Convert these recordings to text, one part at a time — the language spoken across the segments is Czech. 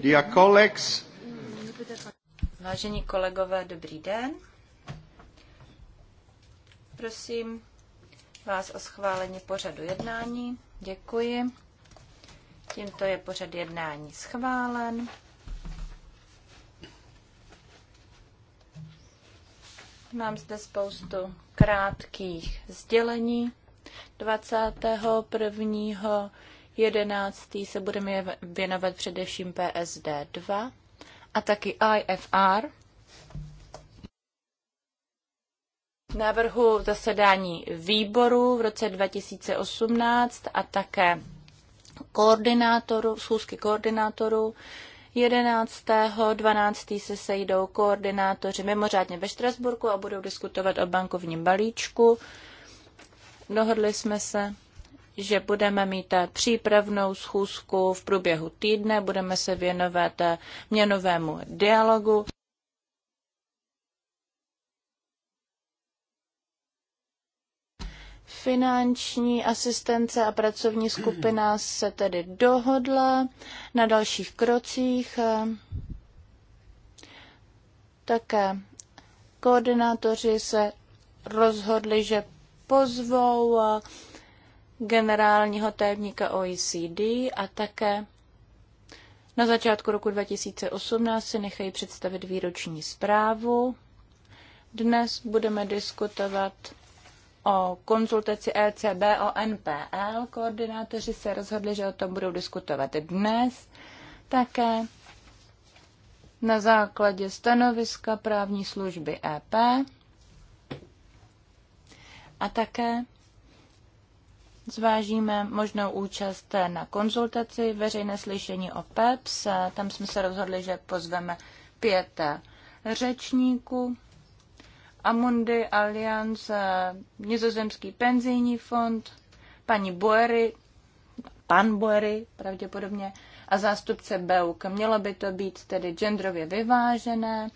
Dear colleagues. Vážení kolegové, dobrý den. Prosím vás o schválení pořadu jednání. Děkuji. Tímto je pořad jednání schválen. Mám zde spoustu krátkých sdělení. 21 jedenáctý se budeme věnovat především PSD 2 a taky IFR, návrhu zasedání výboru v roce 2018 a také koordinátoru, schůzky koordinátorů. 11. 12. se sejdou koordinátoři mimořádně ve Štrasburku a budou diskutovat o bankovním balíčku. Dohodli jsme se, že budeme mít přípravnou schůzku v průběhu týdne, budeme se věnovat měnovému dialogu. Finanční asistence a pracovní skupina se tedy dohodla na dalších krocích. Také koordinátoři se rozhodli, že pozvou generálního tajemníka OECD a také na začátku roku 2018 si nechají představit výroční zprávu. Dnes budeme diskutovat o konzultaci ECB o NPL. Koordinátoři se rozhodli, že o tom budou diskutovat dnes. Také na základě stanoviska právní služby EP a také zvážíme možnou účast na konzultaci veřejné slyšení o PEPS. Tam jsme se rozhodli, že pozveme pět řečníků. Amundi Allianz, Nizozemský penzijní fond, paní Boery, pan Boery pravděpodobně a zástupce BEUK. Mělo by to být tedy genderově vyvážené.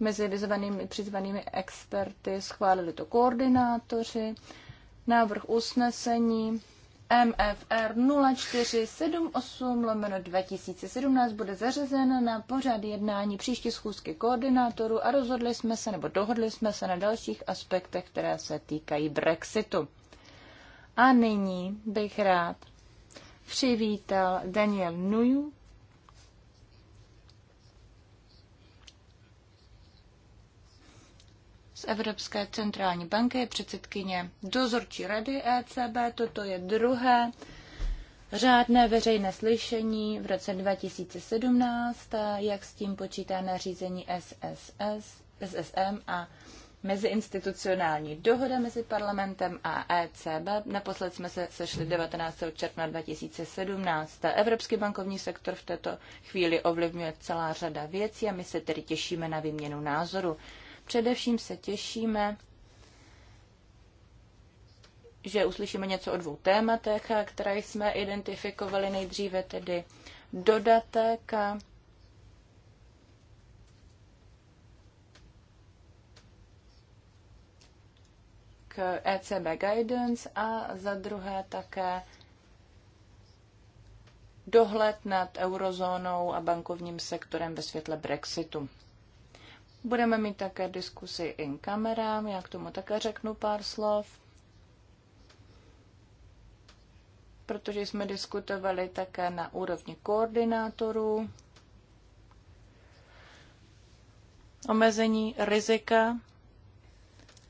Mezi vyzvanými přizvanými experty schválili to koordinátoři návrh usnesení MFR 0478 lomeno 2017 bude zařazen na pořad jednání příští schůzky koordinátorů a rozhodli jsme se nebo dohodli jsme se na dalších aspektech, které se týkají Brexitu. A nyní bych rád přivítal Daniel Nuju, z Evropské centrální banky, je předsedkyně dozorčí rady ECB. Toto je druhé řádné veřejné slyšení v roce 2017, jak s tím počítá nařízení SSS, SSM a meziinstitucionální dohoda mezi parlamentem a ECB. Naposled jsme se sešli 19. června 2017. Evropský bankovní sektor v této chvíli ovlivňuje celá řada věcí a my se tedy těšíme na výměnu názoru. Především se těšíme, že uslyšíme něco o dvou tématech, které jsme identifikovali nejdříve, tedy dodatek k ECB Guidance a za druhé také dohled nad eurozónou a bankovním sektorem ve světle Brexitu. Budeme mít také diskusi in kamerám, já k tomu také řeknu pár slov. Protože jsme diskutovali také na úrovni koordinátorů omezení rizika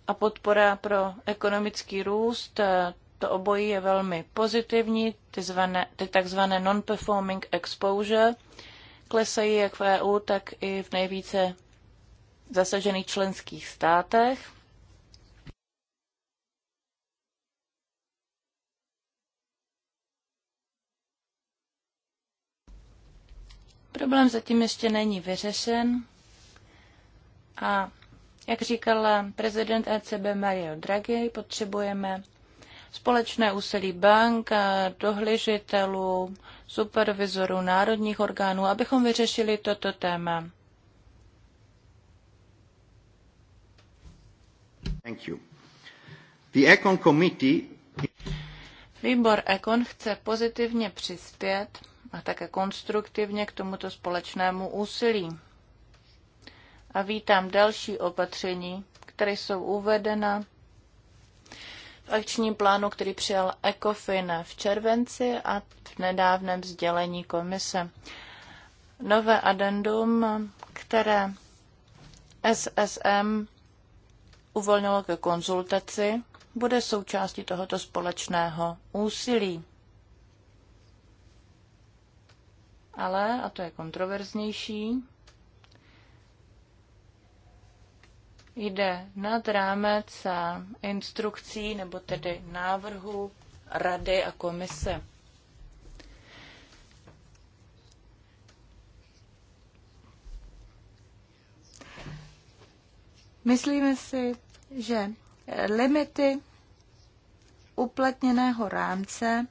a podpora pro ekonomický růst. To obojí je velmi pozitivní, ty, zvané, ty takzvané non-performing exposure klesají jak v EU, tak i v nejvíce zasažených členských státech. Problém zatím ještě není vyřešen a jak říkal prezident ECB Mario Draghi, potřebujeme společné úsilí bank, dohlížitelů, supervizorů národních orgánů, abychom vyřešili toto téma. Výbor Econ chce pozitivně přispět a také konstruktivně k tomuto společnému úsilí. A vítám další opatření, které jsou uvedena v akčním plánu, který přijal ECOFIN v červenci a v nedávném sdělení komise. Nové addendum, které SSM uvolnilo ke konzultaci, bude součástí tohoto společného úsilí. Ale, a to je kontroverznější, jde nad rámec instrukcí nebo tedy návrhu rady a komise. Myslíme si, že limity uplatněného rámce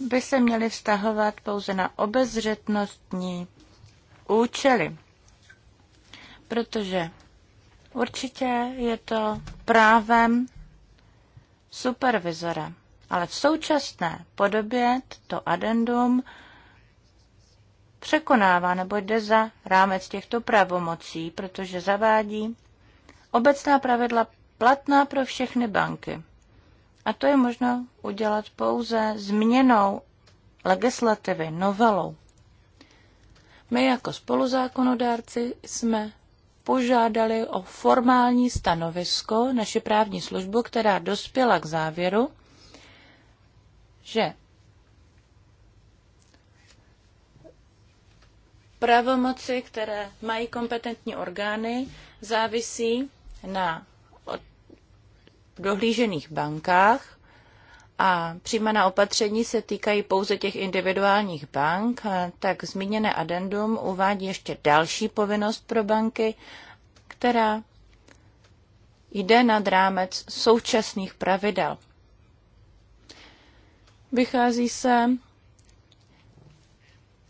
by se měly vztahovat pouze na obezřetnostní účely, protože určitě je to právem supervizora, ale v současné podobě to addendum překonává nebo jde za rámec těchto pravomocí, protože zavádí obecná pravidla platná pro všechny banky. A to je možno udělat pouze změnou legislativy, novelou. My jako spoluzákonodárci jsme požádali o formální stanovisko naše právní službu, která dospěla k závěru, že pravomoci, které mají kompetentní orgány, závisí na dohlížených bankách a přijímaná opatření se týkají pouze těch individuálních bank, tak zmíněné addendum uvádí ještě další povinnost pro banky, která jde nad rámec současných pravidel. Vychází se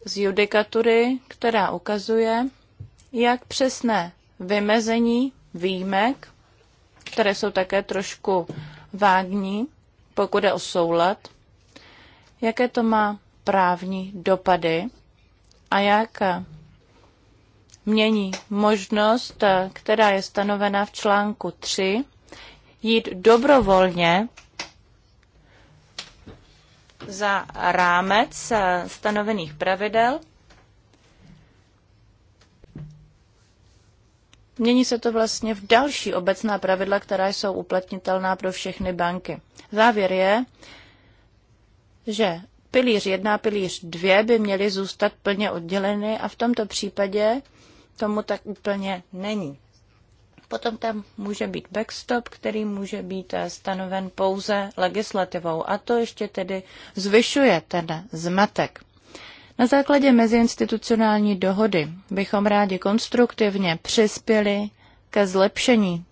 z judikatury, která ukazuje, jak přesné vymezení výjimek, které jsou také trošku vágní, pokud je o soulad, jaké to má právní dopady a jak mění možnost, která je stanovena v článku 3, jít dobrovolně za rámec stanovených pravidel Mění se to vlastně v další obecná pravidla, která jsou uplatnitelná pro všechny banky. Závěr je, že pilíř 1 pilíř 2 by měly zůstat plně odděleny a v tomto případě tomu tak úplně není. Potom tam může být backstop, který může být eh, stanoven pouze legislativou a to ještě tedy zvyšuje ten zmatek. Na základě meziinstitucionální dohody bychom rádi konstruktivně přispěli ke zlepšení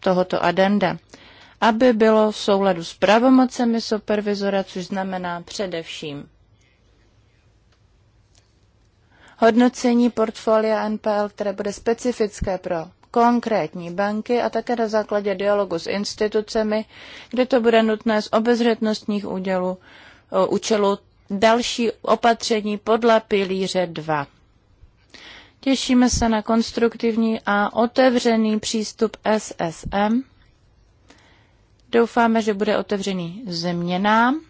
tohoto adenda, aby bylo v souladu s pravomocemi supervizora, což znamená především hodnocení portfolia NPL, které bude specifické pro konkrétní banky a také na základě dialogu s institucemi, kde to bude nutné z obezřetnostních údělů, účelů, další opatření podle pilíře 2. Těšíme se na konstruktivní a otevřený přístup SSM. Doufáme, že bude otevřený změnám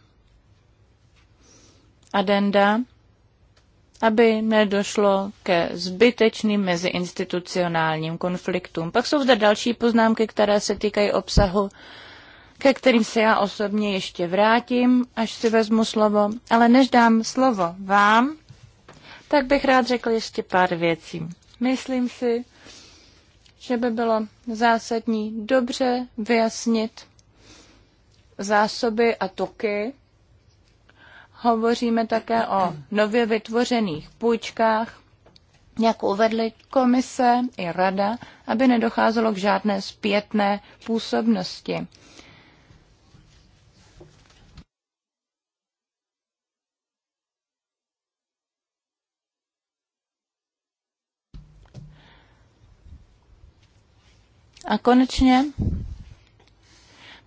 adenda, aby nedošlo ke zbytečným meziinstitucionálním konfliktům. Pak jsou zde další poznámky, které se týkají obsahu ke kterým se já osobně ještě vrátím, až si vezmu slovo. Ale než dám slovo vám, tak bych rád řekl ještě pár věcí. Myslím si, že by bylo zásadní dobře vyjasnit zásoby a toky. Hovoříme také o nově vytvořených půjčkách, jak uvedly komise i rada, aby nedocházelo k žádné zpětné působnosti. A konečně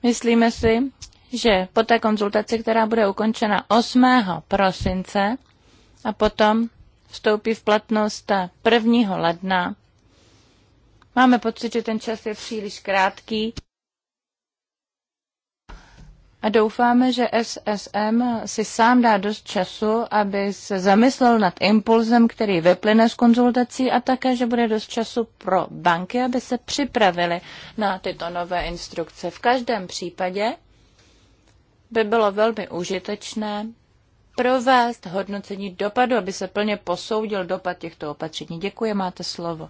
myslíme si, že po té konzultaci, která bude ukončena 8. prosince a potom vstoupí v platnost 1. ledna, máme pocit, že ten čas je příliš krátký a doufáme, že SSM si sám dá dost času, aby se zamyslel nad impulzem, který vyplyne z konzultací a také, že bude dost času pro banky, aby se připravili na tyto nové instrukce. V každém případě by bylo velmi užitečné provést hodnocení dopadu, aby se plně posoudil dopad těchto opatření. Děkuji, máte slovo.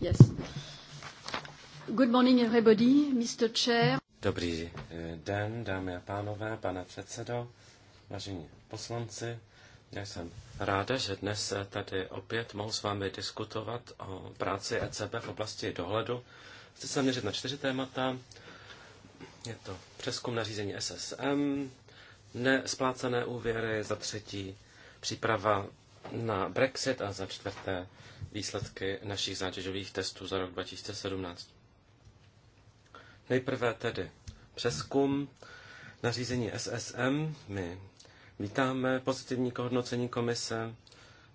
Yes. Good morning everybody, Mr. Chair. Dobrý eh, den, dámy a pánové, pane předsedo, vážení poslanci. Já jsem ráda, že dnes eh, tady opět mohu s vámi diskutovat o práci ECB v oblasti dohledu. Chci se měřit na čtyři témata. Je to přeskum nařízení SSM, nesplácené úvěry, za třetí příprava na Brexit a za čtvrté výsledky našich zátěžových testů za rok 2017. Nejprve tedy přeskum nařízení SSM. My vítáme pozitivní hodnocení komise,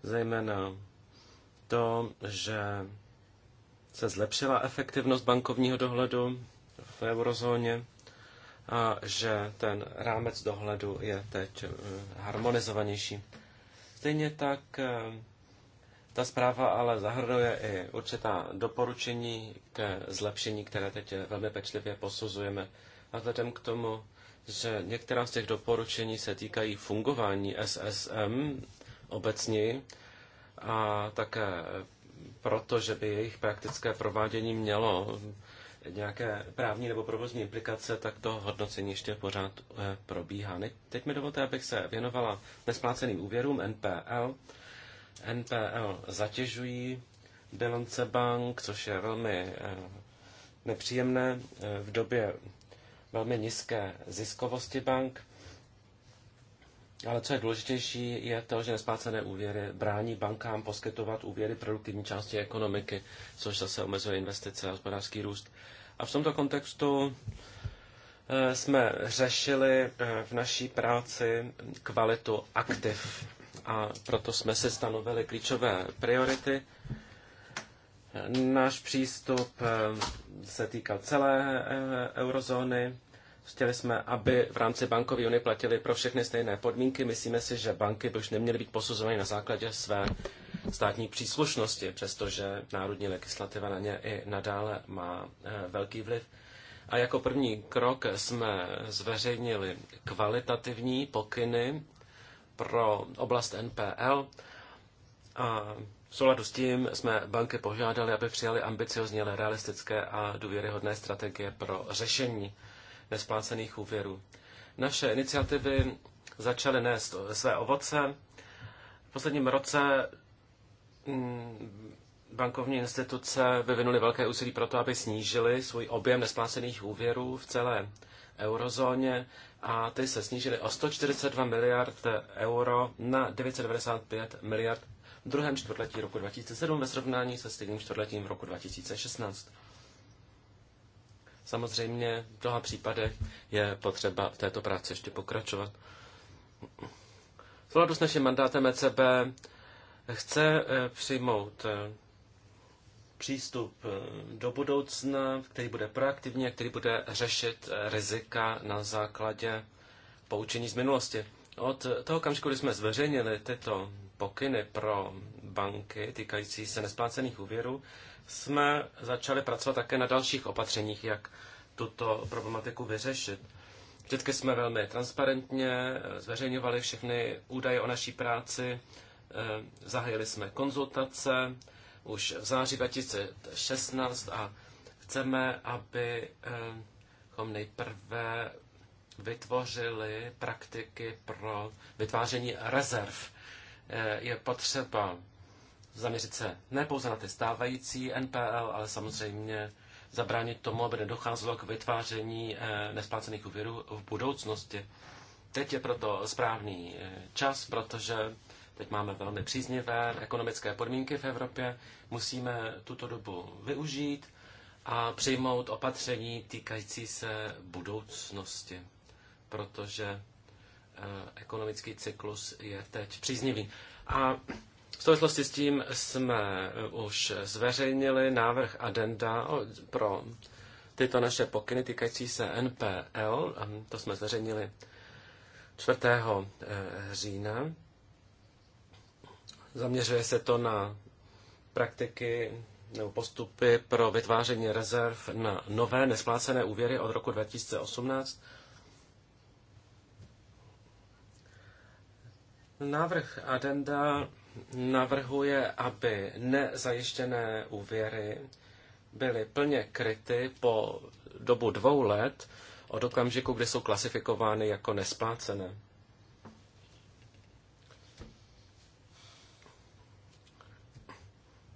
zejména to, že se zlepšila efektivnost bankovního dohledu v eurozóně a že ten rámec dohledu je teď eh, harmonizovanější. Stejně tak eh, ta zpráva ale zahrnuje i určitá doporučení k zlepšení, které teď velmi pečlivě posuzujeme. A vzhledem k tomu, že některá z těch doporučení se týkají fungování SSM obecně a také proto, že by jejich praktické provádění mělo nějaké právní nebo provozní implikace, tak to hodnocení ještě pořád eh, probíhá. Teď mi dovolte, abych se věnovala nespláceným úvěrům NPL NPL zatěžují bilance bank, což je velmi eh, nepříjemné eh, v době velmi nízké ziskovosti bank. Ale co je důležitější, je to, že nesplácené úvěry brání bankám poskytovat úvěry produktivní části ekonomiky, což zase omezuje investice a hospodářský růst. A v tomto kontextu eh, jsme řešili v naší práci kvalitu aktiv a proto jsme si stanovili klíčové priority. Náš přístup eh, se týkal celé eh, eurozóny. Chtěli jsme, aby v rámci bankovní unie platili pro všechny stejné podmínky. Myslíme si, že banky by už neměly být posuzovány na základě své státní příslušnosti, přestože národní legislativa na ně i nadále má eh, velký vliv. A jako první krok jsme zveřejnili kvalitativní pokyny pro oblast NPL a v souladu s tím jsme banky požádali, aby přijali ambiciozní, ale realistické a důvěryhodné strategie pro řešení nesplácených úvěrů. Naše iniciativy začaly nést své ovoce. V posledním roce mm, bankovní instituce vyvinuly velké úsilí pro to, aby snížily svůj objem nesplácených úvěrů v celé eurozóně a ty se snížily o 142 miliard euro na 995 miliard v druhém čtvrtletí roku 2007 ve srovnání se stejným čtvrtletím v roku 2016. Samozřejmě v mnoha případech je potřeba v této práci ještě pokračovat. V s naším mandátem ECB chce eh, přijmout eh, přístup eh, do budoucna, který bude proaktivní a který bude řešit eh, rizika na základě poučení z minulosti. Od toho okamžiku, kdy jsme zveřejnili tyto pokyny pro banky týkající se nesplácených úvěrů, jsme začali pracovat také na dalších opatřeních, jak tuto problematiku vyřešit. Vždycky jsme velmi transparentně eh, zveřejňovali všechny údaje o naší práci, zahájili jsme konzultace, už v září 2016 a chceme, abychom nejprve vytvořili praktiky pro vytváření rezerv. E, je potřeba zaměřit se ne pouze na ty stávající NPL, ale samozřejmě zabránit tomu, aby nedocházelo k vytváření e, nesplácených úvěrů v budoucnosti. Teď je proto správný e, čas, protože Teď máme velmi příznivé ekonomické podmínky v Evropě. Musíme tuto dobu využít a přijmout opatření týkající se budoucnosti, protože eh, ekonomický cyklus je teď příznivý. A v souvislosti s tím jsme eh, už zveřejnili návrh Adenda pro tyto naše pokyny týkající se NPL. Ehm, to jsme zveřejnili 4. Eh, října. Zaměřuje se to na praktiky nebo postupy pro vytváření rezerv na nové nesplácené úvěry od roku 2018. Návrh Adenda navrhuje, aby nezajištěné úvěry byly plně kryty po dobu dvou let od okamžiku, kdy jsou klasifikovány jako nesplácené.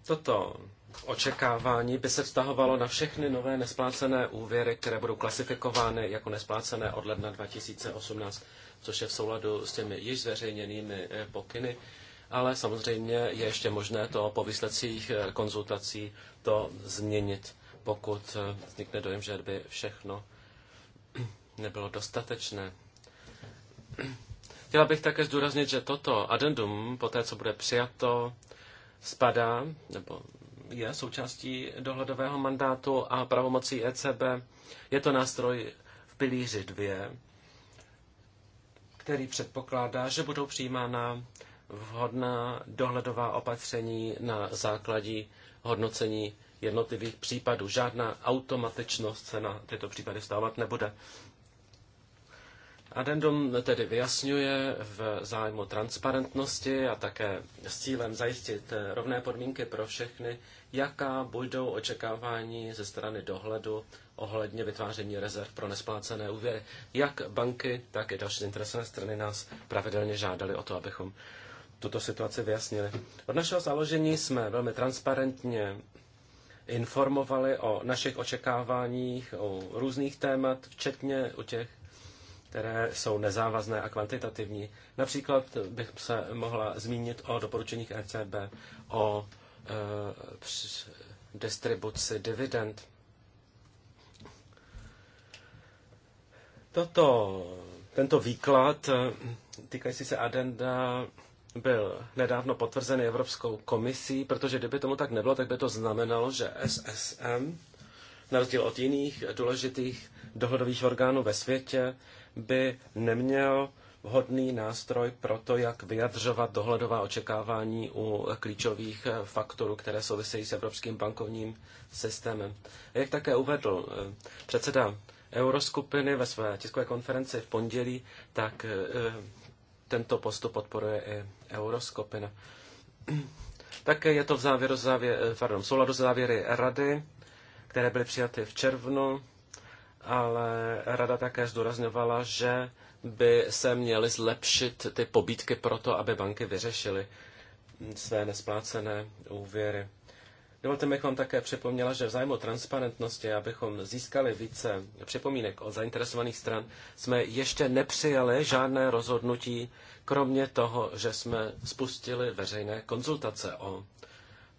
Toto očekávání by se vztahovalo na všechny nové nesplácené úvěry, které budou klasifikovány jako nesplácené od ledna 2018, což je v souladu s těmi již zveřejněnými eh, pokyny. Ale samozřejmě je ještě možné to po výsledcích eh, konzultací to změnit, pokud eh, vznikne dojem, že by všechno nebylo dostatečné. Chtěla bych také zdůraznit, že toto addendum, po té, co bude přijato, spadá, nebo je součástí dohledového mandátu a pravomocí ECB. Je to nástroj v pilíři 2, který předpokládá, že budou přijímána vhodná dohledová opatření na základě hodnocení jednotlivých případů. Žádná automatičnost se na tyto případy stávat nebude. Addendum tedy vyjasňuje v zájmu transparentnosti a také s cílem zajistit eh, rovné podmínky pro všechny, jaká budou očekávání ze strany dohledu ohledně vytváření rezerv pro nesplácené úvěry. Jak banky, tak i další interesné strany nás pravidelně žádali o to, abychom tuto situaci vyjasnili. Od našeho založení jsme velmi transparentně informovali o našich očekáváních, o různých témat, včetně u těch které jsou nezávazné a kvantitativní. Například bych se mohla zmínit o doporučeních ECB, o e, distribuci dividend. Toto, tento výklad e, týkající se adenda byl nedávno potvrzen Evropskou komisí, protože kdyby tomu tak nebylo, tak by to znamenalo, že SSM, na rozdíl od jiných důležitých dohledových orgánů ve světě, by neměl vhodný nástroj pro to, jak vyjadřovat dohledová očekávání u klíčových eh, faktorů, které souvisejí s evropským bankovním systémem. Jak také uvedl eh, předseda euroskupiny ve své tiskové konferenci v pondělí, tak eh, tento postup podporuje i euroskupina. Také je to v, závěru, závěr, v souladu s závěry rady, které byly přijaty v červnu ale rada také zdůrazňovala, že by se měly zlepšit ty pobídky pro to, aby banky vyřešily své nesplácené úvěry. Dovolte mi, vám také připomněla, že v zájmu transparentnosti, abychom získali více připomínek od zainteresovaných stran, jsme ještě nepřijali žádné rozhodnutí, kromě toho, že jsme spustili veřejné konzultace o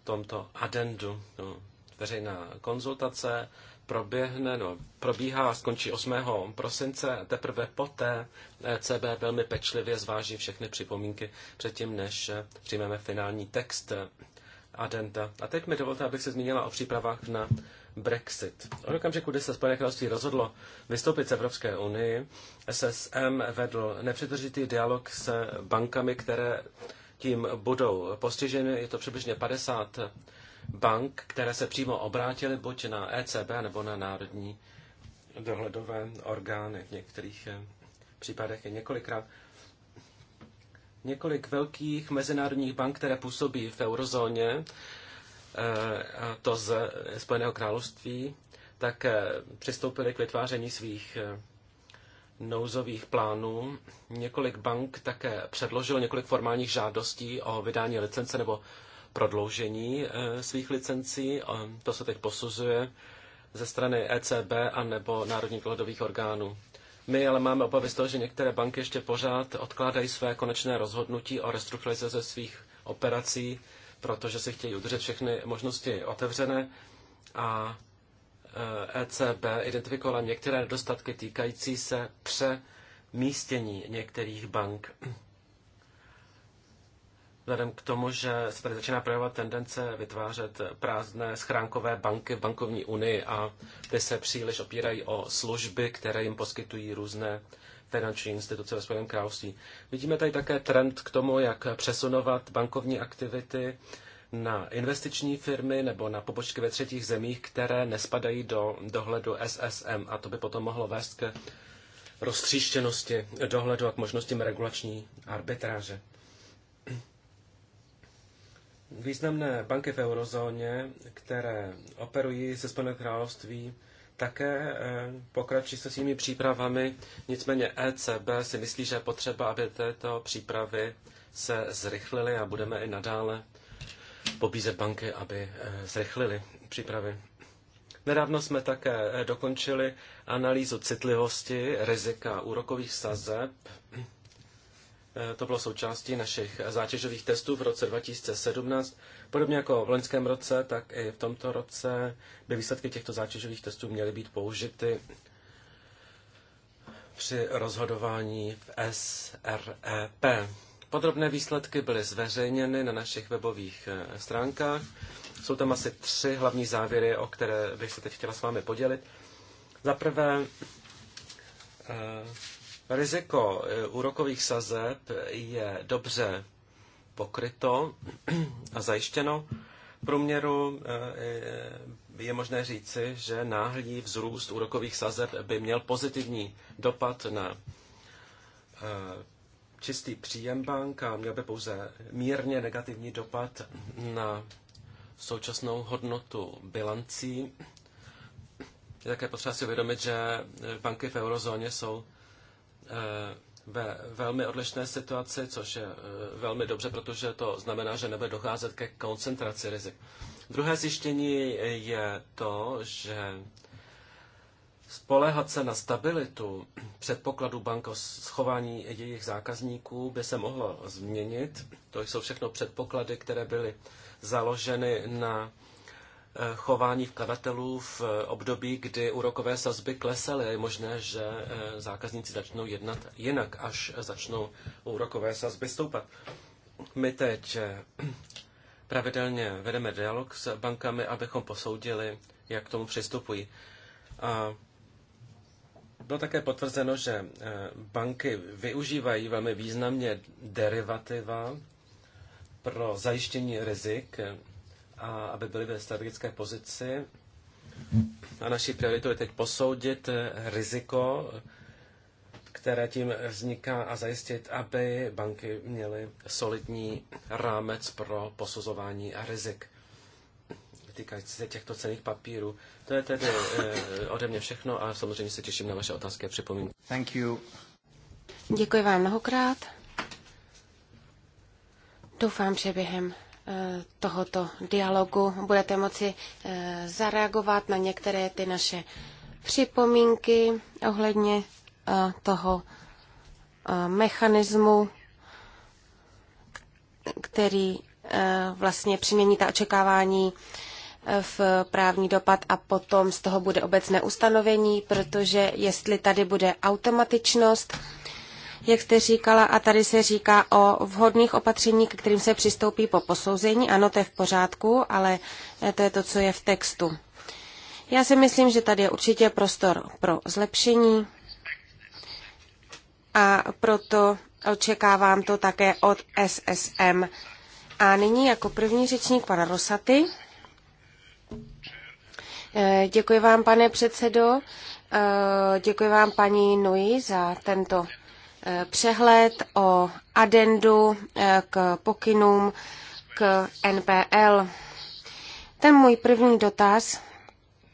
tomto adendu. No, veřejná konzultace proběhne, no, probíhá, skončí 8. prosince, teprve poté ECB eh, velmi pečlivě zváží všechny připomínky předtím, než eh, přijmeme finální text eh, Adenta. A teď mi dovolte, abych se zmínila o přípravách na Brexit. Od okamžiku, kdy se Spojené království rozhodlo vystoupit z Evropské unii, SSM vedl nepřetržitý dialog s bankami, které tím budou postiženy. Je to přibližně 50 bank, které se přímo obrátily buď na ECB nebo na národní dohledové orgány v některých eh, případech je několikrát. Několik velkých mezinárodních bank, které působí v eurozóně, eh, a to z Spojeného království, tak eh, přistoupily k vytváření svých nouzových plánů. Několik bank také předložilo několik formálních žádostí o vydání licence nebo prodloužení eh, svých licencí. To se teď posuzuje ze strany ECB a nebo národních kladových orgánů. My ale máme obavy z toho, že některé banky ještě pořád odkládají své konečné rozhodnutí o restrukturalizaci svých operací, protože si chtějí udržet všechny možnosti otevřené a ECB eh, e identifikovala některé nedostatky týkající se přemístění některých bank vzhledem k tomu, že se tady začíná projevovat tendence vytvářet prázdné schránkové banky v bankovní unii a ty se příliš opírají o služby, které jim poskytují různé finanční instituce ve Spojeném království. Vidíme tady také trend k tomu, jak přesunovat bankovní aktivity na investiční firmy nebo na pobočky ve třetích zemích, které nespadají do dohledu SSM a to by potom mohlo vést k roztříštěnosti dohledu a k možnostím regulační arbitráže. Významné banky v eurozóně, které operují se Spojené království, také eh, pokračují se svými přípravami. Nicméně ECB si myslí, že je potřeba, aby tyto přípravy se zrychlily a budeme i nadále pobízet banky, aby eh, zrychlily přípravy. Nedávno jsme také eh, dokončili analýzu citlivosti rizika úrokových sazeb Eh, to bylo součástí našich zátěžových testů v roce 2017. Podobně jako v loňském roce, tak i v tomto roce by výsledky těchto zátěžových testů měly být použity při rozhodování v SREP. Podrobné výsledky byly zveřejněny na našich webových eh, stránkách. Jsou tam asi tři hlavní závěry, o které bych se teď chtěla s vámi podělit. Za prvé, eh, Riziko eh, úrokových sazeb je dobře pokryto a zajištěno. V průměru eh, je možné říci, že náhlý vzrůst úrokových sazeb by měl pozitivní dopad na eh, čistý příjem bank a měl by pouze mírně negativní dopad na současnou hodnotu bilancí. Je také potřeba si uvědomit, že banky v eurozóně jsou Eh, ve velmi odlišné situaci, což je eh, velmi dobře, protože to znamená, že nebude docházet ke koncentraci rizik. Druhé zjištění je to, že spolehat se na stabilitu předpokladů bank o schování jejich zákazníků by se mohlo změnit. To jsou všechno předpoklady, které byly založeny na chování vkladatelů v období, kdy úrokové sazby klesaly. Je možné, že eh, zákazníci začnou jednat jinak, až začnou úrokové sazby stoupat. My teď eh, pravidelně vedeme dialog s bankami, abychom posoudili, jak k tomu přistupují. A bylo také potvrzeno, že eh, banky využívají velmi významně derivativa pro zajištění rizik a aby byli ve strategické pozici. A naší prioritou je teď posoudit eh, riziko, které tím vzniká a zajistit, aby banky měly solidní rámec pro posuzování a rizik týkající se těchto cených papírů. To je tedy eh, ode mě všechno a samozřejmě se těším na vaše otázky a připomínky. Thank you. Děkuji vám mnohokrát. Doufám, že během tohoto dialogu budete moci eh, zareagovat na některé ty naše připomínky ohledně eh, toho eh, mechanismu, který vlastně přimění ta očekávání v právní dopad a potom z toho bude obecné ustanovení, protože jestli tady bude automatičnost, jak jste říkala, a tady se říká o vhodných opatření, k kterým se přistoupí po posouzení. Ano, to je v pořádku, ale eh, to je to, co je v textu. Já si myslím, že tady je určitě prostor pro zlepšení a proto očekávám to také od SSM. A nyní jako první řečník pana Rosaty. Eh, děkuji vám, pane předsedo. Eh, děkuji vám, paní Nui, za tento přehled o adendu eh, k pokynům k NPL. Ten můj první dotaz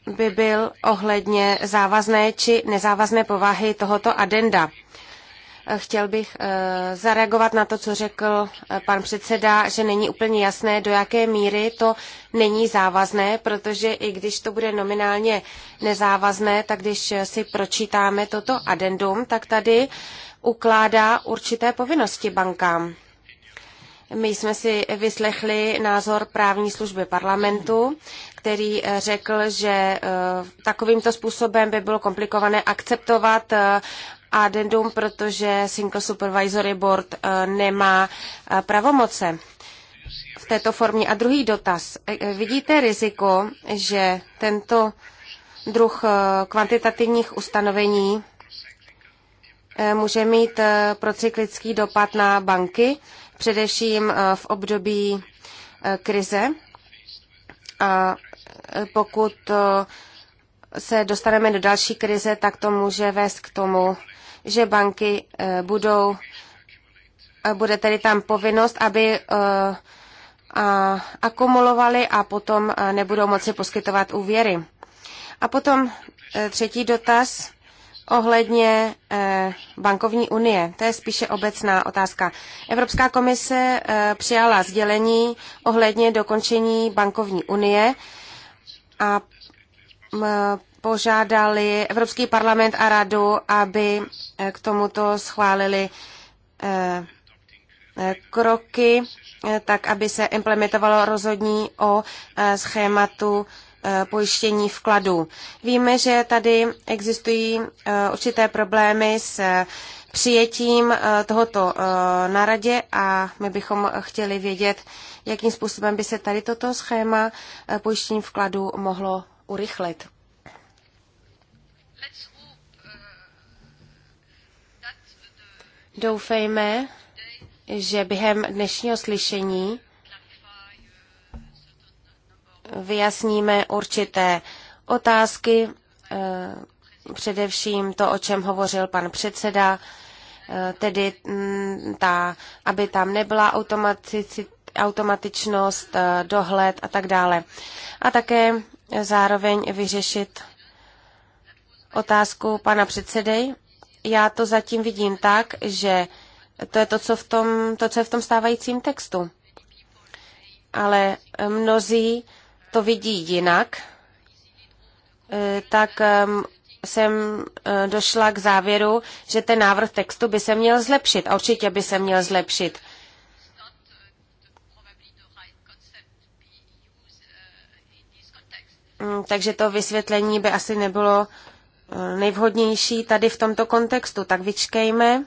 by byl ohledně závazné či nezávazné povahy tohoto adenda. Eh, chtěl bych eh, zareagovat na to, co řekl pan předseda, že není úplně jasné, do jaké míry to není závazné, protože i když to bude nominálně nezávazné, tak když si pročítáme toto adendum, tak tady ukládá určité povinnosti bankám. My jsme si vyslechli názor právní služby parlamentu, který eh, řekl, že eh, takovýmto způsobem by bylo komplikované akceptovat eh, addendum, protože Single Supervisory Board nemá pravomoce v této formě. A druhý dotaz. Vidíte riziko, že tento druh kvantitativních ustanovení Eh, může mít eh, procyklický dopad na banky, především eh, v období krize. A pokud se dostaneme do další krize, tak to může vést k tomu, že banky budou, bude tedy tam povinnost, aby akumulovali a potom nebudou moci poskytovat úvěry. A potom třetí dotaz ohledně eh, bankovní unie. To je spíše obecná otázka. Evropská komise eh, přijala sdělení ohledně dokončení bankovní unie a požádali Evropský parlament a radu, aby eh, k tomuto schválili kroky, tak aby se implementovalo rozhodní o schématu Eh, pojištění vkladů. Víme, že tady existují eh, určité problémy s eh, přijetím tohoto na radě a my bychom chtěli vědět, jakým způsobem by se tady toto schéma pojištění vkladů mohlo urychlit. Doufejme, že během dnešního slyšení vyjasníme určité otázky, eh, především to, o čem hovořil pan předseda, eh, tedy mm, ta, aby tam nebyla automatičnost, eh, dohled a tak dále. A také zároveň vyřešit otázku pana předsedy. Já to zatím vidím tak, že to je to, co, v tom, to, co je v tom stávajícím textu. Ale mnozí to vidí jinak, eh, tak jsem eh, došla k závěru, že ten návrh textu by se měl zlepšit a určitě by se měl zlepšit. Mm, takže to vysvětlení by asi nebylo eh, nejvhodnější tady v tomto kontextu. Tak vyčkejme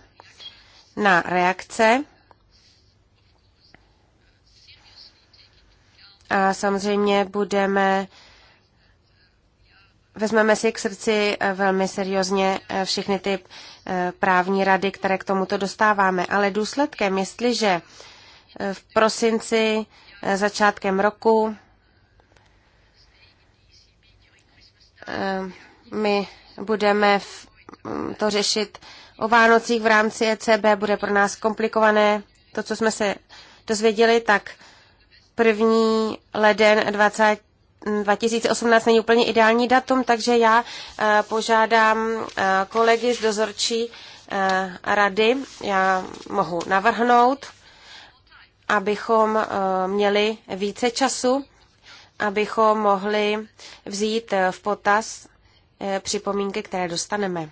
na reakce A samozřejmě budeme, vezmeme si k srdci eh, velmi seriózně eh, všechny ty eh, právní rady, které k tomuto dostáváme. Ale důsledkem, jestliže v prosinci začátkem roku my budeme mm, to řešit o Vánocích v rámci ECB, bude pro nás komplikované. To, co jsme se dozvěděli, tak První leden 20, 2018 není úplně ideální datum, takže já eh, požádám eh, kolegy z dozorčí eh, rady, já mohu navrhnout, abychom měli více času, abychom mohli vzít v potaz připomínky, které dostaneme.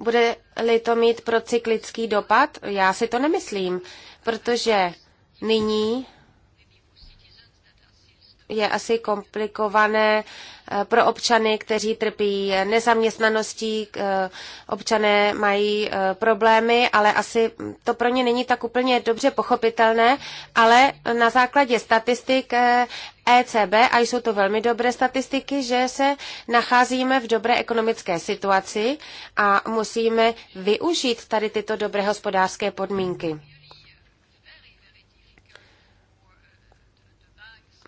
Bude-li to mít procyklický dopad? Já si to nemyslím, protože nyní je asi komplikované eh, pro občany, kteří trpí nezaměstnaností, eh, občané mají eh, problémy, ale asi to pro ně není tak úplně dobře pochopitelné, ale na základě statistik ECB, e a jsou to velmi dobré statistiky, že se nacházíme v dobré ekonomické situaci a musíme využít tady tyto dobré hospodářské podmínky.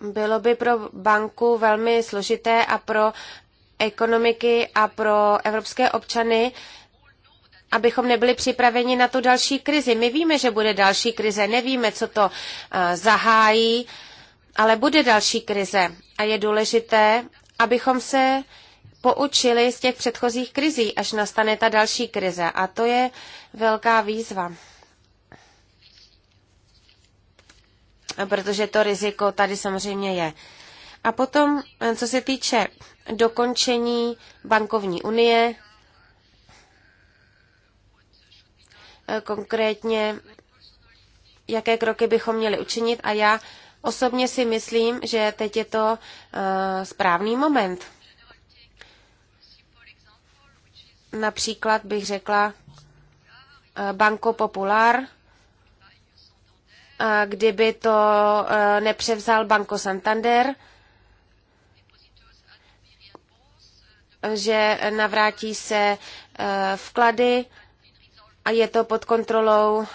Bylo by pro banku velmi složité a pro ekonomiky a pro evropské občany, abychom nebyli připraveni na tu další krizi. My víme, že bude další krize, nevíme, co to eh, zahájí, ale bude další krize. A je důležité, abychom se poučili z těch předchozích krizí, až nastane ta další krize. A to je velká výzva. protože to riziko tady samozřejmě je. A potom, co se týče dokončení bankovní unie, konkrétně jaké kroky bychom měli učinit a já osobně si myslím, že teď je to eh, správný moment. Například bych řekla eh, Banco Popular, kdyby to e, nepřevzal Banco Santander, že navrátí se e, vklady a je to pod kontrolou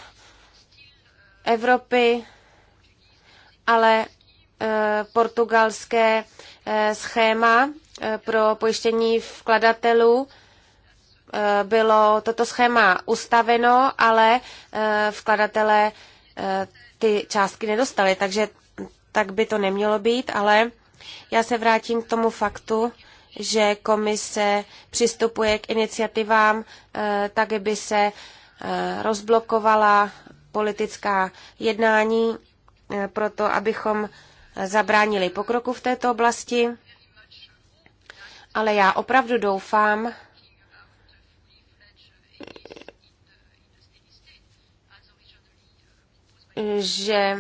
Evropy, ale e, portugalské schéma pro pojištění vkladatelů bylo toto schéma ustaveno, ale vkladatelé ty částky nedostali, takže tak by to nemělo být, ale já se vrátím k tomu faktu, že komise přistupuje k iniciativám eh, tak, by se eh, rozblokovala politická jednání eh, proto, abychom zabránili pokroku v této oblasti. Ale já opravdu doufám, že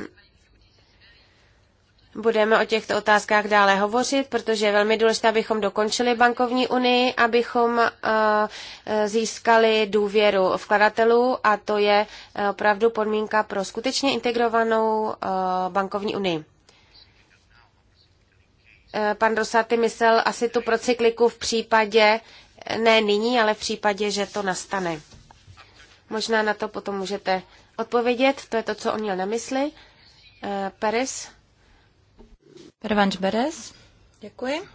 budeme o těchto otázkách dále hovořit, protože je velmi důležité, abychom dokončili bankovní unii, abychom eh, získali důvěru vkladatelů a to je eh, opravdu podmínka pro skutečně integrovanou eh, bankovní unii. Pan Rosaty myslel asi tu procykliku v případě, ne nyní, ale v případě, že to nastane. Možná na to potom můžete odpovědět, to je to, co on měl na mysli. Eh, Peres. Pervanč Beres. Děkuji.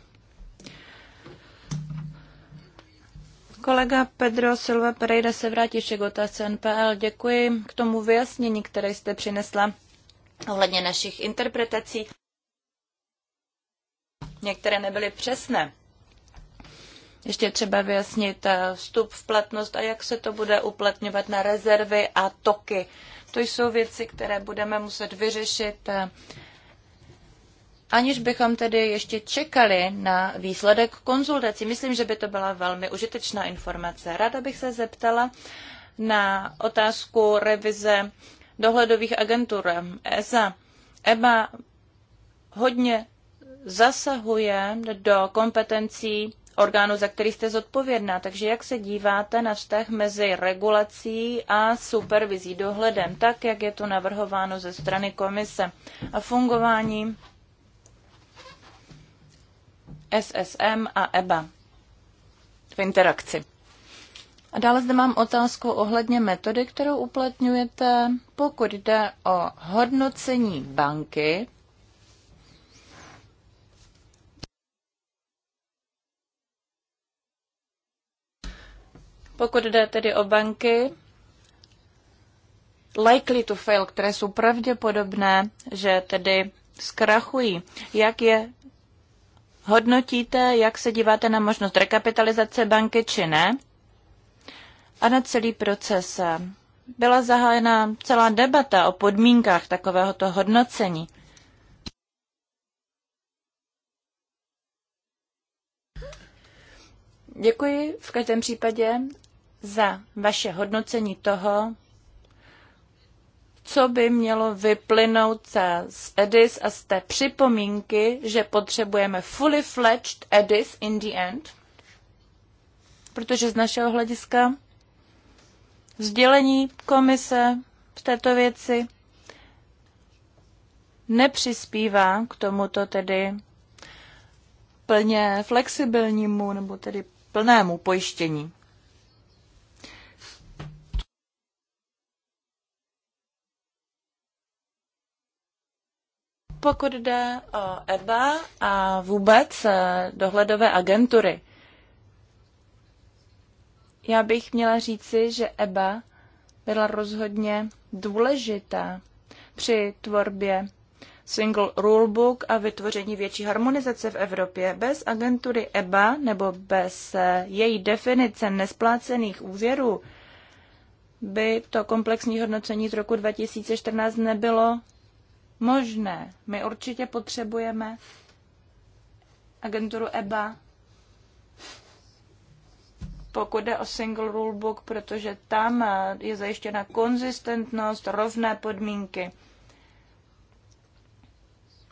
Kolega Pedro Silva Pereira se vrátí ještě k otázce NPL. Děkuji k tomu vyjasnění, které jste přinesla ohledně našich interpretací. Některé nebyly přesné. Ještě třeba vyjasnit eh, vstup v platnost a jak se to bude uplatňovat na rezervy a toky. To jsou věci, které budeme muset vyřešit, eh, aniž bychom tedy ještě čekali na výsledek konzultací. Myslím, že by to byla velmi užitečná informace. Ráda bych se zeptala na otázku revize dohledových agentur ESA. EBA hodně zasahuje do kompetencí orgánu, za který jste zodpovědná. Takže jak se díváte na vztah mezi regulací a supervizí, dohledem, tak jak je to navrhováno ze strany komise a fungování SSM a EBA v interakci. A dále zde mám otázku ohledně metody, kterou uplatňujete, pokud jde o hodnocení banky Pokud jde tedy o banky, likely to fail, které jsou pravděpodobné, že tedy zkrachují. Jak je hodnotíte, jak se díváte na možnost rekapitalizace banky či ne? A na celý proces byla zahájena celá debata o podmínkách takovéhoto hodnocení. Děkuji v každém případě za vaše hodnocení toho, co by mělo vyplynout z EDIS a z té připomínky, že potřebujeme fully fledged EDIS in the end, protože z našeho hlediska vzdělení komise v této věci nepřispívá k tomuto tedy plně flexibilnímu nebo tedy plnému pojištění. Pokud jde o EBA a vůbec eh, dohledové agentury, já bych měla říci, že EBA byla rozhodně důležitá při tvorbě single rulebook a vytvoření větší harmonizace v Evropě. Bez agentury EBA nebo bez eh, její definice nesplácených úvěrů by to komplexní hodnocení z roku 2014 nebylo možné. My určitě potřebujeme agenturu EBA, pokud jde o single rulebook, protože tam eh, je zajištěna konzistentnost, rovné podmínky.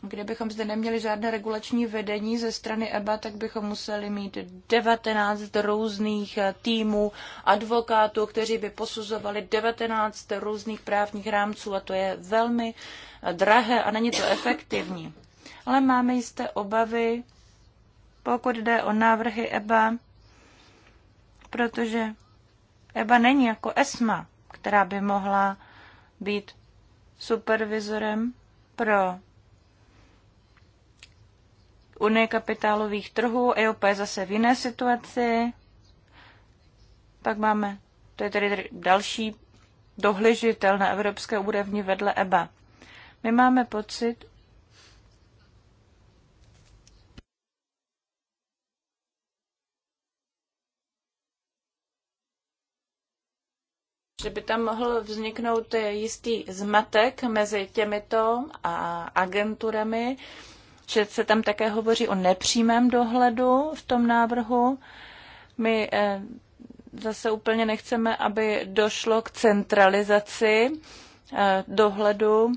Kdybychom zde neměli žádné regulační vedení ze strany EBA, tak bychom museli mít 19 různých eh, týmů advokátů, kteří by posuzovali 19 různých právních rámců a to je velmi eh, drahé a není to efektivní. Ale máme jisté obavy, pokud jde o návrhy EBA, protože EBA není jako ESMA, která by mohla být supervizorem pro Unie kapitálových trhů, EOP je zase v jiné situaci. Pak máme, to je tedy další dohližitel na evropské úrovni vedle EBA. My máme pocit, že by tam mohl vzniknout jistý zmatek mezi těmito a agenturami že se tam také hovoří o nepřímém dohledu v tom návrhu. My eh, zase úplně nechceme, aby došlo k centralizaci eh, dohledu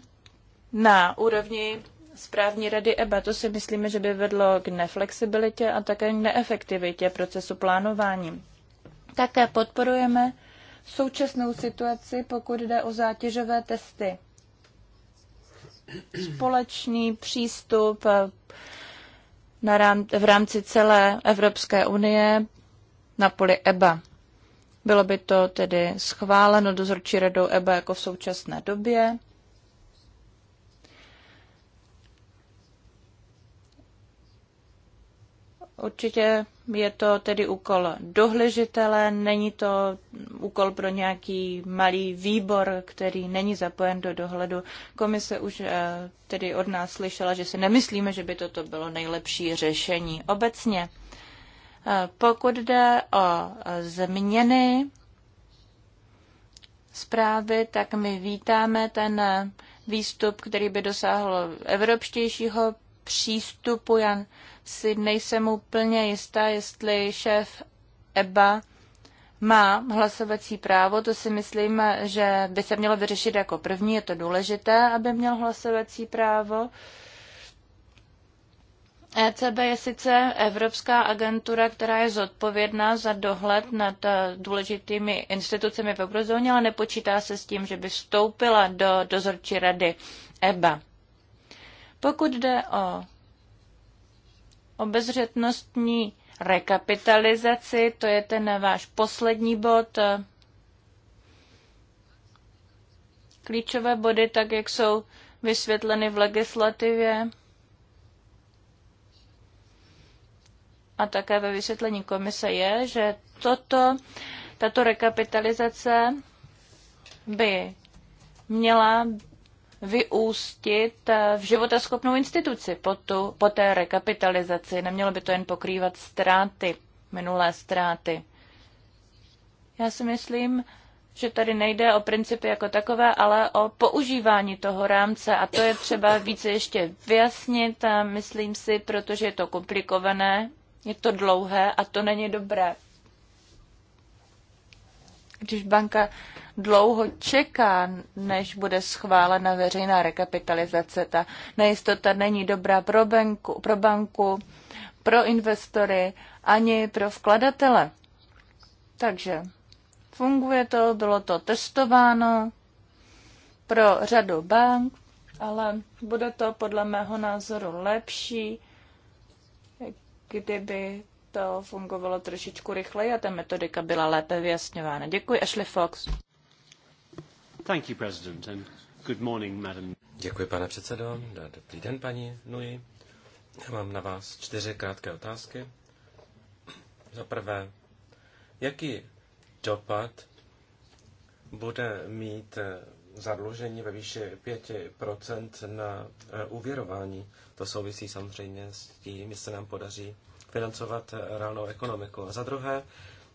na úrovni správní rady EBA. To si myslíme, že by vedlo k neflexibilitě a také k neefektivitě procesu plánování. Také podporujeme současnou situaci, pokud jde o zátěžové testy společný přístup eh, na rám, v rámci celé Evropské unie na poli EBA. Bylo by to tedy schváleno dozorčí radou EBA jako v současné době Určitě je to tedy úkol dohležitele, není to úkol pro nějaký malý výbor, který není zapojen do dohledu. Komise už eh, tedy od nás slyšela, že si nemyslíme, že by toto bylo nejlepší řešení obecně. Eh, pokud jde o eh, změny zprávy, tak my vítáme ten výstup, který by dosáhl evropštějšího přístupu. Jan, si nejsem úplně jistá, jestli šéf EBA má hlasovací právo, to si myslím, že by se mělo vyřešit jako první, je to důležité, aby měl hlasovací právo. ECB je sice evropská agentura, která je zodpovědná za dohled nad eh, důležitými institucemi v eurozóně, ale nepočítá se s tím, že by vstoupila do dozorčí rady EBA. Pokud jde o obezřetnostní rekapitalizaci, to je ten váš poslední bod. Klíčové body, tak jak jsou vysvětleny v legislativě a také ve vysvětlení komise, je, že toto, tato rekapitalizace by měla vyústit eh, v životaschopnou instituci po, tu, po té rekapitalizaci. Nemělo by to jen pokrývat ztráty, minulé ztráty. Já si myslím, že tady nejde o principy jako takové, ale o používání toho rámce a to je třeba více ještě vyjasnit, a myslím si, protože je to komplikované, je to dlouhé a to není dobré když banka dlouho čeká, než bude schválena veřejná rekapitalizace. Ta nejistota není dobrá pro banku, pro, banku, pro investory ani pro vkladatele. Takže funguje to, bylo to testováno pro řadu bank, ale bude to podle mého názoru lepší, kdyby to fungovalo trošičku rychleji a ta metodika byla lépe vyjasňována. Děkuji, Ashley Fox. Thank you, President, and good morning, madam. Děkuji, pane předsedo. Dobrý den, paní Nui. Já mám na vás čtyři krátké otázky. Za prvé, jaký dopad bude mít eh, zadlužení ve výši 5% na eh, úvěrování. To souvisí samozřejmě s tím, jestli nám podaří financovat reálnou ekonomiku. A za druhé,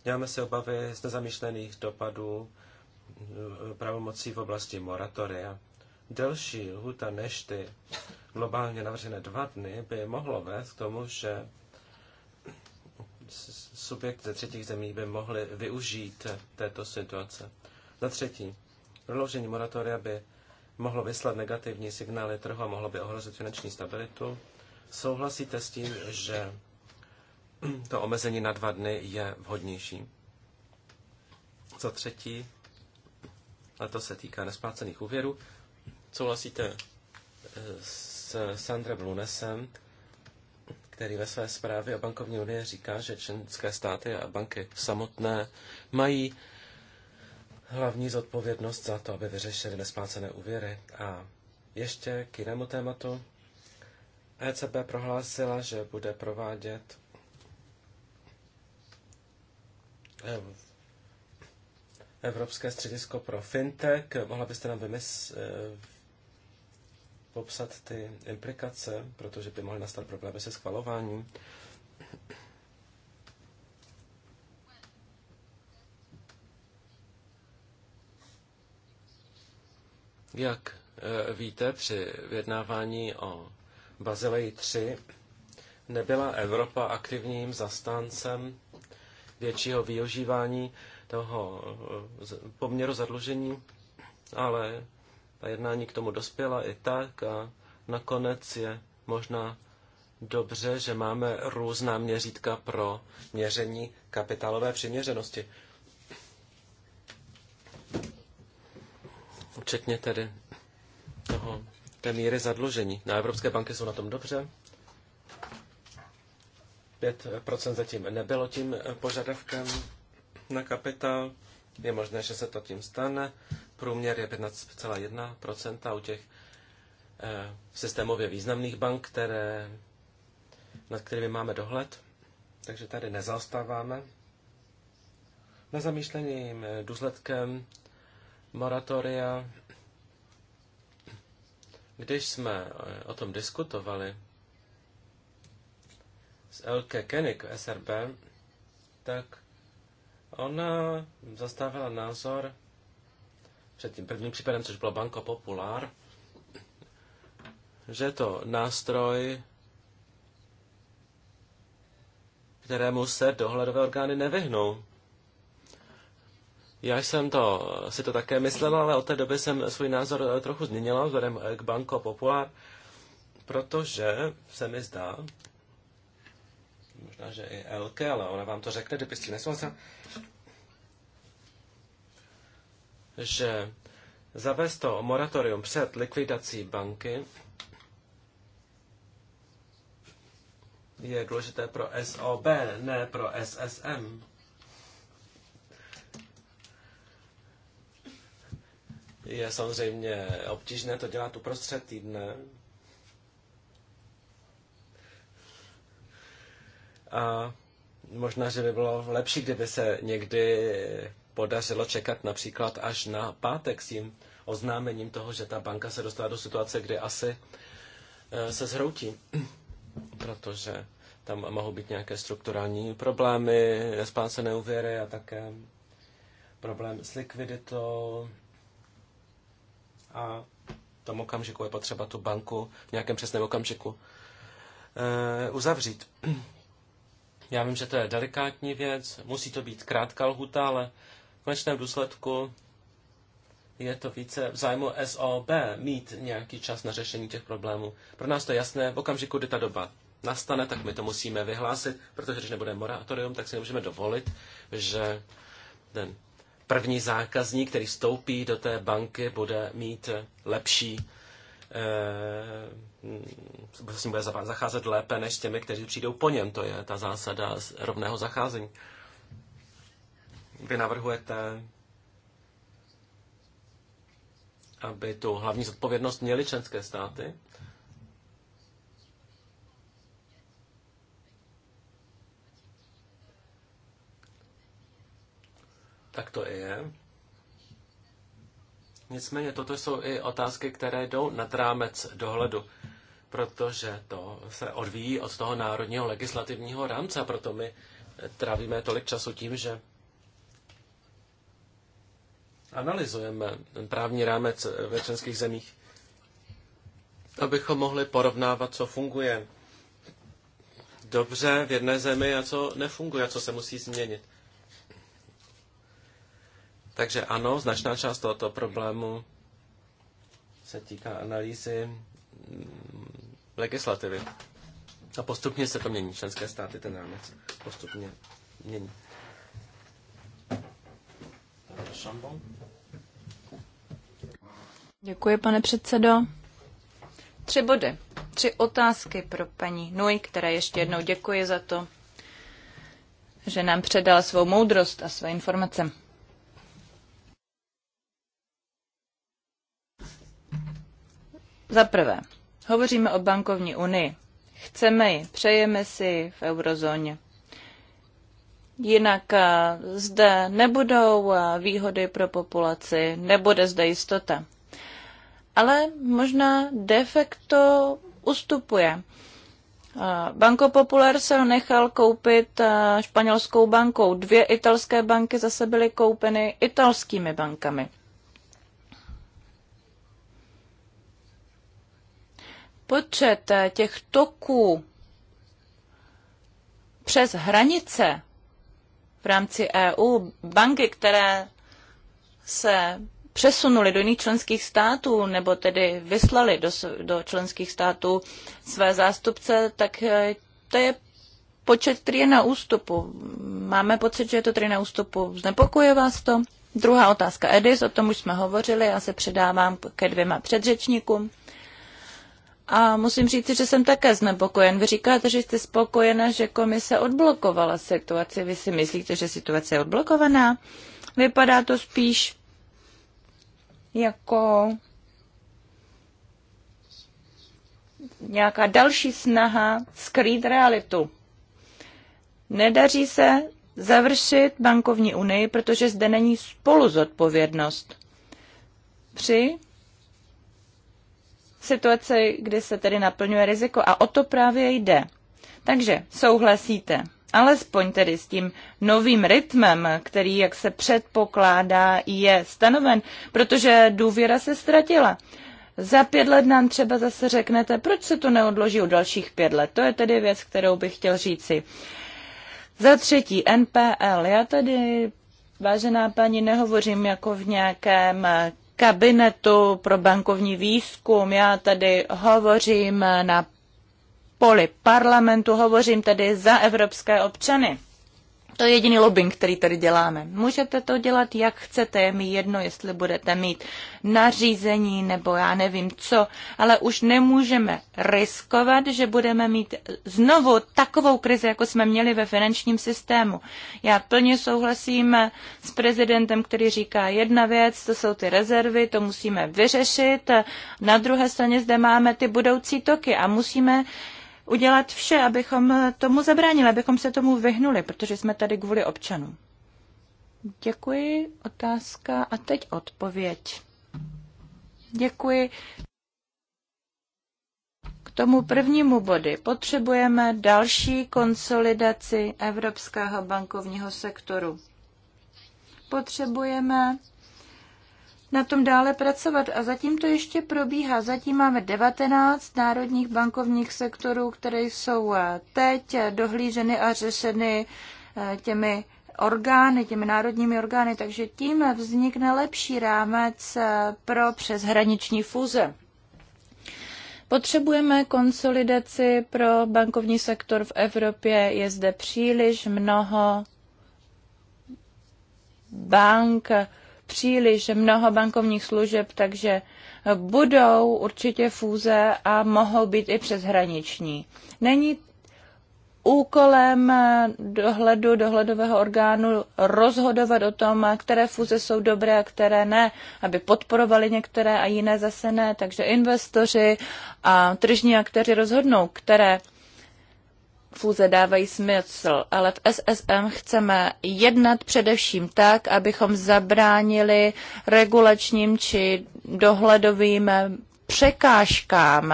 děláme si obavy z nezamýšlených dopadů eh, pravomocí v oblasti moratoria. Delší lhuta než ty globálně navržené dva dny by mohlo vést k tomu, že subjekty ze třetích zemí by mohli využít této situace. Za třetí, prodloužení moratoria by mohlo vyslat negativní signály trhu a mohlo by ohrozit finanční stabilitu. Souhlasíte s tím, že to omezení na dva dny je vhodnější. Za třetí, a to se týká nesplácených úvěrů, souhlasíte eh, s Sandrem Lunesem, který ve své zprávě o bankovní unii říká, že členské státy a banky samotné mají hlavní zodpovědnost za to, aby vyřešili nesplácené úvěry. A ještě k jinému tématu. ECB prohlásila, že bude provádět Evropské středisko pro fintech. Mohla byste nám vymys, eh, popsat ty implikace, protože by mohly nastat problémy se schvalováním. Jak eh, víte, při vyjednávání o Bazileji 3 nebyla Evropa aktivním zastáncem většího využívání toho eh, poměru zadlužení, ale ta jednání k tomu dospěla i tak a nakonec je možná dobře, že máme různá měřítka pro měření kapitálové přiměřenosti. Včetně tedy toho té míry zadlužení. Na Evropské banky jsou na tom dobře. 5% zatím nebylo tím eh, požadavkem na kapitál. Je možné, že se to tím stane. Průměr je 15,1% u těch eh, systémově významných bank, které, nad kterými máme dohled. Takže tady nezaostáváme. zamýšlení eh, důsledkem moratoria, když jsme o tom diskutovali, z Elke Koenig SRB, tak ona zastávala názor před tím prvním případem, což bylo Banko Popular, že je to nástroj, kterému se dohledové orgány nevyhnou. Já jsem to, si to také myslela, ale od té doby jsem svůj názor eh, trochu změnila vzhledem eh, k Banko Popular, protože se mi zdá, Možná, že i Elke, ale ona vám to řekne, kdyby s tím nesouhlasila. Že zavést to moratorium před likvidací banky je důležité pro SOB, ne pro SSM. Je samozřejmě obtížné to dělat uprostřed týdne, A možná, že by bylo lepší, kdyby se někdy podařilo čekat například až na pátek s tím oznámením toho, že ta banka se dostala do situace, kdy asi eh, se zhroutí, protože tam mohou být nějaké strukturální problémy, nesplácené úvěry a také problém s likviditou. A v tom okamžiku je potřeba tu banku v nějakém přesném okamžiku eh, uzavřít. Já vím, že to je delikátní věc, musí to být krátká lhuta, ale v konečném důsledku je to více v zájmu SOB mít nějaký čas na řešení těch problémů. Pro nás to je jasné, v okamžiku, kdy ta doba nastane, tak my to musíme vyhlásit, protože když nebude moratorium, tak si nemůžeme dovolit, že ten první zákazník, který vstoupí do té banky, bude mít lepší Eh, s ním bude zacházet lépe než s těmi, kteří přijdou po něm. To je ta zásada rovného zacházení. Vy navrhujete, aby tu hlavní zodpovědnost měly členské státy. Tak to je. Nicméně toto jsou i otázky, které jdou nad rámec dohledu, protože to se odvíjí od toho národního legislativního rámce, proto my trávíme tolik času tím, že analyzujeme ten právní rámec ve členských zemích, abychom mohli porovnávat, co funguje dobře v jedné zemi a co nefunguje, co se musí změnit. Takže ano, značná část tohoto problému se týká analýzy mm, legislativy. A postupně se to mění. Členské státy ten rámec postupně mění. Děkuji, pane předsedo. Tři body, tři otázky pro paní Nui, které ještě jednou děkuji za to, že nám předala svou moudrost a své informace. Za prvé, hovoříme o bankovní unii. Chceme ji, přejeme si v eurozóně. Jinak eh, zde nebudou eh, výhody pro populaci, nebude zde jistota. Ale možná de facto ustupuje. Eh, Banco Popular se nechal koupit španělskou bankou. Dvě italské banky zase byly koupeny italskými bankami. Počet eh, těch toků přes hranice v rámci EU, banky, které se přesunuli do jiných členských států nebo tedy vyslali do, do členských států své zástupce, tak eh, to je počet, který je na ústupu. Máme pocit, že je to tedy na ústupu. Znepokuje vás to? Druhá otázka Edis, o tom už jsme hovořili, já se předávám ke dvěma předřečníkům. A musím říct, že jsem také znepokojen. Vy říkáte, že jste spokojena, že komise odblokovala situaci. Vy si myslíte, že situace je odblokovaná? Vypadá to spíš jako nějaká další snaha skrýt realitu. Nedaří se završit bankovní unii, protože zde není spoluzodpovědnost. Při situaci, kdy se tedy naplňuje riziko a o to právě jde. Takže souhlasíte, alespoň tedy s tím novým rytmem, který, jak se předpokládá, je stanoven, protože důvěra se ztratila. Za pět let nám třeba zase řeknete, proč se to neodloží o dalších pět let. To je tedy věc, kterou bych chtěl říci. Za třetí, NPL. Já tady, vážená paní, nehovořím jako v nějakém kabinetu pro bankovní výzkum. Já tady hovořím na poli parlamentu, hovořím tedy za evropské občany. To je jediný lobbying, který tady děláme. Můžete to dělat, jak chcete, je mi jedno, jestli budete mít nařízení nebo já nevím co, ale už nemůžeme riskovat, že budeme mít znovu takovou krizi, jako jsme měli ve finančním systému. Já plně souhlasím s prezidentem, který říká jedna věc, to jsou ty rezervy, to musíme vyřešit. Na druhé straně zde máme ty budoucí toky a musíme udělat vše, abychom tomu zabránili, abychom se tomu vyhnuli, protože jsme tady kvůli občanům. Děkuji, otázka a teď odpověď. Děkuji. K tomu prvnímu body potřebujeme další konsolidaci evropského bankovního sektoru. Potřebujeme na tom dále pracovat a zatím to ještě probíhá. Zatím máme 19 národních bankovních sektorů, které jsou eh, teď dohlíženy a řešeny eh, těmi orgány, těmi národními orgány, takže tím vznikne lepší rámec eh, pro přeshraniční fuze. Potřebujeme konsolidaci pro bankovní sektor v Evropě. Je zde příliš mnoho bank, příliš mnoho bankovních služeb, takže budou určitě fúze a mohou být i přeshraniční. Není úkolem dohledu, dohledového orgánu rozhodovat o tom, které fuze jsou dobré a které ne, aby podporovali některé a jiné zase ne. Takže investoři a tržní aktéři rozhodnou, které Fúze dávají smysl, ale v SSM chceme jednat především tak, abychom zabránili regulačním či dohledovým překážkám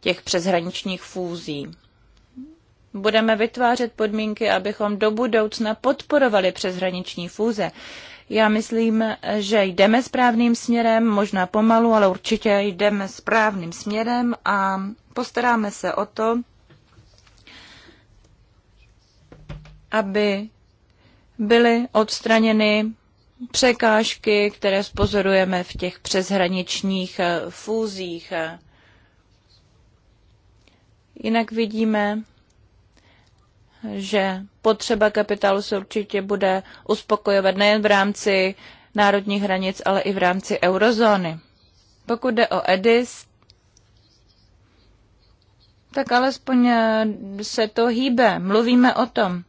těch přeshraničních fúzí. Budeme vytvářet podmínky, abychom do budoucna podporovali přeshraniční fúze. Já myslím, že jdeme správným směrem, možná pomalu, ale určitě jdeme správným směrem a postaráme se o to, aby byly odstraněny překážky, které spozorujeme v těch přeshraničních eh, fúzích. Jinak vidíme, že potřeba kapitálu se určitě bude uspokojovat nejen v rámci národních hranic, ale i v rámci eurozóny. Pokud jde o EDIS, tak alespoň eh, se to hýbe, mluvíme o tom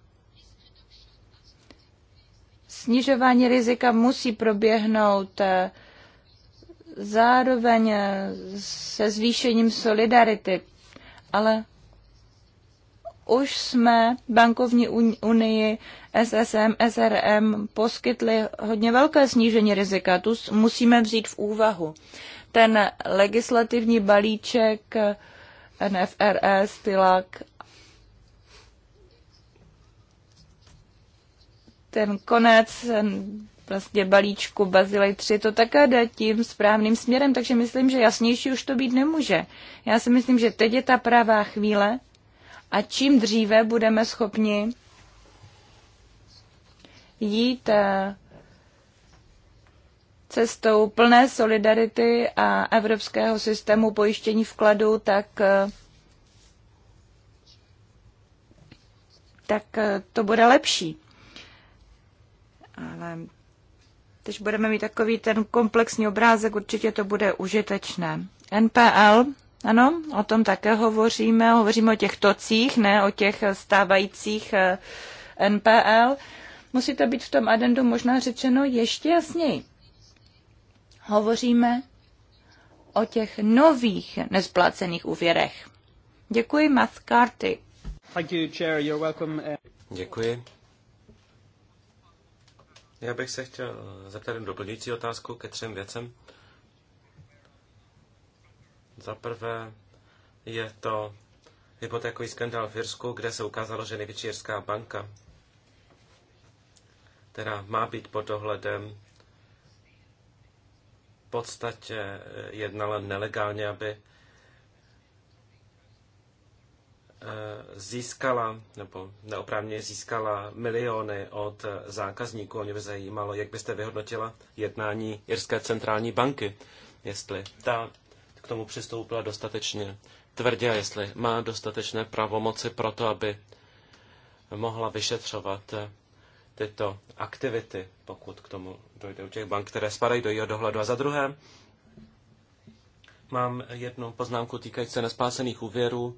snižování rizika musí proběhnout eh, zároveň eh, se zvýšením solidarity. Ale už jsme bankovní unii SSM, SRM poskytli hodně velké snížení rizika. Tu musíme vzít v úvahu. Ten legislativní balíček eh, NFRS, TILAK ten konec vlastně balíčku Bazilej 3 to také jde tím správným směrem, takže myslím, že jasnější už to být nemůže. Já si myslím, že teď je ta pravá chvíle a čím dříve budeme schopni jít eh, cestou plné solidarity a evropského systému pojištění vkladů, tak eh, tak eh, to bude lepší ale když budeme mít takový ten komplexní obrázek, určitě to bude užitečné. NPL, ano, o tom také hovoříme, hovoříme o těch tocích, ne o těch stávajících eh, NPL. Musí to být v tom adendu možná řečeno ještě jasněji. Hovoříme o těch nových nesplácených úvěrech. Děkuji, Matt Carty. Eh. Děkuji. Já bych se chtěl zeptat jen doplňující otázku ke třem věcem. Za prvé je to hypotékový skandál v Jirsku, kde se ukázalo, že největší jirská banka, která má být pod dohledem, v podstatě jednala nelegálně, aby Eh, získala nebo neoprávně získala miliony od zákazníků. Mě by zajímalo, jak byste vyhodnotila jednání Jirské centrální banky, jestli ta k tomu přistoupila dostatečně tvrdě jestli má dostatečné pravomoci pro to, aby mohla vyšetřovat eh, tyto aktivity, pokud k tomu dojde u těch bank, které spadají do jeho dohledu. A za druhé, mám jednu poznámku týkající nespásených úvěrů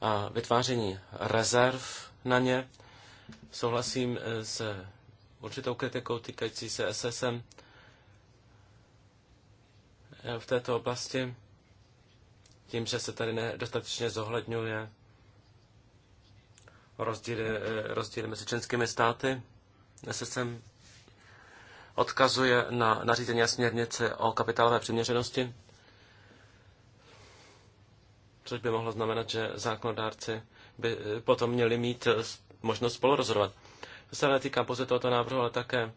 a vytváření rezerv na ně. Souhlasím eh, s určitou kritikou týkající se SSM eh, v této oblasti, tím, že se tady nedostatečně zohledňuje rozdíly, eh, rozdíly mezi členskými státy. SSM odkazuje na nařízení a směrnice o kapitálové přiměřenosti což by mohlo znamenat, že zákonodárci by eh, potom měli mít eh, možnost spolurozhodovat. To se netýká pouze tohoto návrhu, ale také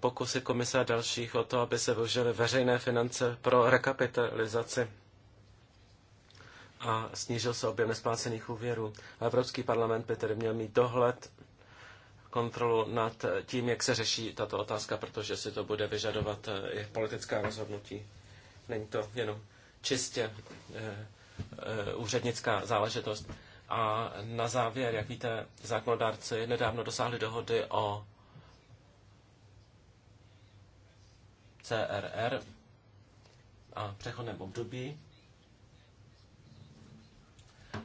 pokusy komise a dalších o to, aby se využily veřejné finance pro rekapitalizaci a snížil se objem nesplácených úvěrů. Evropský parlament by tedy měl mít dohled, kontrolu nad eh, tím, jak se řeší tato otázka, protože si to bude vyžadovat i politická rozhodnutí. Není to jenom čistě Eh, úřednická záležitost. A na závěr, jak víte, zákonodárci nedávno dosáhli dohody o CRR a přechodném období.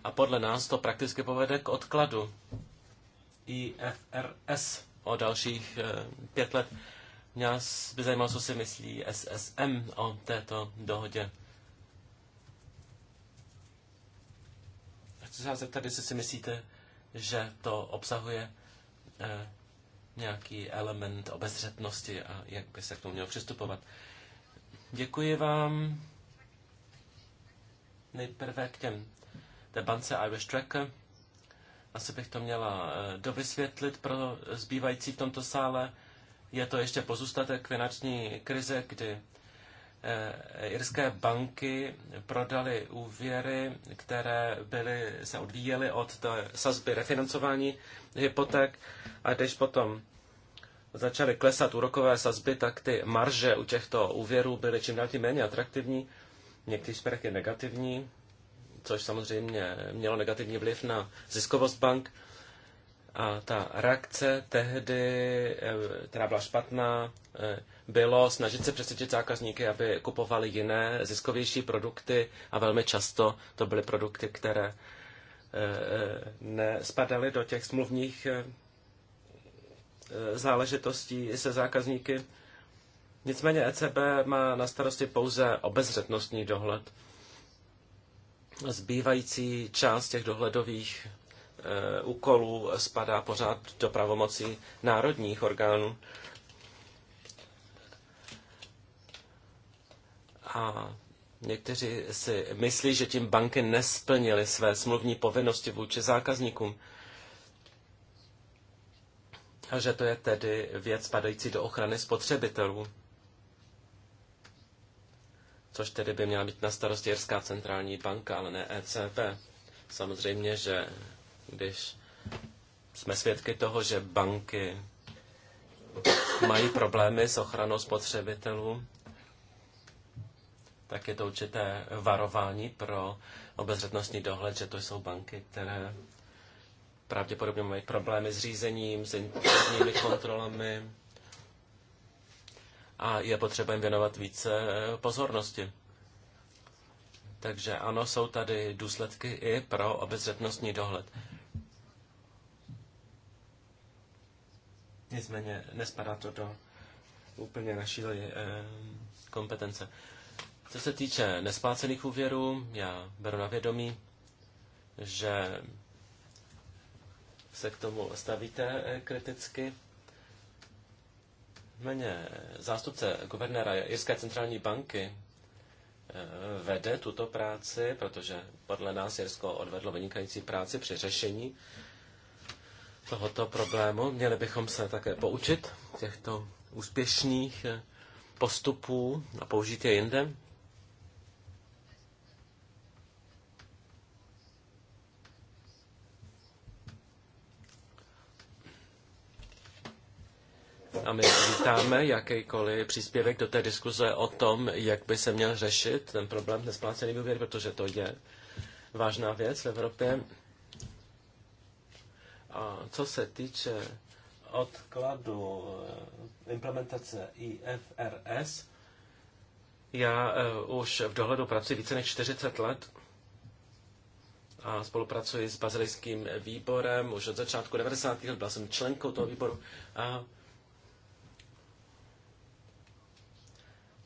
A podle nás to prakticky povede k odkladu IFRS o dalších eh, pět let. Mě by zajímalo, co si myslí SSM o této dohodě. Chci se vás zeptat, jestli si myslíte, že to obsahuje eh, nějaký element obezřetnosti a jak by se k tomu mělo přistupovat. Děkuji vám nejprve k těm té bance Irish Tracker. Asi bych to měla eh, dovysvětlit pro zbývající v tomto sále. Je to ještě pozůstatek finanční krize, kdy Eh, irské banky prodaly úvěry, které byly, se odvíjely od té sazby refinancování hypoték a když potom začaly klesat úrokové sazby, tak ty marže u těchto úvěrů byly čím dál tím méně atraktivní, některý je negativní, což samozřejmě mělo negativní vliv na ziskovost bank. A ta reakce tehdy, eh, která byla špatná, eh, bylo snažit se přesvědčit zákazníky, aby kupovali jiné, ziskovější produkty a velmi často to byly produkty, které eh, eh, nespadaly do těch smluvních eh, záležitostí se zákazníky. Nicméně ECB má na starosti pouze obezřetnostní dohled. Zbývající část těch dohledových úkolů spadá pořád do pravomocí národních orgánů. A někteří si myslí, že tím banky nesplnily své smluvní povinnosti vůči zákazníkům. A že to je tedy věc padající do ochrany spotřebitelů. Což tedy by měla být na starosti Jirská centrální banka, ale ne ECB. Samozřejmě, že když jsme svědky toho, že banky mají problémy s ochranou spotřebitelů, tak je to určité varování pro obezřetnostní dohled, že to jsou banky, které pravděpodobně mají problémy s řízením, s interními kontrolami a je potřeba jim věnovat více eh, pozornosti. Takže ano, jsou tady důsledky i pro obezřetnostní dohled. Nicméně nespadá to do úplně naší eh, kompetence. Co se týče nesplácených úvěrů, já beru na vědomí, že se k tomu stavíte eh, kriticky. Méně zástupce guvernéra Jirské centrální banky eh, vede tuto práci, protože podle nás Jirsko odvedlo vynikající práci při řešení tohoto problému. Měli bychom se také poučit těchto úspěšných eh, postupů a použít je jinde. A my vítáme jakýkoliv příspěvek do té diskuze o tom, jak by se měl řešit ten problém nesplácený úvěr, protože to je vážná věc v Evropě. A co se týče odkladu eh, implementace IFRS, já eh, už v dohledu pracuji více než 40 let a spolupracuji s bazilejským výborem už od začátku 90. let, byla jsem členkou toho výboru a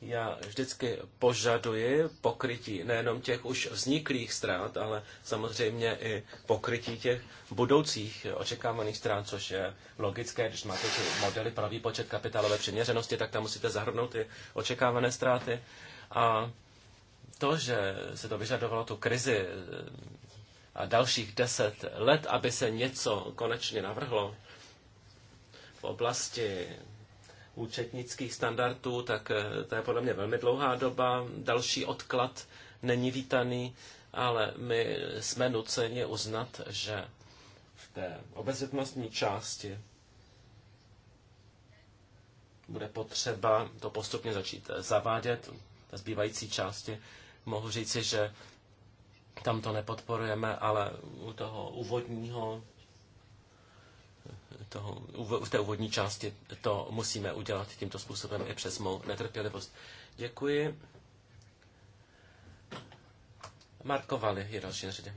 Já vždycky požaduji pokrytí nejenom těch už vzniklých ztrát, ale samozřejmě i pokrytí těch budoucích očekávaných ztrát, což je logické, když máte ty modely pro výpočet kapitálové přiměřenosti, tak tam musíte zahrnout ty očekávané ztráty. A to, že se to vyžadovalo tu krizi eh, a dalších deset let, aby se něco konečně navrhlo v oblasti účetnických standardů, tak eh, to je podle mě velmi dlouhá doba. Další odklad není vítaný, ale my jsme nuceni uznat, že v té obezřetnostní části bude potřeba to postupně začít eh, zavádět. Ve zbývající části mohu říci, že tam to nepodporujeme, ale u toho úvodního toho, v té úvodní části to musíme udělat tímto způsobem i přes mou netrpělivost. Děkuji. Marko Vali je další na řadě.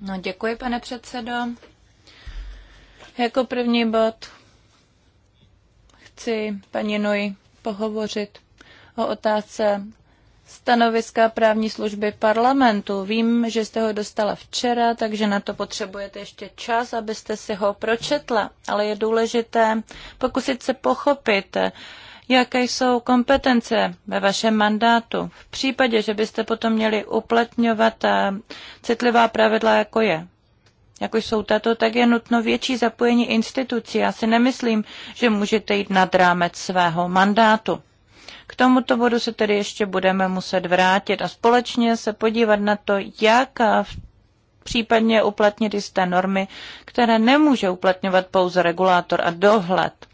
No, děkuji, pane předsedo. Jako první bod chci paní Nui pohovořit o otázce stanoviska právní služby parlamentu. Vím, že jste ho dostala včera, takže na to potřebujete ještě čas, abyste si ho pročetla, ale je důležité pokusit se pochopit, jaké jsou kompetence ve vašem mandátu. V případě, že byste potom měli uplatňovat eh, citlivá pravidla, jako je jako jsou tato, tak je nutno větší zapojení institucí. Já si nemyslím, že můžete jít nad rámec svého mandátu. K tomuto bodu se tedy ještě budeme muset vrátit a společně se podívat na to, jak případně uplatnit jisté normy, které nemůže uplatňovat pouze regulátor a dohled.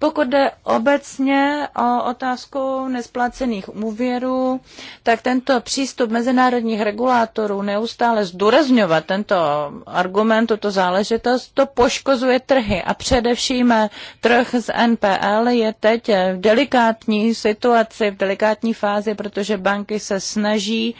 Pokud jde obecně o otázku nesplacených úvěrů, tak tento přístup mezinárodních regulátorů neustále zdůrazňovat tento argument, tuto záležitost, to poškozuje trhy a především trh z NPL je teď v delikátní situaci, v delikátní fázi, protože banky se snaží uh,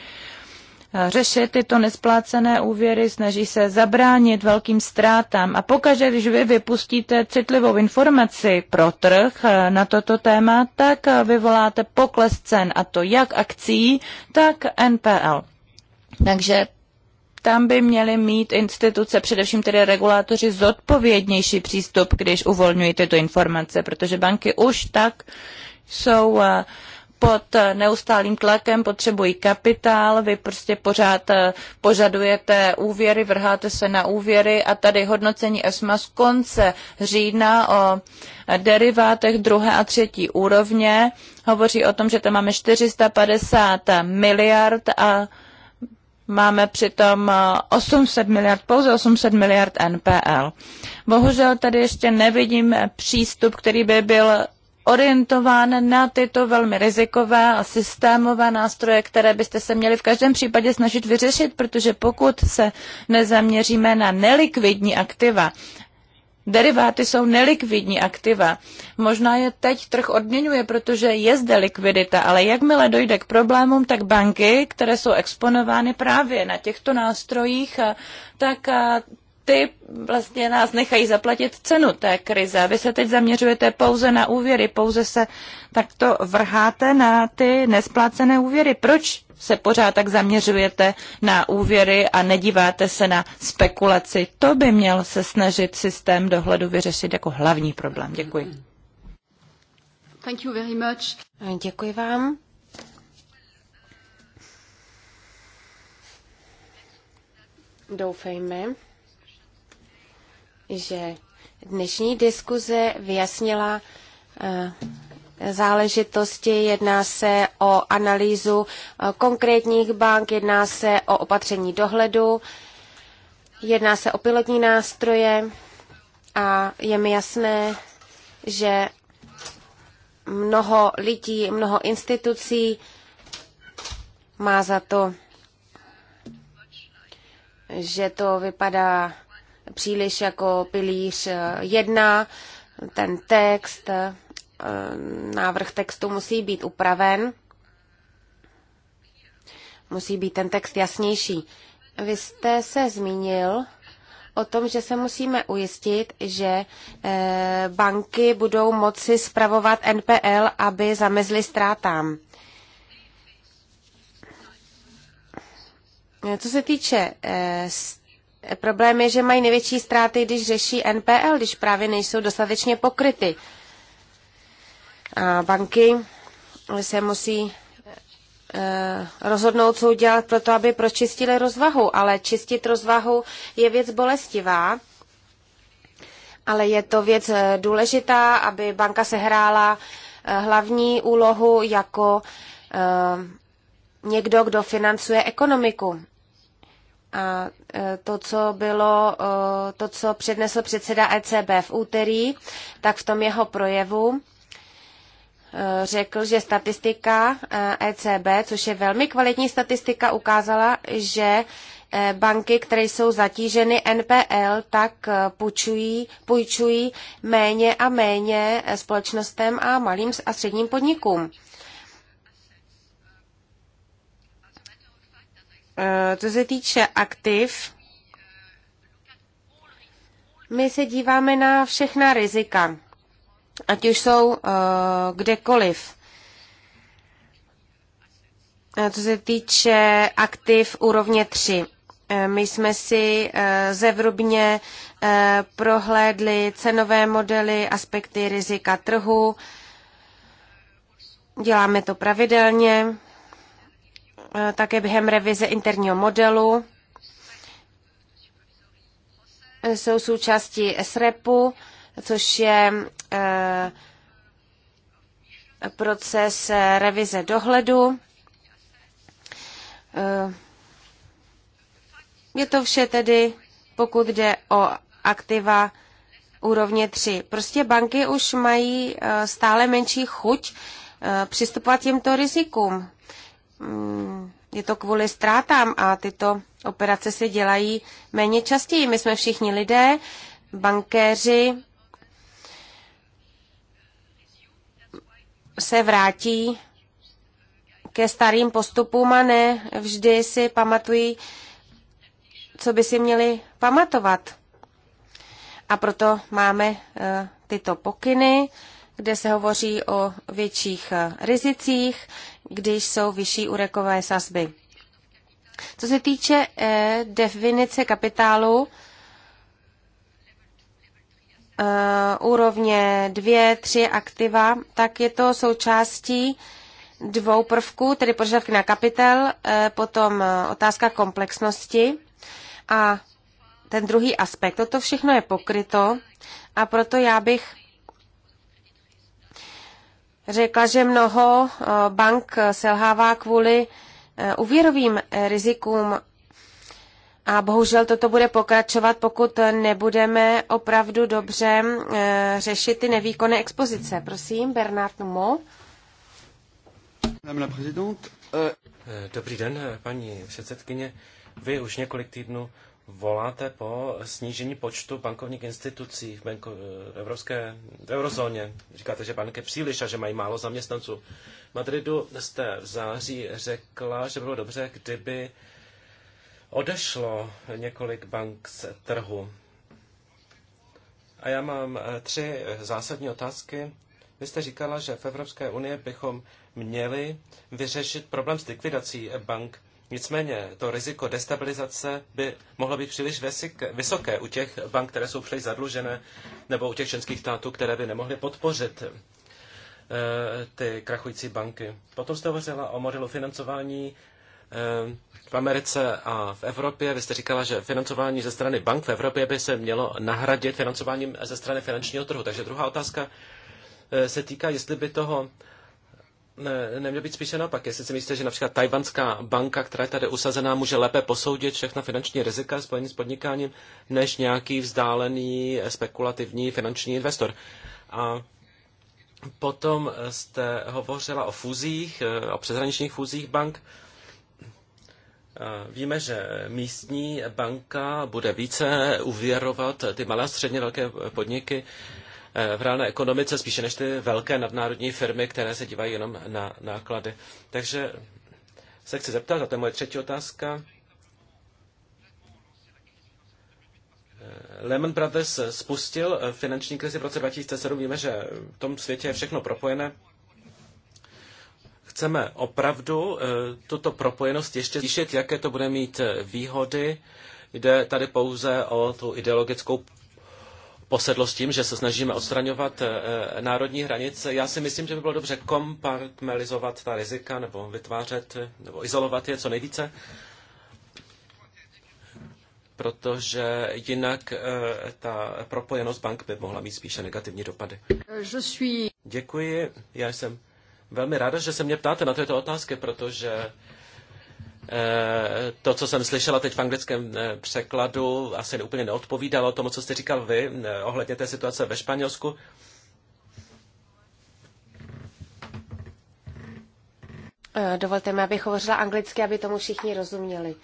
řešit tyto nesplácené úvěry, snaží se zabránit velkým ztrátám. A pokaždé, když vy vypustíte citlivou informaci pro trh eh, na toto téma, tak eh, vyvoláte pokles cen, a to jak akcí, tak NPL. Takže tam by měly mít instituce, především tedy regulátoři, zodpovědnější přístup, když uvolňují tyto informace, protože banky už tak jsou eh, pod neustálým tlakem, potřebují kapitál, vy prostě pořád eh, požadujete úvěry, vrháte se na úvěry a tady hodnocení ESMA z konce října o eh, derivátech druhé a třetí úrovně hovoří o tom, že tam máme 450 miliard a máme přitom 800 eh, miliard, pouze 800 miliard NPL. Bohužel tady ještě nevidím přístup, který by byl orientován na tyto velmi rizikové a systémové nástroje, které byste se měli v každém případě snažit vyřešit, protože pokud se nezaměříme na nelikvidní aktiva, Deriváty jsou nelikvidní aktiva. Možná je teď trh odměňuje, protože je zde likvidita, ale jakmile dojde k problémům, tak banky, které jsou exponovány právě na těchto nástrojích, tak ty vlastně nás nechají zaplatit cenu té krize. Vy se teď zaměřujete pouze na úvěry, pouze se takto vrháte na ty nesplácené úvěry. Proč se pořád tak zaměřujete na úvěry a nedíváte se na spekulaci? To by měl se snažit systém dohledu vyřešit jako hlavní problém. Děkuji. Thank you very much. Děkuji vám. Doufejme, že dnešní diskuze vyjasnila eh, záležitosti. Jedná se o analýzu eh, konkrétních bank, jedná se o opatření dohledu, jedná se o pilotní nástroje a je mi jasné, že mnoho lidí, mnoho institucí má za to, že to vypadá příliš jako pilíř eh, jedna, ten text, eh, návrh textu musí být upraven, musí být ten text jasnější. Vy jste se zmínil o tom, že se musíme ujistit, že eh, banky budou moci spravovat NPL, aby zamezly ztrátám. Co se týče Problém je, že mají největší ztráty, když řeší NPL, když právě nejsou dostatečně pokryty. A banky se musí eh, rozhodnout, co udělat pro to, aby pročistili rozvahu. Ale čistit rozvahu je věc bolestivá, ale je to věc eh, důležitá, aby banka sehrála eh, hlavní úlohu jako někdo, kdo financuje ekonomiku. A e, to, co bylo, to, co přednesl předseda ECB v úterý, tak v tom jeho projevu e, řekl, že statistika ECB, e což je velmi kvalitní statistika, ukázala, že banky, které jsou zatíženy NPL, tak půjčují, půjčují méně a méně společnostem a malým a středním podnikům. Eh, co se týče aktiv, my se díváme na všechna rizika, ať už jsou eh, kdekoliv. Eh, co se týče aktiv úrovně 3, my jsme si zevrubně prohlédli cenové modely, aspekty rizika trhu. Děláme to pravidelně. Eh, také během revize interního modelu. Jsou součástí SREPu, což je eh, proces revize dohledu. Eh, je to vše tedy, pokud jde o aktiva úrovně 3. Prostě banky už mají stále menší chuť přistupovat těmto rizikům. Mm, je to kvůli ztrátám a tyto operace se dělají méně častěji. My jsme všichni lidé, bankéři se vrátí ke starým postupům a ne vždy si pamatují, co by si měli pamatovat. A proto máme eh, tyto pokyny, kde se hovoří o větších eh, rizicích, když jsou vyšší úrokové sazby. Co se týče eh, definice kapitálu, eh, úrovně dvě, tři aktiva, tak je to součástí dvou prvků, tedy požadavky na kapitál, eh, potom eh, otázka komplexnosti a ten druhý aspekt. Toto všechno je pokryto a proto já bych řekla, že mnoho eh, bank selhává kvůli eh, úvěrovým rizikům a bohužel toto bude pokračovat, pokud nebudeme opravdu dobře eh, řešit ty nevýkonné expozice. Prosím, Bernard Numo. Dobrý den, paní předsedkyně. Vy už několik týdnů voláte po snížení počtu bankovních institucí v, banko, eh, evropské, v eurozóně. Říkáte, že banky příliš a že mají málo zaměstnanců. V Madridu jste v září řekla, že bylo dobře, kdyby odešlo několik bank z trhu. A já mám eh, tři eh, zásadní otázky. Vy jste říkala, že v Evropské unii bychom měli vyřešit problém s likvidací bank. Nicméně to riziko destabilizace by mohlo být příliš vysoké u těch bank, které jsou příliš zadlužené, nebo u těch členských států, které by nemohly podpořit eh, ty krachující banky. Potom jste hovořila o modelu financování eh, v Americe a v Evropě. Vy jste říkala, že financování ze strany bank v Evropě by se mělo nahradit financováním ze strany finančního trhu. Takže druhá otázka eh, se týká, jestli by toho nemělo být spíše naopak. Jestli si myslíte, že například tajvanská banka, která je tady usazená, může lépe posoudit všechna finanční rizika spojené s podnikáním, než nějaký vzdálený spekulativní finanční investor. A potom jste hovořila o fuzích, eh, o přeshraničních fuzích bank. Eh, víme, že místní banka bude více uvěrovat ty malé a středně velké podniky Eh, v reálné ekonomice, spíše než ty velké nadnárodní firmy, které se dívají jenom na náklady. Takže se chci zeptat, a to je moje třetí otázka. Eh, Lehman Brothers spustil finanční krizi v roce 2007. Víme, že v tom světě je všechno propojené. Chceme opravdu eh, tuto propojenost ještě zvýšit, jaké to bude mít výhody. Jde tady pouze o tu ideologickou posedlo s tím, že se snažíme odstraňovat eh, eh, národní hranice. Já si myslím, že by bylo dobře kompartmelizovat ta rizika nebo vytvářet eh, nebo izolovat je co nejvíce, protože jinak ta propojenost bank by mohla mít spíše negativní dopady. Děkuji, já jsem velmi ráda, že se mě ptáte na této otázky, protože Eh, to, co jsem slyšela teď v anglickém eh, překladu, asi úplně neodpovídalo tomu, co jste říkal vy eh, ohledně té situace ve Španělsku. Dovolte mi, abych hovořila anglicky, aby tomu všichni rozuměli.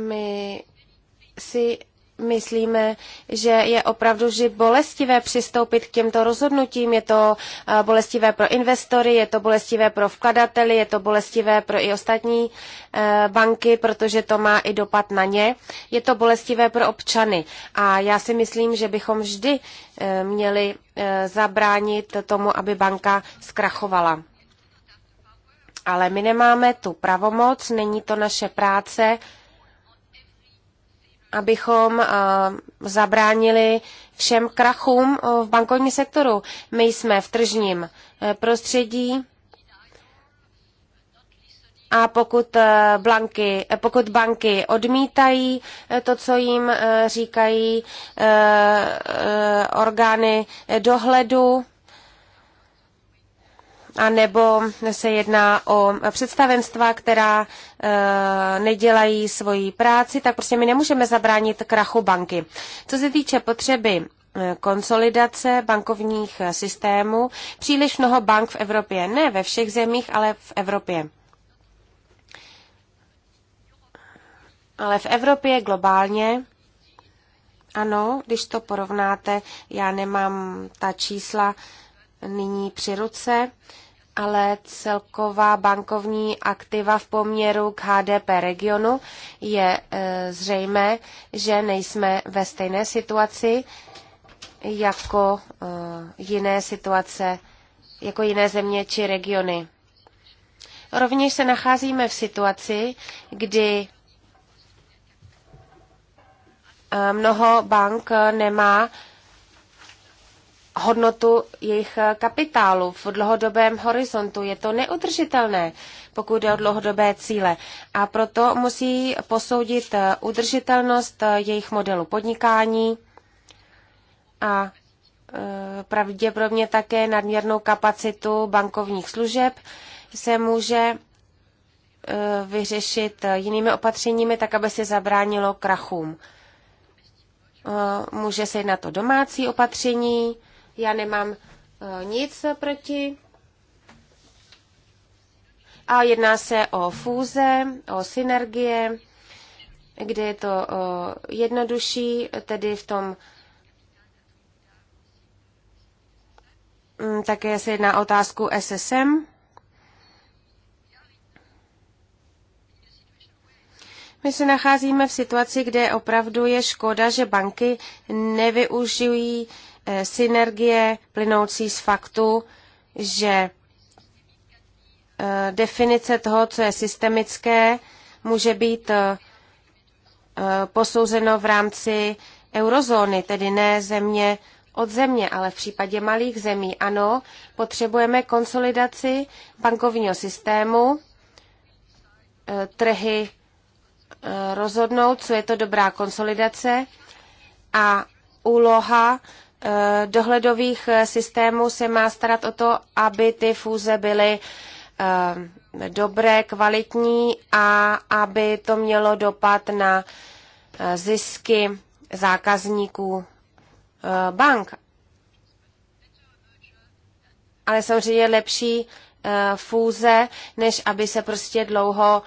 My si myslíme, že je opravdu vždy bolestivé přistoupit k těmto rozhodnutím. Je to eh, bolestivé pro investory, je to bolestivé pro vkladateli, je to bolestivé pro i ostatní eh, banky, protože to má i dopad na ně. Je to bolestivé pro občany. A já si myslím, že bychom vždy eh, měli zabránit tomu, aby banka zkrachovala. Ale my nemáme tu pravomoc, není to naše práce abychom eh, zabránili všem krachům eh, v bankovním sektoru. My jsme v tržním eh, prostředí a pokud, blanky, pokud banky odmítají to, co jim říkají orgány dohledu, a nebo se jedná o představenstva, která e, nedělají svoji práci, tak prostě my nemůžeme zabránit krachu banky. Co se týče potřeby e, konsolidace bankovních systémů, příliš mnoho bank v Evropě, ne ve všech zemích, ale v Evropě. Ale v Evropě globálně, ano, když to porovnáte, já nemám ta čísla nyní při ruce, ale celková bankovní aktiva v poměru k HDP regionu je e, zřejmé, že nejsme ve stejné situaci jako e, jiné situace, jako jiné země či regiony. Rovněž se nacházíme v situaci, kdy e, mnoho bank nemá hodnotu jejich kapitálu v dlouhodobém horizontu. Je to neudržitelné, pokud jde o dlouhodobé cíle. A proto musí posoudit eh, udržitelnost eh, jejich modelu podnikání a eh, pravděpodobně také nadměrnou kapacitu bankovních služeb se může vyřešit jinými opatřeními, tak aby se zabránilo krachům. Může se jednat o domácí opatření, já nemám e, nic proti. A jedná se o fúze, o synergie, kde je to e, jednodušší, tedy v tom mm, také se jedná o otázku SSM. My se nacházíme v situaci, kde opravdu je škoda, že banky nevyužijí Eh, synergie plynoucí z faktu, že eh, definice toho, co je systemické, může být eh, posouzeno v rámci eurozóny, tedy ne země od země, ale v případě malých zemí. Ano, potřebujeme konsolidaci bankovního systému, trhy rozhodnout, co je to dobrá konsolidace a úloha Eh, dohledových eh, systémů se má starat o to, aby ty fúze byly eh, dobré, kvalitní a aby to mělo dopad na zisky zákazníků bank. Ale samozřejmě lepší fúze, než aby se prostě dlouho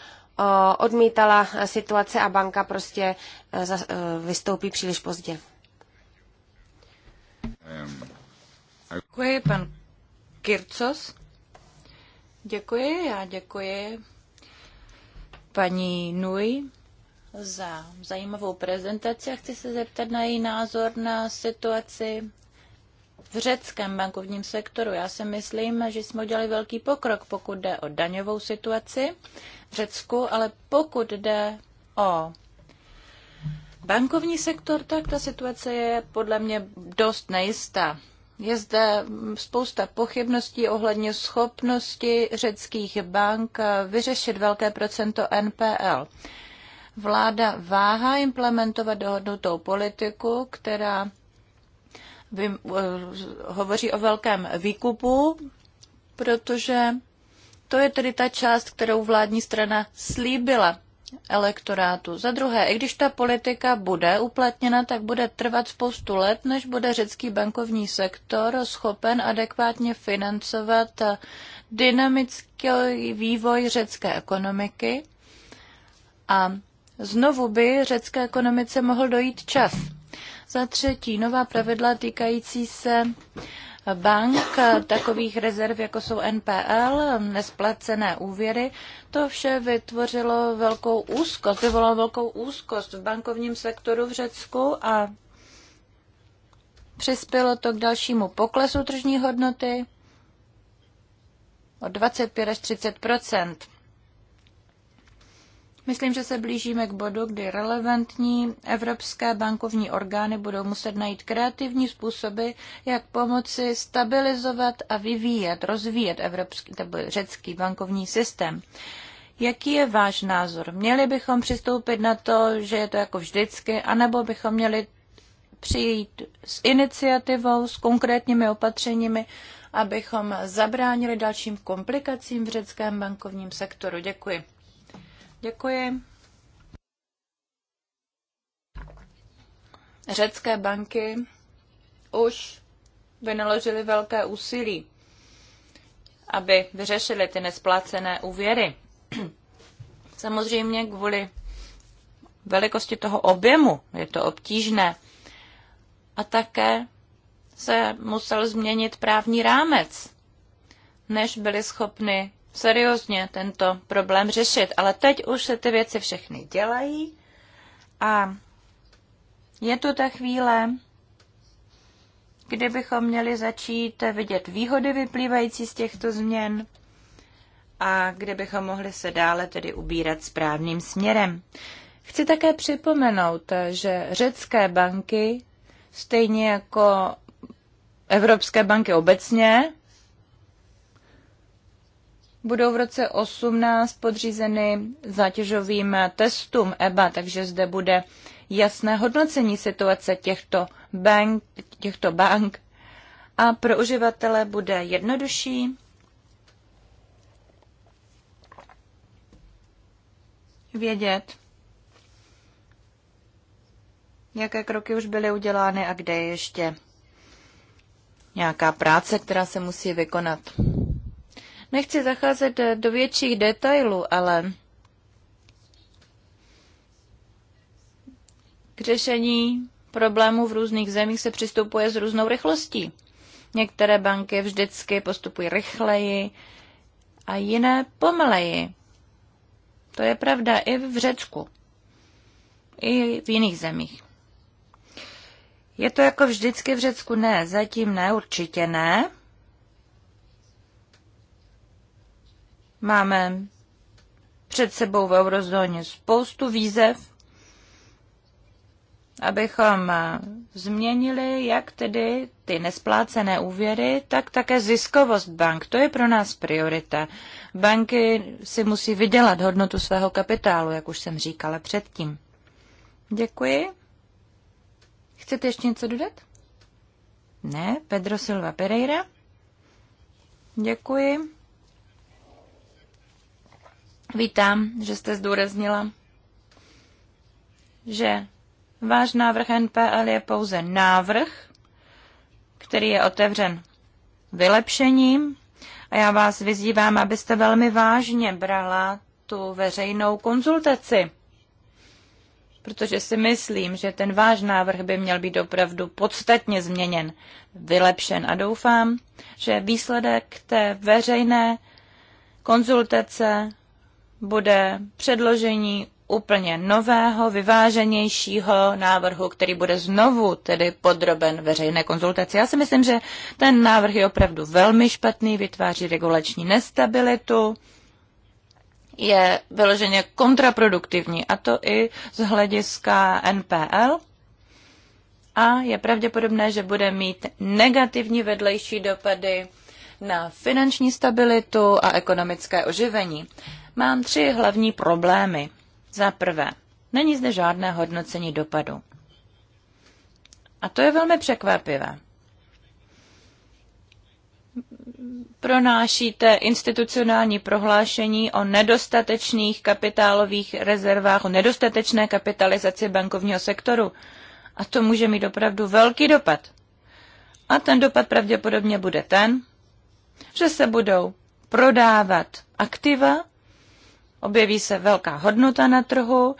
odmítala situace a banka prostě vystoupí příliš pozdě. Děkuji, pan Kircos. Děkuji, já děkuji paní Nui za zajímavou prezentaci a chci se zeptat na její názor na situaci v řeckém bankovním sektoru. Já si myslím, že jsme udělali velký pokrok, pokud jde o daňovou situaci v Řecku, ale pokud jde o bankovní sektor, tak ta situace je podle mě dost nejistá. Je zde spousta pochybností ohledně schopnosti řeckých bank vyřešit velké procento NPL. Vláda váha implementovat dohodnutou politiku, která vy, eh, hovoří o velkém výkupu, protože to je tedy ta část, kterou vládní strana slíbila elektorátu. Za druhé, i když ta politika bude uplatněna, tak bude trvat spoustu let, než bude řecký bankovní sektor schopen adekvátně financovat dynamický vývoj řecké ekonomiky a znovu by řecké ekonomice mohl dojít čas. Za třetí, nová pravidla týkající se uh, bank, takových rezerv, jako jsou NPL, nesplacené úvěry. To vše vytvořilo velkou úzkost, vyvolalo velkou úzkost v bankovním sektoru v Řecku a přispělo to k dalšímu poklesu tržní hodnoty o 25 až 30 Myslím, že se blížíme k bodu, kdy relevantní evropské bankovní orgány budou muset najít kreativní způsoby, jak pomoci stabilizovat a vyvíjet, rozvíjet evropský nebo řecký bankovní systém. Jaký je váš názor? Měli bychom přistoupit na to, že je to jako vždycky, anebo bychom měli přijít s iniciativou, s konkrétními opatřeními, abychom zabránili dalším komplikacím v řeckém bankovním sektoru? Děkuji. Děkuji. Řecké banky už vynaložily velké úsilí, aby vyřešily ty nesplácené úvěry. Samozřejmě kvůli velikosti toho objemu je to obtížné. A také se musel změnit právní rámec, než byli schopny seriózně tento problém řešit. Ale teď už se ty věci všechny dělají a je tu ta chvíle, kdybychom měli začít vidět výhody vyplývající z těchto změn a kdybychom mohli se dále tedy ubírat správným směrem. Chci také připomenout, že řecké banky, stejně jako evropské banky obecně, budou v roce 18 podřízeny zátěžovým testům EBA, takže zde bude jasné hodnocení situace těchto bank, těchto bank a pro uživatele bude jednodušší. vědět, jaké kroky už byly udělány a kde je ještě nějaká práce, která se musí vykonat. Nechci zacházet eh, do větších detailů, ale k řešení problémů v různých zemích se přistupuje s různou rychlostí. Některé banky vždycky postupují rychleji a jiné pomaleji. To je pravda i v Řecku, i v jiných zemích. Je to jako vždycky v Řecku? Ne, zatím ne, určitě ne. Máme před sebou v eurozóně spoustu výzev, abychom změnili jak tedy ty nesplácené úvěry, tak také ziskovost bank. To je pro nás priorita. Banky si musí vydělat hodnotu svého kapitálu, jak už jsem říkala předtím. Děkuji. Chcete ještě něco dodat? Ne, Pedro Silva Pereira. Děkuji. Vítám, že jste zdůraznila, že váš návrh NPL je pouze návrh, který je otevřen vylepšením a já vás vyzývám, abyste velmi vážně brala tu veřejnou konzultaci, protože si myslím, že ten váš návrh by měl být opravdu podstatně změněn, vylepšen a doufám, že výsledek té veřejné konzultace bude předložení úplně nového, vyváženějšího návrhu, který bude znovu tedy podroben veřejné konzultaci. Já si myslím, že ten návrh je opravdu velmi špatný, vytváří regulační nestabilitu, je vyloženě kontraproduktivní, a to i z hlediska NPL. A je pravděpodobné, že bude mít negativní vedlejší dopady na finanční stabilitu a ekonomické oživení. Mám tři hlavní problémy. Za prvé, není zde žádné hodnocení dopadu. A to je velmi překvapivé. Pronášíte institucionální prohlášení o nedostatečných kapitálových rezervách, o nedostatečné kapitalizaci bankovního sektoru. A to může mít opravdu velký dopad. A ten dopad pravděpodobně bude ten, že se budou prodávat aktiva objeví se velká hodnota na trhu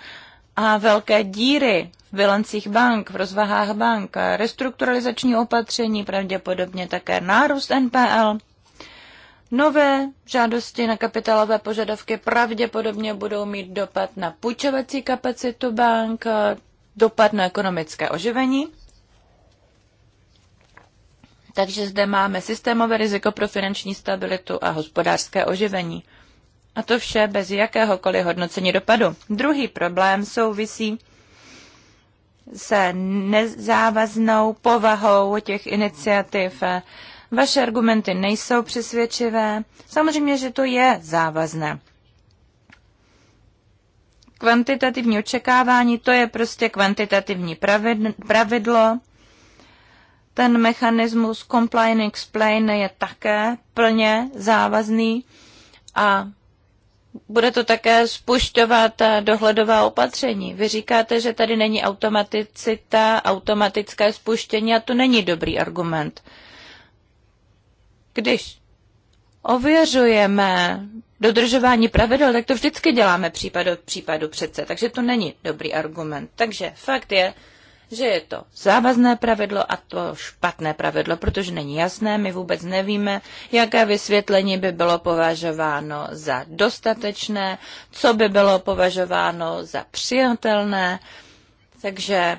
a velké díry v bilancích bank, v rozvahách bank, restrukturalizační opatření, pravděpodobně také nárůst NPL. Nové žádosti na kapitálové požadavky pravděpodobně budou mít dopad na půjčovací kapacitu bank, dopad na ekonomické oživení. Takže zde máme systémové riziko pro finanční stabilitu a hospodářské oživení. A to vše bez jakéhokoliv hodnocení dopadu. Druhý problém souvisí se nezávaznou povahou těch iniciativ. Vaše argumenty nejsou přesvědčivé. Samozřejmě, že to je závazné. Kvantitativní očekávání, to je prostě kvantitativní pravidlo. Ten mechanismus comply and explain je také plně závazný a bude to také spušťovat dohledová opatření. Vy říkáte, že tady není automaticita, automatické spuštění a to není dobrý argument. Když ověřujeme dodržování pravidel, tak to vždycky děláme případ od případu přece, takže to není dobrý argument. Takže fakt je, že je to závazné pravidlo a to špatné pravidlo, protože není jasné, my vůbec nevíme, jaké vysvětlení by bylo považováno za dostatečné, co by bylo považováno za přijatelné. Takže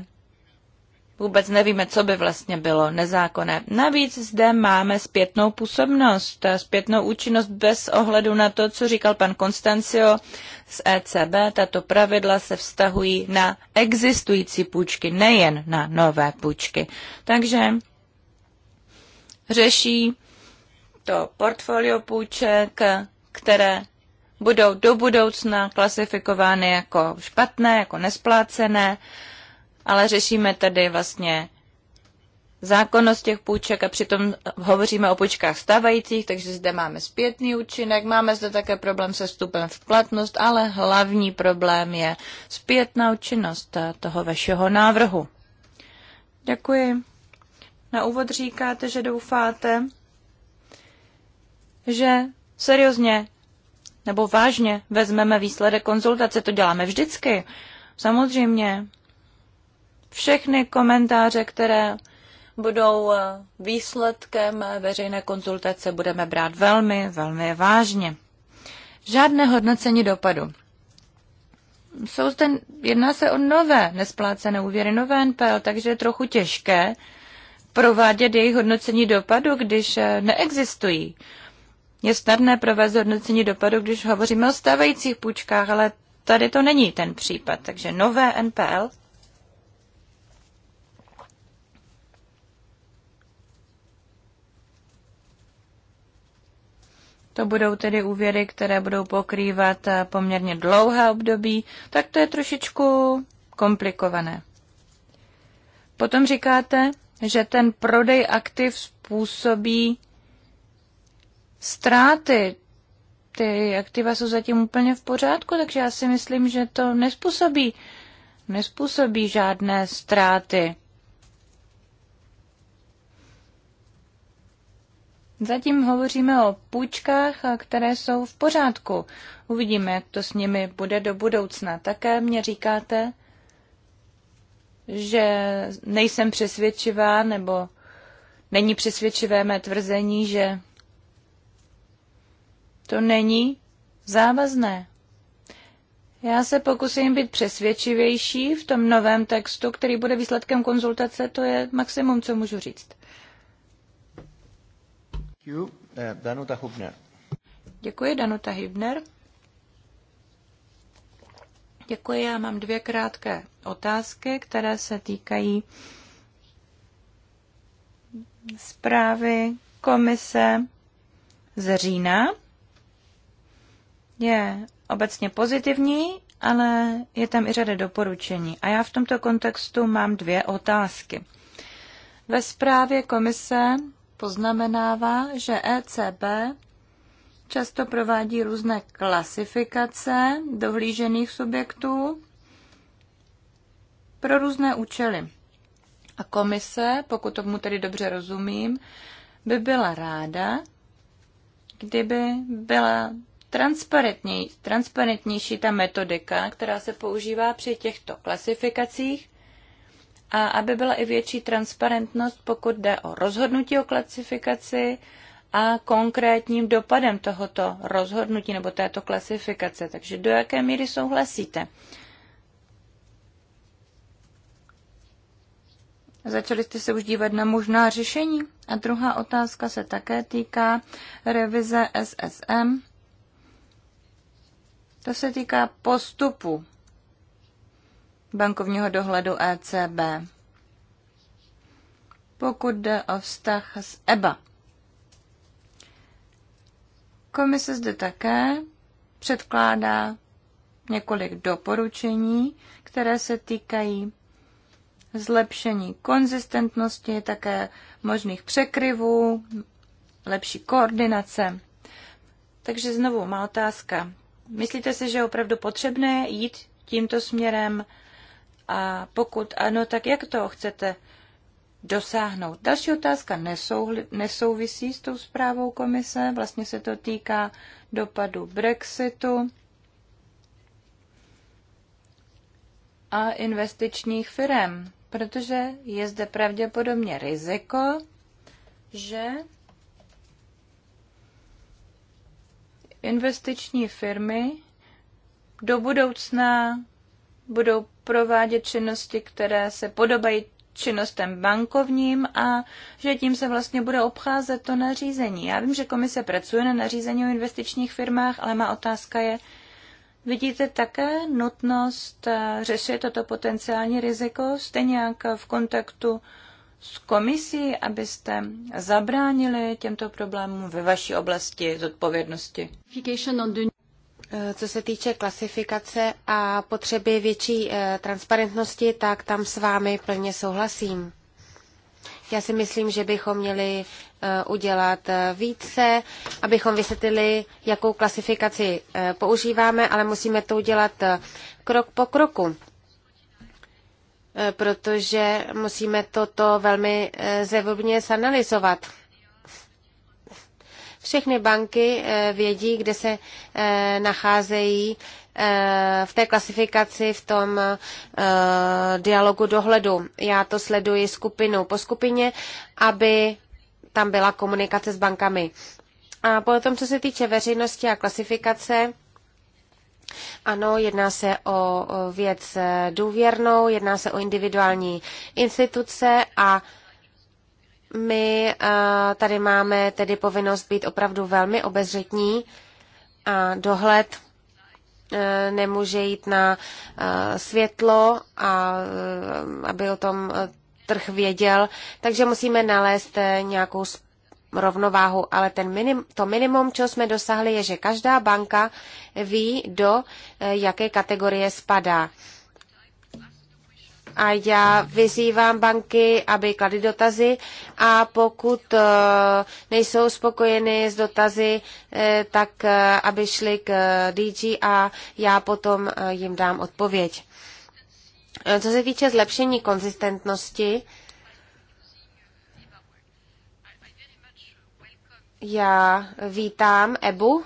vůbec nevíme, co by vlastně bylo nezákonné. Navíc zde máme zpětnou působnost, zpětnou účinnost bez ohledu na to, co říkal pan Konstancio z ECB. Tato pravidla se vztahují na existující půjčky, nejen na nové půjčky. Takže řeší to portfolio půjček, které budou do budoucna klasifikovány jako špatné, jako nesplácené ale řešíme tady vlastně zákonnost těch půjček a přitom hovoříme o půjčkách stávajících, takže zde máme zpětný účinek, máme zde také problém se vstupem v platnost, ale hlavní problém je zpětná účinnost toho vašeho návrhu. Děkuji. Na úvod říkáte, že doufáte, že seriózně nebo vážně vezmeme výsledek konzultace. To děláme vždycky. Samozřejmě, všechny komentáře, které budou eh, výsledkem veřejné konzultace, budeme brát velmi, velmi vážně. Žádné hodnocení dopadu. Jsou zde, jedná se o nové nesplácené úvěry, nové NPL, takže je trochu těžké provádět jejich hodnocení dopadu, když eh, neexistují. Je snadné provést hodnocení dopadu, když hovoříme o stávajících půjčkách, ale tady to není ten případ. Takže nové NPL to budou tedy úvěry, které budou pokrývat eh, poměrně dlouhá období, tak to je trošičku komplikované. Potom říkáte, že ten prodej aktiv způsobí ztráty. Ty aktiva jsou zatím úplně v pořádku, takže já si myslím, že to nespůsobí, nespůsobí žádné ztráty. Zatím hovoříme o půjčkách, které jsou v pořádku. Uvidíme, jak to s nimi bude do budoucna. Také mě říkáte, že nejsem přesvědčivá, nebo není přesvědčivé mé tvrzení, že to není závazné. Já se pokusím být přesvědčivější v tom novém textu, který bude výsledkem konzultace, to je maximum, co můžu říct. You, eh, Danuta Hubner. Děkuji, Danuta Hübner. Děkuji, já mám dvě krátké otázky, které se týkají zprávy komise z října. Je obecně pozitivní, ale je tam i řada doporučení. A já v tomto kontextu mám dvě otázky. Ve zprávě komise poznamenává, že ECB často provádí různé klasifikace dohlížených subjektů pro různé účely. A komise, pokud tomu tedy dobře rozumím, by byla ráda, kdyby byla transparentnější ta metodika, která se používá při těchto klasifikacích, a aby byla i větší transparentnost, pokud jde o rozhodnutí o klasifikaci a konkrétním dopadem tohoto rozhodnutí nebo této klasifikace. Takže do jaké míry souhlasíte? Začali jste se už dívat na možná řešení? A druhá otázka se také týká revize SSM. To se týká postupu bankovního dohledu ECB. Pokud jde o vztah s EBA. Komise zde také předkládá několik doporučení, které se týkají zlepšení konzistentnosti, také možných překryvů, lepší koordinace. Takže znovu má otázka. Myslíte si, že je opravdu potřebné jít tímto směrem? A pokud ano, tak jak to chcete dosáhnout? Další otázka nesouhli, nesouvisí s tou zprávou komise, vlastně se to týká dopadu Brexitu a investičních firm, protože je zde pravděpodobně riziko, že investiční firmy do budoucna budou provádět činnosti, které se podobají činnostem bankovním a že tím se vlastně bude obcházet to nařízení. Já vím, že komise pracuje na nařízení o investičních firmách, ale má otázka je, vidíte také nutnost eh, řešit toto potenciální riziko, stejně nějak v kontaktu s komisí, abyste zabránili těmto problémům ve vaší oblasti zodpovědnosti? Eh, co se týče klasifikace a potřeby větší eh, transparentnosti, tak tam s vámi plně souhlasím. Já si myslím, že bychom měli eh, udělat více, abychom vysvětlili, jakou klasifikaci používáme, ale musíme to udělat krok po kroku, protože musíme toto velmi zevrubně zanalizovat. Všechny banky eh, vědí, kde se eh, nacházejí eh, v té klasifikaci, v tom dialogu dohledu. Já to sleduji skupinu po skupině, aby tam byla komunikace s bankami. A potom, co se týče veřejnosti a klasifikace, ano, jedná se o věc důvěrnou, jedná se o individuální instituce a my eh, tady máme tedy povinnost být opravdu velmi obezřetní a dohled eh, nemůže jít na eh, světlo, a aby o tom trh věděl, takže musíme nalézt nějakou rovnováhu, ale ten minim, to minimum, co jsme dosáhli, je, že každá banka ví, do jaké kategorie spadá a já vyzývám banky, aby kladly dotazy a pokud eh, nejsou spokojeny s dotazy, eh, tak eh, aby šli k DG a já potom jim dám odpověď. Co se týče zlepšení konzistentnosti, já vítám EBU,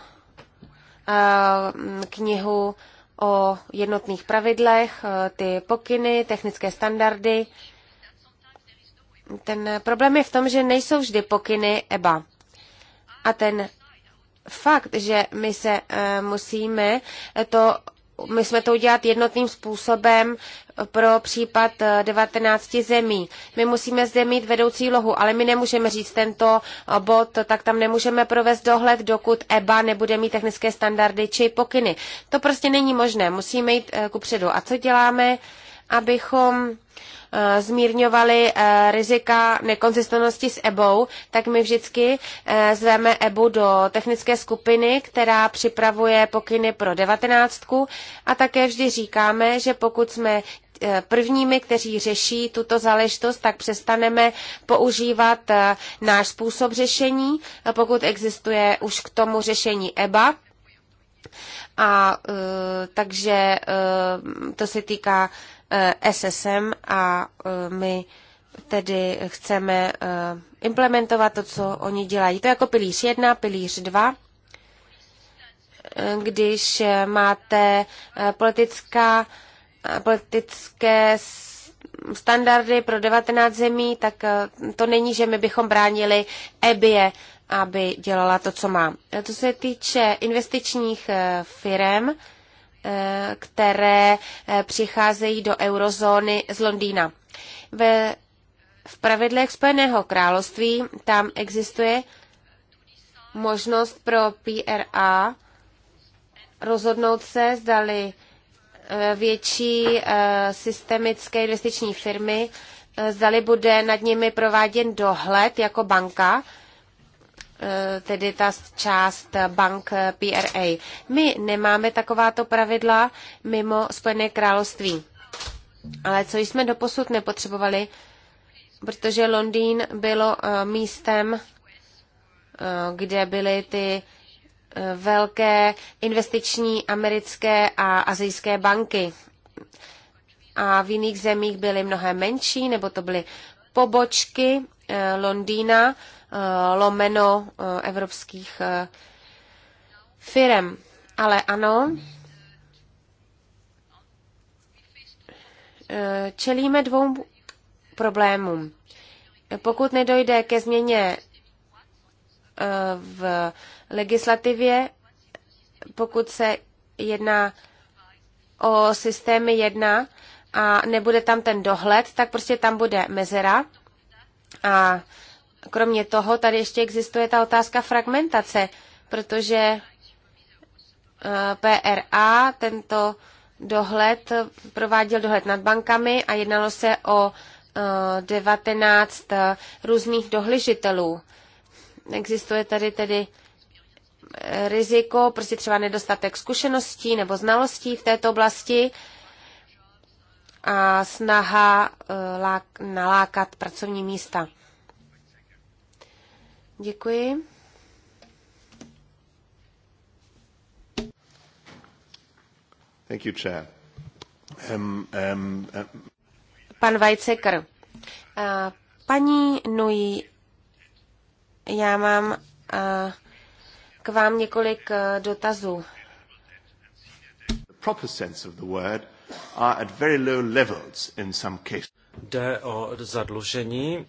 knihu o jednotných pravidlech, eh, ty pokyny, technické standardy. Ten problém je v tom, že nejsou vždy pokyny EBA. A ten fakt, že my se eh, musíme to my jsme to udělat jednotným způsobem pro případ 19 eh, zemí. My musíme zde mít vedoucí lohu, ale my nemůžeme říct tento eh, bod, tak tam nemůžeme provést dohled, dokud EBA nebude mít technické standardy či pokyny. To prostě není možné, musíme jít eh, ku předu. A co děláme, abychom Eh, zmírňovali eh, rizika nekonzistentnosti s EBou, tak my vždycky eh, zveme EBu do technické skupiny, která připravuje pokyny pro devatenáctku a také vždy říkáme, že pokud jsme prvními, kteří řeší tuto záležitost, tak přestaneme používat náš způsob řešení, pokud existuje už k tomu řešení EBA, a uh, takže uh, to se týká Eh, SSM a eh, my tedy chceme eh, implementovat to, co oni dělají. To je jako pilíř 1, pilíř 2. Když máte politická, politické standardy pro 19 zemí, tak to není, že my bychom bránili EBIE, e, aby dělala to, co má. To se týče investičních firm, Eh, které eh, přicházejí do eurozóny z Londýna. Ve, v pravidlech Spojeného království tam existuje možnost pro PRA rozhodnout se, zdali eh, větší systemické investiční firmy, zdali bude nad nimi prováděn dohled jako banka, Eh, tedy ta část bank PRA. My nemáme takováto pravidla mimo Spojené království. Ale co jsme doposud nepotřebovali, protože Londýn bylo eh, místem, eh, kde byly ty velké investiční americké a azijské banky. A v jiných zemích byly mnohem menší, nebo to byly pobočky Londýna, Eh, lomeno eh, evropských eh, firem. Ale ano, čelíme dvou problémům. Pokud nedojde ke změně v legislativě, pokud se jedná o systémy jedna a nebude tam ten dohled, tak prostě tam bude mezera a kromě toho tady ještě existuje ta otázka fragmentace, protože eh, PRA tento dohled prováděl dohled nad bankami a jednalo se o 19 eh, eh, různých dohližitelů. Existuje tady tedy riziko, prostě třeba nedostatek zkušeností nebo znalostí v této oblasti a snaha nalákat pracovní místa. Děkuji. Thank you, Chair. Um, um, um... Pan Vajcekr. Uh, paní Nui, já mám uh, k vám několik uh, dotazů. proper sense of the word are at very low levels in some cases. Jde o zadlužení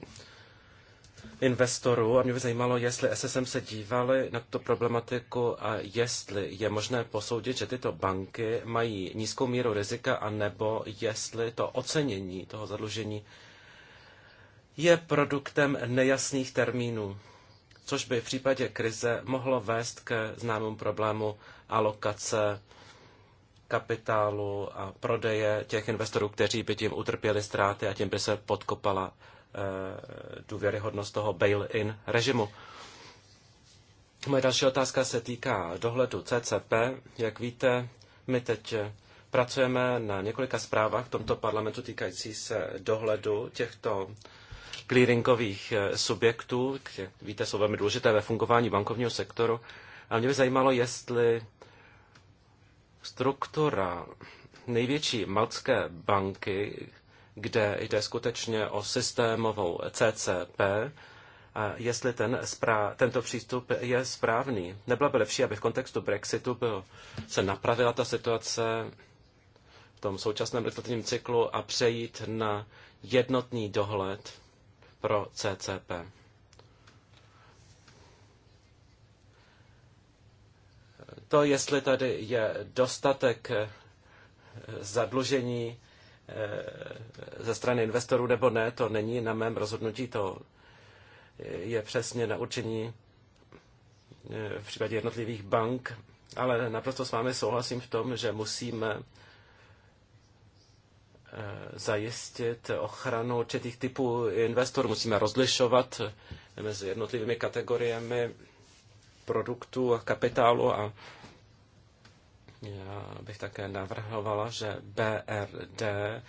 investorů a mě by zajímalo, jestli SSM se dívali na tuto problematiku a jestli je možné posoudit, že tyto banky mají nízkou míru rizika, anebo jestli to ocenění toho zadlužení je produktem nejasných termínů, což by v případě krize mohlo vést ke známému problému alokace kapitálu a prodeje těch investorů, kteří by tím utrpěli ztráty a tím by se podkopala Eh, důvěryhodnost toho bail-in režimu. Moje další otázka se týká dohledu CCP. Jak víte, my teď pracujeme na několika zprávách v tomto parlamentu týkající se dohledu těchto clearingových eh, subjektů, které, víte, jsou velmi důležité ve fungování bankovního sektoru. A mě by zajímalo, jestli struktura největší malcké banky, kde jde skutečně o systémovou CCP, a jestli ten správ, tento přístup je správný. Nebylo by lepší, aby v kontextu Brexitu byl, se napravila ta situace v tom současném legislativním cyklu a přejít na jednotný dohled pro CCP. To, jestli tady je dostatek zadlužení ze strany investorů nebo ne, to není na mém rozhodnutí, to je přesně na určení eh, v případě jednotlivých bank, ale naprosto s vámi souhlasím v tom, že musíme eh, zajistit ochranu určitých typů investorů. Musíme rozlišovat mezi jednotlivými kategoriemi produktů a kapitálu a já bych také navrhovala, že BRD eh,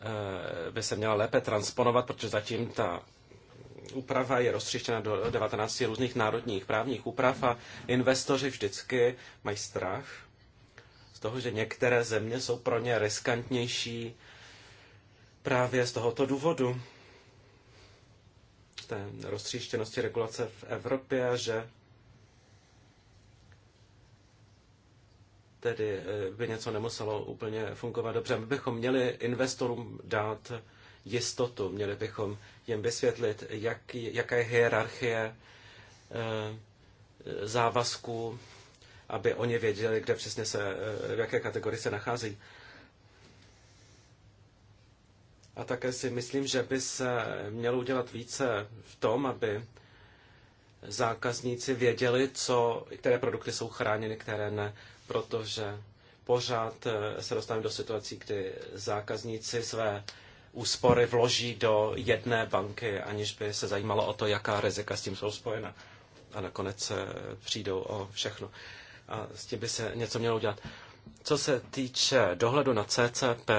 eh, by se měla lépe transponovat, protože zatím ta úprava je rozstříštěna do 19 různých národních právních úprav a investoři vždycky mají strach z toho, že některé země jsou pro ně riskantnější právě z tohoto důvodu té rozstříštěnosti regulace v Evropě, že tedy eh, by něco nemuselo úplně fungovat dobře. My bychom měli investorům dát jistotu, měli bychom jim vysvětlit, jak, jaká je hierarchie eh, závazků, aby oni věděli, kde přesně se, eh, v jaké kategorii se nachází. A také si myslím, že by se mělo udělat více v tom, aby zákazníci věděli, co, které produkty jsou chráněny, které ne protože pořád eh, se dostaneme do situací, kdy zákazníci své úspory vloží do jedné banky, aniž by se zajímalo o to, jaká rizika s tím jsou spojena. A nakonec eh, přijdou o všechno. A s tím by se něco mělo udělat. Co se týče dohledu na CCP,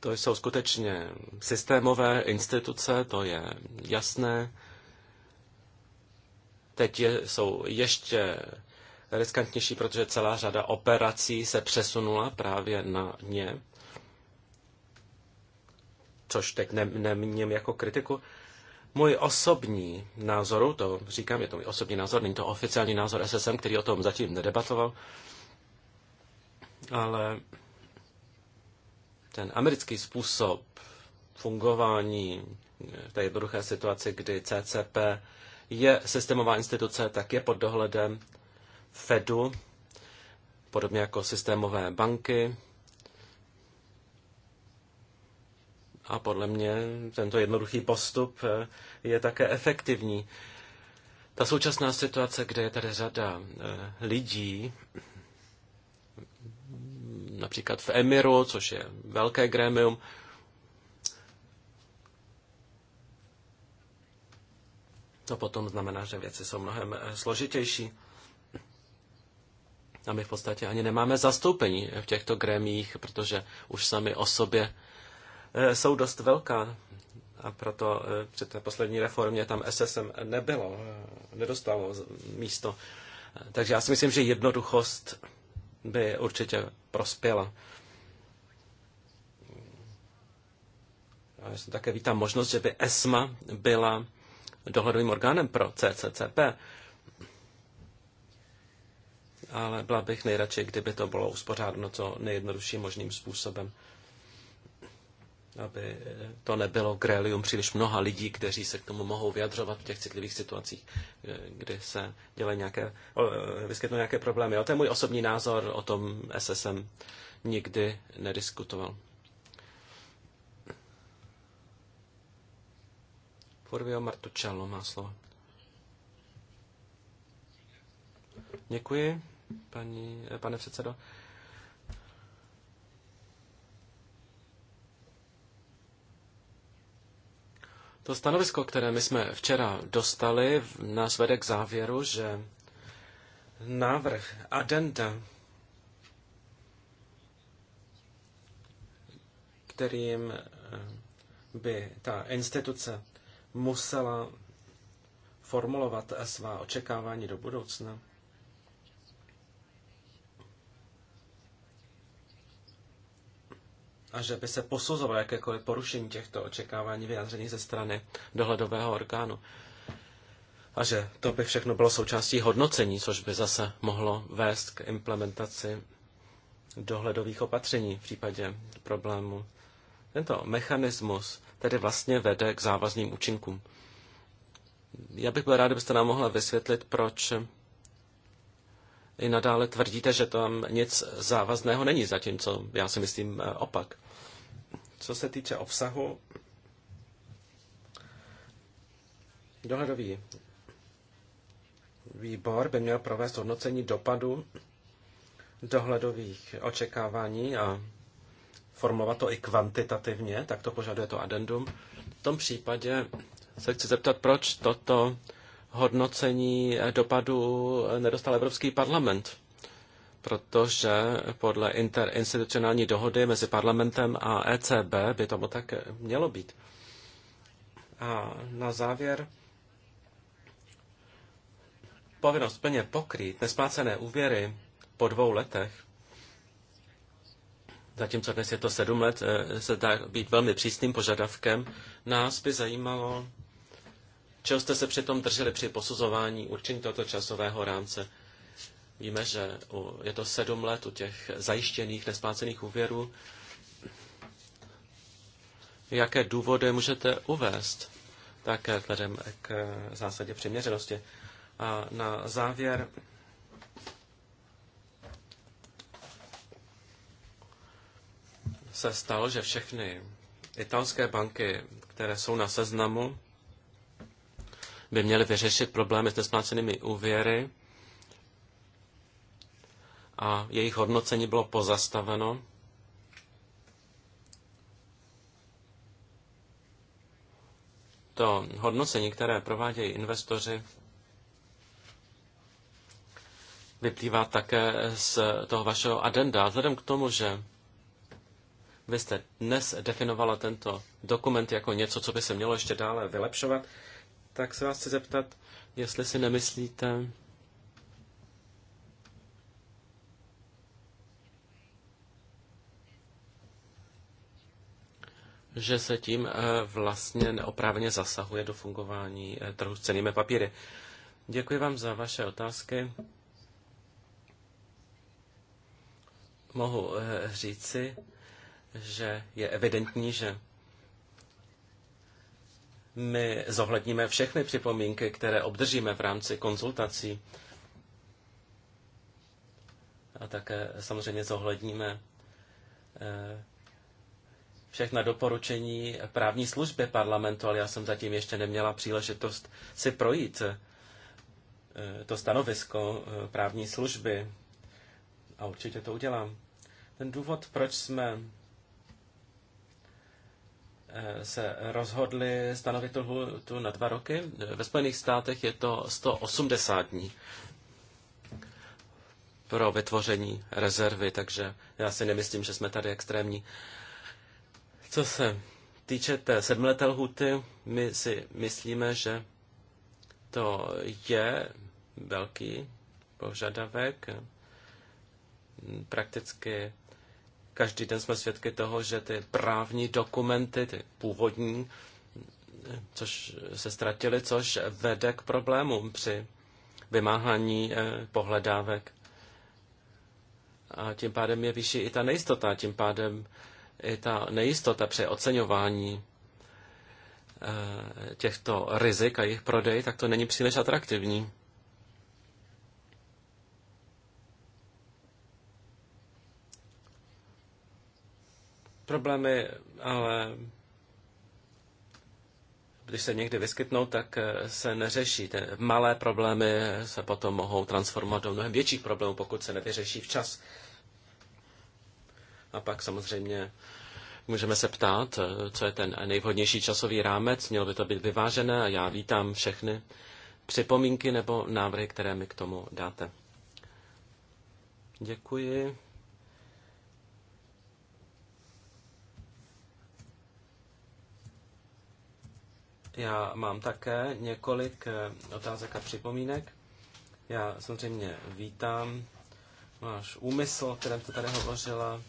to jsou skutečně systémové instituce, to je jasné teď je, jsou ještě riskantnější, protože celá řada operací se přesunula právě na ně, což teď ne, jako kritiku. Můj osobní názor, to říkám, je to můj osobní názor, není to oficiální názor SSM, který o tom zatím nedebatoval, ale ten americký způsob fungování té jednoduché situaci, kdy CCP je systémová instituce, tak je pod dohledem Fedu, podobně jako systémové banky. A podle mě tento jednoduchý postup eh, je také efektivní. Ta současná situace, kde je tady řada eh, lidí, například v Emiru, což je velké grémium, To potom znamená, že věci jsou mnohem eh, složitější. A my v podstatě ani nemáme zastoupení v těchto grémích, protože už sami o sobě eh, jsou dost velká. A proto eh, při té poslední reformě tam SSM nebylo, nedostalo místo. Takže já si myslím, že jednoduchost by určitě prospěla. Já jsem také vítám možnost, že by ESMA byla dohledovým orgánem pro CCCP. Ale byla bych nejradši, kdyby to bylo uspořádáno co nejjednodušším možným způsobem aby to nebylo grélium příliš mnoha lidí, kteří se k tomu mohou vyjadřovat v těch citlivých situacích, kdy se dělají nějaké, vyskytnou nějaké problémy. Ale to je můj osobní názor, o tom SSM nikdy nediskutoval. Fulvio Martučello má slovo. Děkuji, paní, eh, pane předsedo. To stanovisko, které my jsme včera dostali, nás vede k závěru, že návrh adenda, kterým eh, by ta instituce musela formulovat svá očekávání do budoucna. A že by se posuzovalo jakékoliv porušení těchto očekávání vyjádření ze strany dohledového orgánu. A že to by všechno bylo součástí hodnocení, což by zase mohlo vést k implementaci dohledových opatření v případě problému. Tento mechanismus tedy vlastně vede k závazným účinkům. Já bych byl rád, kdybyste nám mohla vysvětlit, proč i nadále tvrdíte, že tam nic závazného není, zatímco já si myslím eh, opak. Co se týče obsahu, dohledový výbor by měl provést hodnocení dopadu dohledových očekávání a formulovat to i kvantitativně, tak to požaduje to addendum. V tom případě se chci zeptat, proč toto hodnocení dopadu nedostal Evropský parlament, protože podle interinstitucionální dohody mezi parlamentem a ECB by tomu tak mělo být. A na závěr povinnost plně pokrýt nesplácené úvěry po dvou letech zatímco dnes je to sedm let, eh, se dá být velmi přísným požadavkem. Nás by zajímalo, čeho jste se přitom drželi při posuzování určení tohoto časového rámce. Víme, že je to sedm let u těch zajištěných nesplácených úvěrů. Jaké důvody můžete uvést také vzhledem k zásadě přiměřenosti? A na závěr se stalo, že všechny italské banky, které jsou na seznamu, by měly vyřešit problémy s nesplácenými úvěry a jejich hodnocení bylo pozastaveno. To hodnocení, které provádějí investoři, vyplývá také z toho vašeho adenda. Vzhledem k tomu, že vy jste dnes definovala tento dokument jako něco, co by se mělo ještě dále vylepšovat, tak se vás chci zeptat, jestli si nemyslíte, že se tím eh, vlastně neoprávně zasahuje do fungování eh, trhu s cenými papíry. Děkuji vám za vaše otázky. Mohu eh, říci, že je evidentní, že my zohledníme všechny připomínky, které obdržíme v rámci konzultací a také samozřejmě zohledníme eh, všechna doporučení právní služby parlamentu, ale já jsem zatím ještě neměla příležitost si projít eh, to stanovisko eh, právní služby a určitě to udělám. Ten důvod, proč jsme Eh, se rozhodli stanovit tu lhůtu na dva roky. Ve Spojených státech je to 180 dní pro vytvoření rezervy, takže já si nemyslím, že jsme tady extrémní. Co se týče té sedmleté lhuty, my si myslíme, že to je velký požadavek. Prakticky Každý den jsme svědky toho, že ty právní dokumenty, ty původní, což se ztratili, což vede k problémům při vymáhání eh, pohledávek. A tím pádem je vyšší i ta nejistota, tím pádem i ta nejistota při oceňování eh, těchto rizik a jejich prodej, tak to není příliš atraktivní. problémy, ale když se někdy vyskytnou, tak eh, se neřeší. Ty malé problémy se potom mohou transformovat do mnohem větších problémů, pokud se nevyřeší včas. A pak samozřejmě můžeme se ptát, eh, co je ten nejvhodnější časový rámec. Mělo by to být vyvážené a já vítám všechny připomínky nebo návrhy, které mi k tomu dáte. Děkuji. Já mám také několik eh, otázek a připomínek. Já samozřejmě vítám váš úmysl, o kterém jste tady hovořila,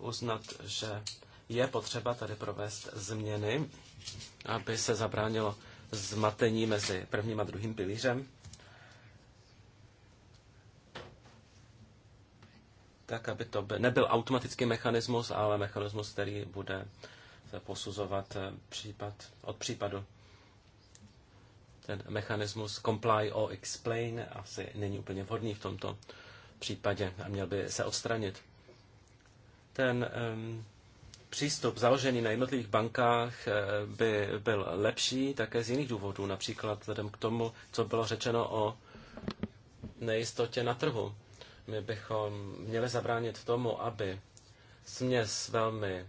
uznat, že je potřeba tady provést změny, aby se zabránilo zmatení mezi prvním a druhým pilířem. tak aby to nebyl automatický mechanismus, ale mechanismus, který bude se posuzovat eh, případ od případu. Ten mechanismus comply or explain asi není úplně vhodný v tomto případě a měl by se odstranit. Ten um, přístup založený na jednotlivých bankách eh, by byl lepší také z jiných důvodů, například vzhledem k tomu, co bylo řečeno o nejistotě na trhu. My bychom měli zabránit tomu, aby směs velmi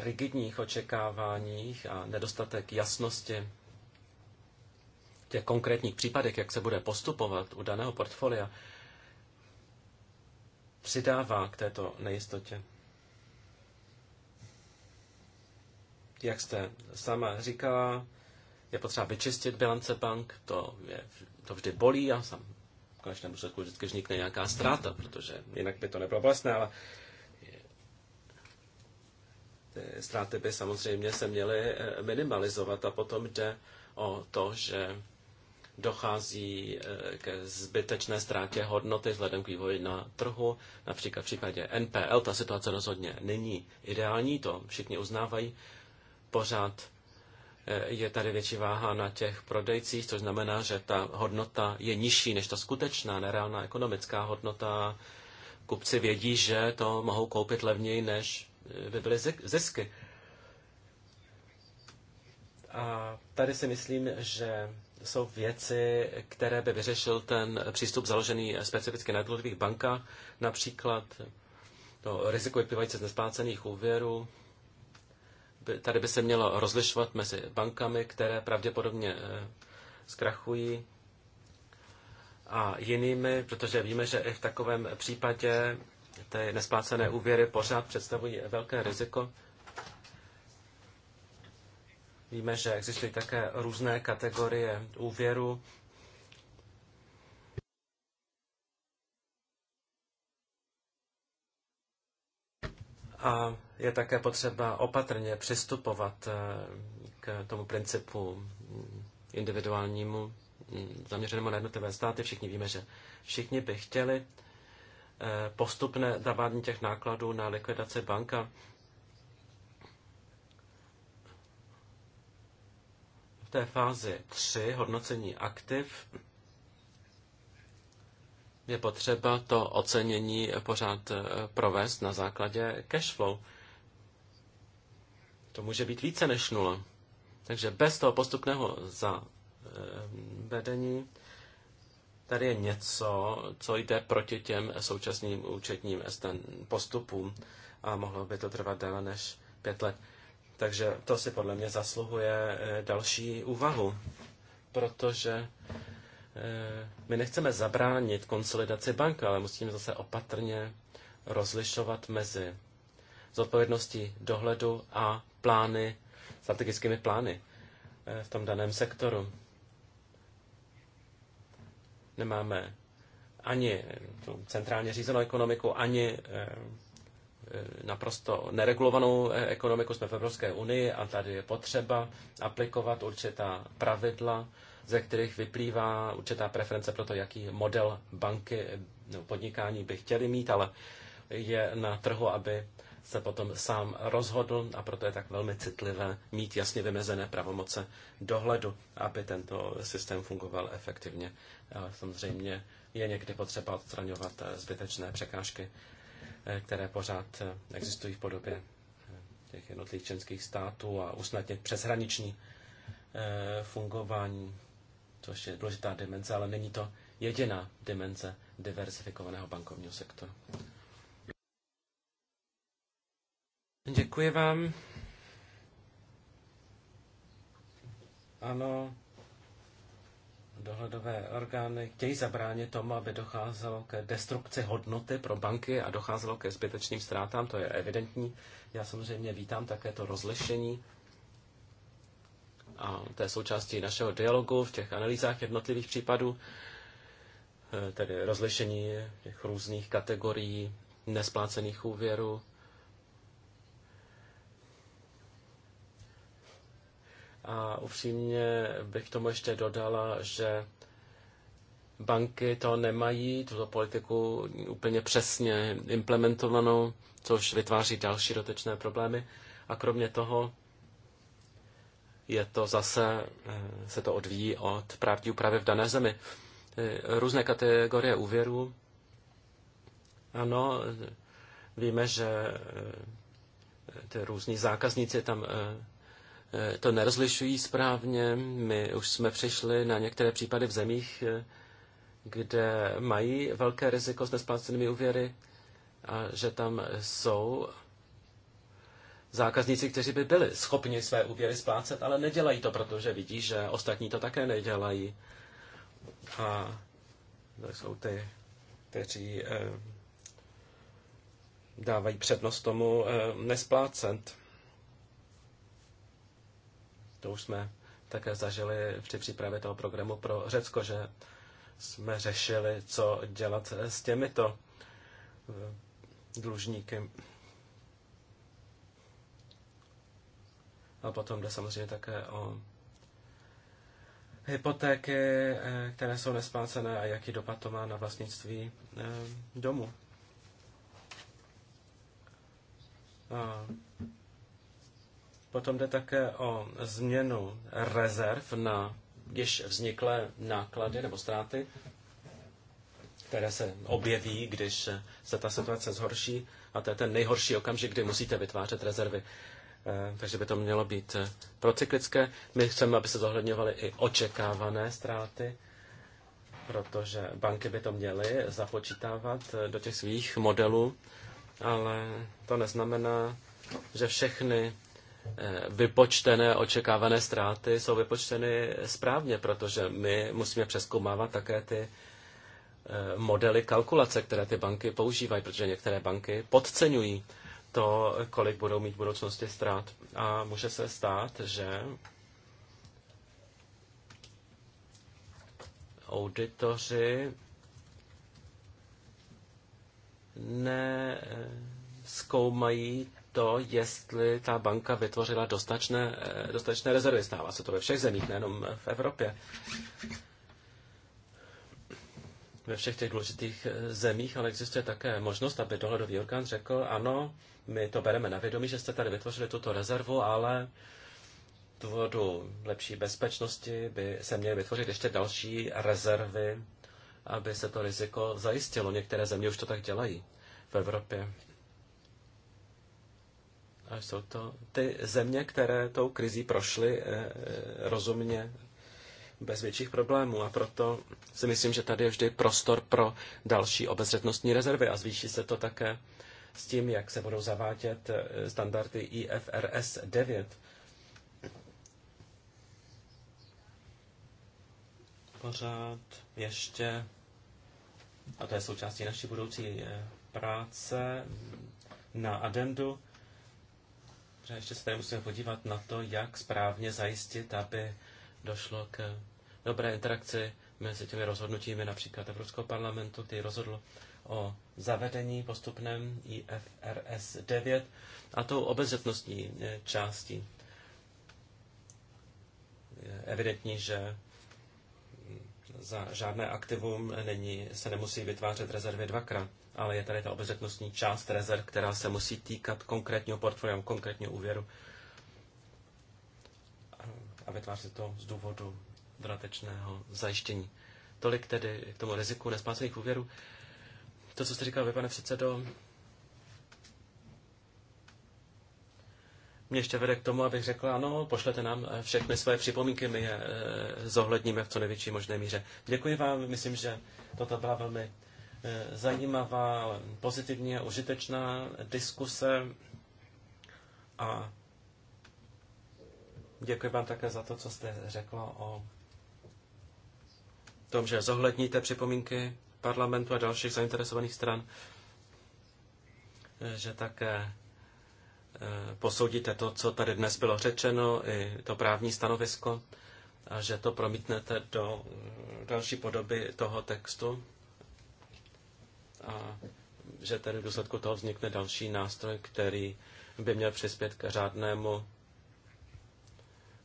rigidních očekáváních a nedostatek jasnosti v těch konkrétních případech, jak se bude postupovat u daného portfolia, přidává k této nejistotě. Jak jste sama říkala, je potřeba vyčistit bilance bank, to, je, to vždy bolí, já jsem konečném důsledku vždycky vznikne nějaká ztráta, protože jinak by to nebylo vlastné, ale ty ztráty by samozřejmě se měly eh, minimalizovat a potom jde o to, že dochází eh, ke zbytečné ztrátě hodnoty vzhledem k vývoji na trhu. Například v případě NPL ta situace rozhodně není ideální, to všichni uznávají. Pořád je tady větší váha na těch prodejcích, což znamená, že ta hodnota je nižší než ta skutečná, nereálná ekonomická hodnota. Kupci vědí, že to mohou koupit levněji, než eh, by byly zisky. A tady si myslím, že jsou věci, které by vyřešil ten přístup založený specificky na jednotlivých bankách, například to riziko vyplývající z nesplácených úvěrů, by, tady by se mělo rozlišovat mezi bankami, které pravděpodobně eh, zkrachují a jinými, protože víme, že i v takovém případě ty nesplácené úvěry pořád představují velké riziko. Víme, že existují také různé kategorie úvěru. A je také potřeba opatrně přistupovat eh, k tomu principu individuálnímu, mm, zaměřenému na jednotlivé státy. Všichni víme, že všichni by chtěli eh, postupné zavádění těch nákladů na likvidaci banka. V té fázi 3 hodnocení aktiv je potřeba to ocenění pořád eh, provést na základě cash flow to může být více než nula. Takže bez toho postupného zavedení eh, tady je něco, co jde proti těm současným účetním postupům a mohlo by to trvat déle než pět let. Takže to si podle mě zasluhuje eh, další úvahu, protože eh, my nechceme zabránit konsolidaci bank, ale musíme zase opatrně rozlišovat mezi zodpovědností dohledu a plány, strategickými plány eh, v tom daném sektoru. Nemáme ani tu centrálně řízenou ekonomiku, ani eh, eh, naprosto neregulovanou ekonomiku. Jsme v Evropské unii a tady je potřeba aplikovat určitá pravidla, ze kterých vyplývá určitá preference pro to, jaký model banky nebo podnikání by chtěli mít, ale je na trhu, aby se potom sám rozhodl a proto je tak velmi citlivé mít jasně vymezené pravomoce dohledu, aby tento systém fungoval efektivně. samozřejmě je někdy potřeba odstraňovat eh, zbytečné překážky, eh, které pořád eh, existují v podobě těch jednotlivých členských států a usnadnit přeshraniční fungování, což je důležitá dimenze, ale není to jediná dimenze diversifikovaného bankovního sektoru. Děkuji vám. Ano, dohledové orgány chtějí zabránit tomu, aby docházelo k destrukci hodnoty pro banky a docházelo ke zbytečným ztrátám, to je evidentní. Já samozřejmě vítám také to rozlišení a té součástí našeho dialogu v těch analýzách jednotlivých případů, eh, tedy rozlišení těch různých kategorií nesplácených úvěrů A upřímně bych tomu ještě dodala, že banky to nemají, tuto politiku úplně přesně implementovanou, což vytváří další dotečné problémy. A kromě toho je to zase, eh, se to odvíjí od právní úpravy v dané zemi. Eh, různé kategorie úvěrů. Ano, eh, víme, že ty různí zákazníci tam Eh, to nerozlišují správně. My už jsme přišli na některé případy v zemích, eh, kde mají velké riziko s nesplácenými úvěry a že tam jsou zákazníci, kteří by byli schopni své úvěry splácet, ale nedělají to, protože vidí, že ostatní to také nedělají. A to jsou ty, kteří eh, dávají přednost tomu eh, nesplácet. To už jsme také zažili při přípravě toho programu pro Řecko, že jsme řešili, co dělat s těmito eh, dlužníky. A potom jde samozřejmě také o hypotéky, eh, které jsou nesplácené a jaký dopad to má na vlastnictví eh, domu. A Potom jde také o změnu rezerv na již vzniklé náklady nebo ztráty, které se objeví, když se ta situace zhorší. A to je ten nejhorší okamžik, kdy musíte vytvářet rezervy. Eh, takže by to mělo být eh, procyklické. My chceme, aby se zohledňovaly i očekávané ztráty, protože banky by to měly započítávat eh, do těch svých modelů, ale to neznamená, že všechny Eh, vypočtené očekávané ztráty jsou vypočteny správně, protože my musíme přeskoumávat také ty eh, modely kalkulace, které ty banky používají, protože některé banky podceňují to, kolik budou mít v budoucnosti ztrát. A může se stát, že auditoři neskoumají eh, to, jestli ta banka vytvořila dostatečné, eh, dostačné rezervy. Stává se to ve všech zemích, nejenom v Evropě. Ve všech těch důležitých eh, zemích, ale existuje také možnost, aby dohledový orgán řekl, ano, my to bereme na vědomí, že jste tady vytvořili tuto rezervu, ale důvodu lepší bezpečnosti by se měly vytvořit ještě další rezervy, aby se to riziko zajistilo. Některé země už to tak dělají v Evropě. A jsou to ty země, které tou krizí prošly eh, eh, rozumně bez větších problémů a proto si myslím, že tady je vždy prostor pro další obezřetnostní rezervy a zvýší se to také s tím, jak se budou zavádět eh, standardy IFRS 9. Pořád ještě, a to je součástí naší budoucí práce na adendu, Protože ještě se tady musíme podívat na to, jak správně zajistit, aby došlo k dobré interakci mezi těmi rozhodnutími například Evropského parlamentu, který rozhodl o zavedení postupném IFRS 9 a tou obezřetnostní eh, částí. Je evidentní, že za žádné aktivum není, se nemusí vytvářet rezervy dvakrát, ale je tady ta obezřetnostní část rezerv, která se musí týkat konkrétního portfolia, konkrétního úvěru. A vytváří to z důvodu dodatečného zajištění. Tolik tedy k tomu riziku nesplácených úvěrů. To, co jste říkal vy, pane předsedo, mě ještě vede k tomu, abych řekl, ano, pošlete nám eh, všechny své připomínky, my je eh, zohledníme v co největší možné míře. Děkuji vám, myslím, že toto byla velmi eh, zajímavá, pozitivní a užitečná diskuse a děkuji vám také za to, co jste řekla o tom, že zohledníte připomínky parlamentu a dalších zainteresovaných stran, že také Eh, posoudíte to, co tady dnes bylo řečeno, i to právní stanovisko, a že to promítnete do eh, další podoby toho textu a že tedy v důsledku toho vznikne další nástroj, který by měl přispět k řádnému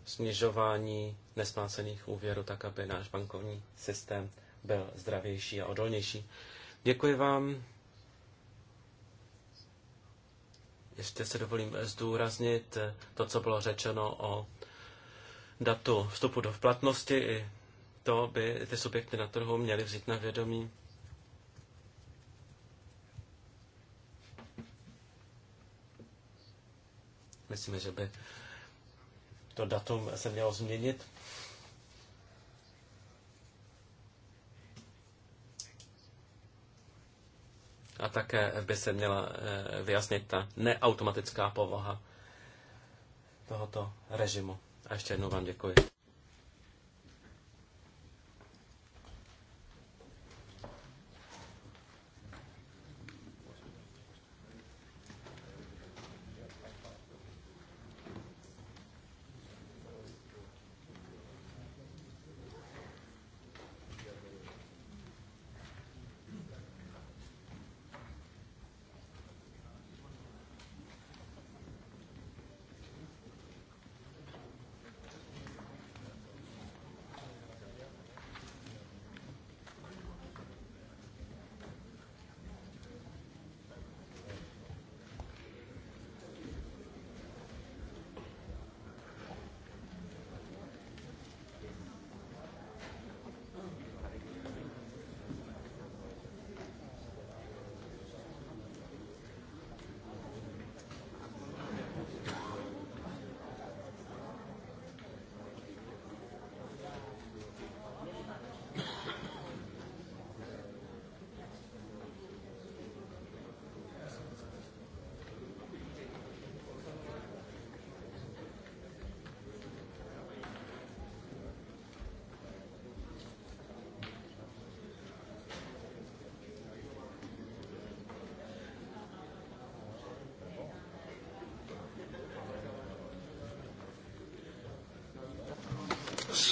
snižování nesplácených úvěrů, tak aby náš bankovní systém byl zdravější a odolnější. Děkuji vám. Ještě se dovolím eh, zdůraznit eh, to, co bylo řečeno o datu vstupu do platnosti. I to by ty subjekty na trhu měly vzít na vědomí. Myslíme, že by to datum se mělo změnit A také by se měla eh, vyjasnit ta neautomatická povaha tohoto režimu. A ještě jednou vám děkuji.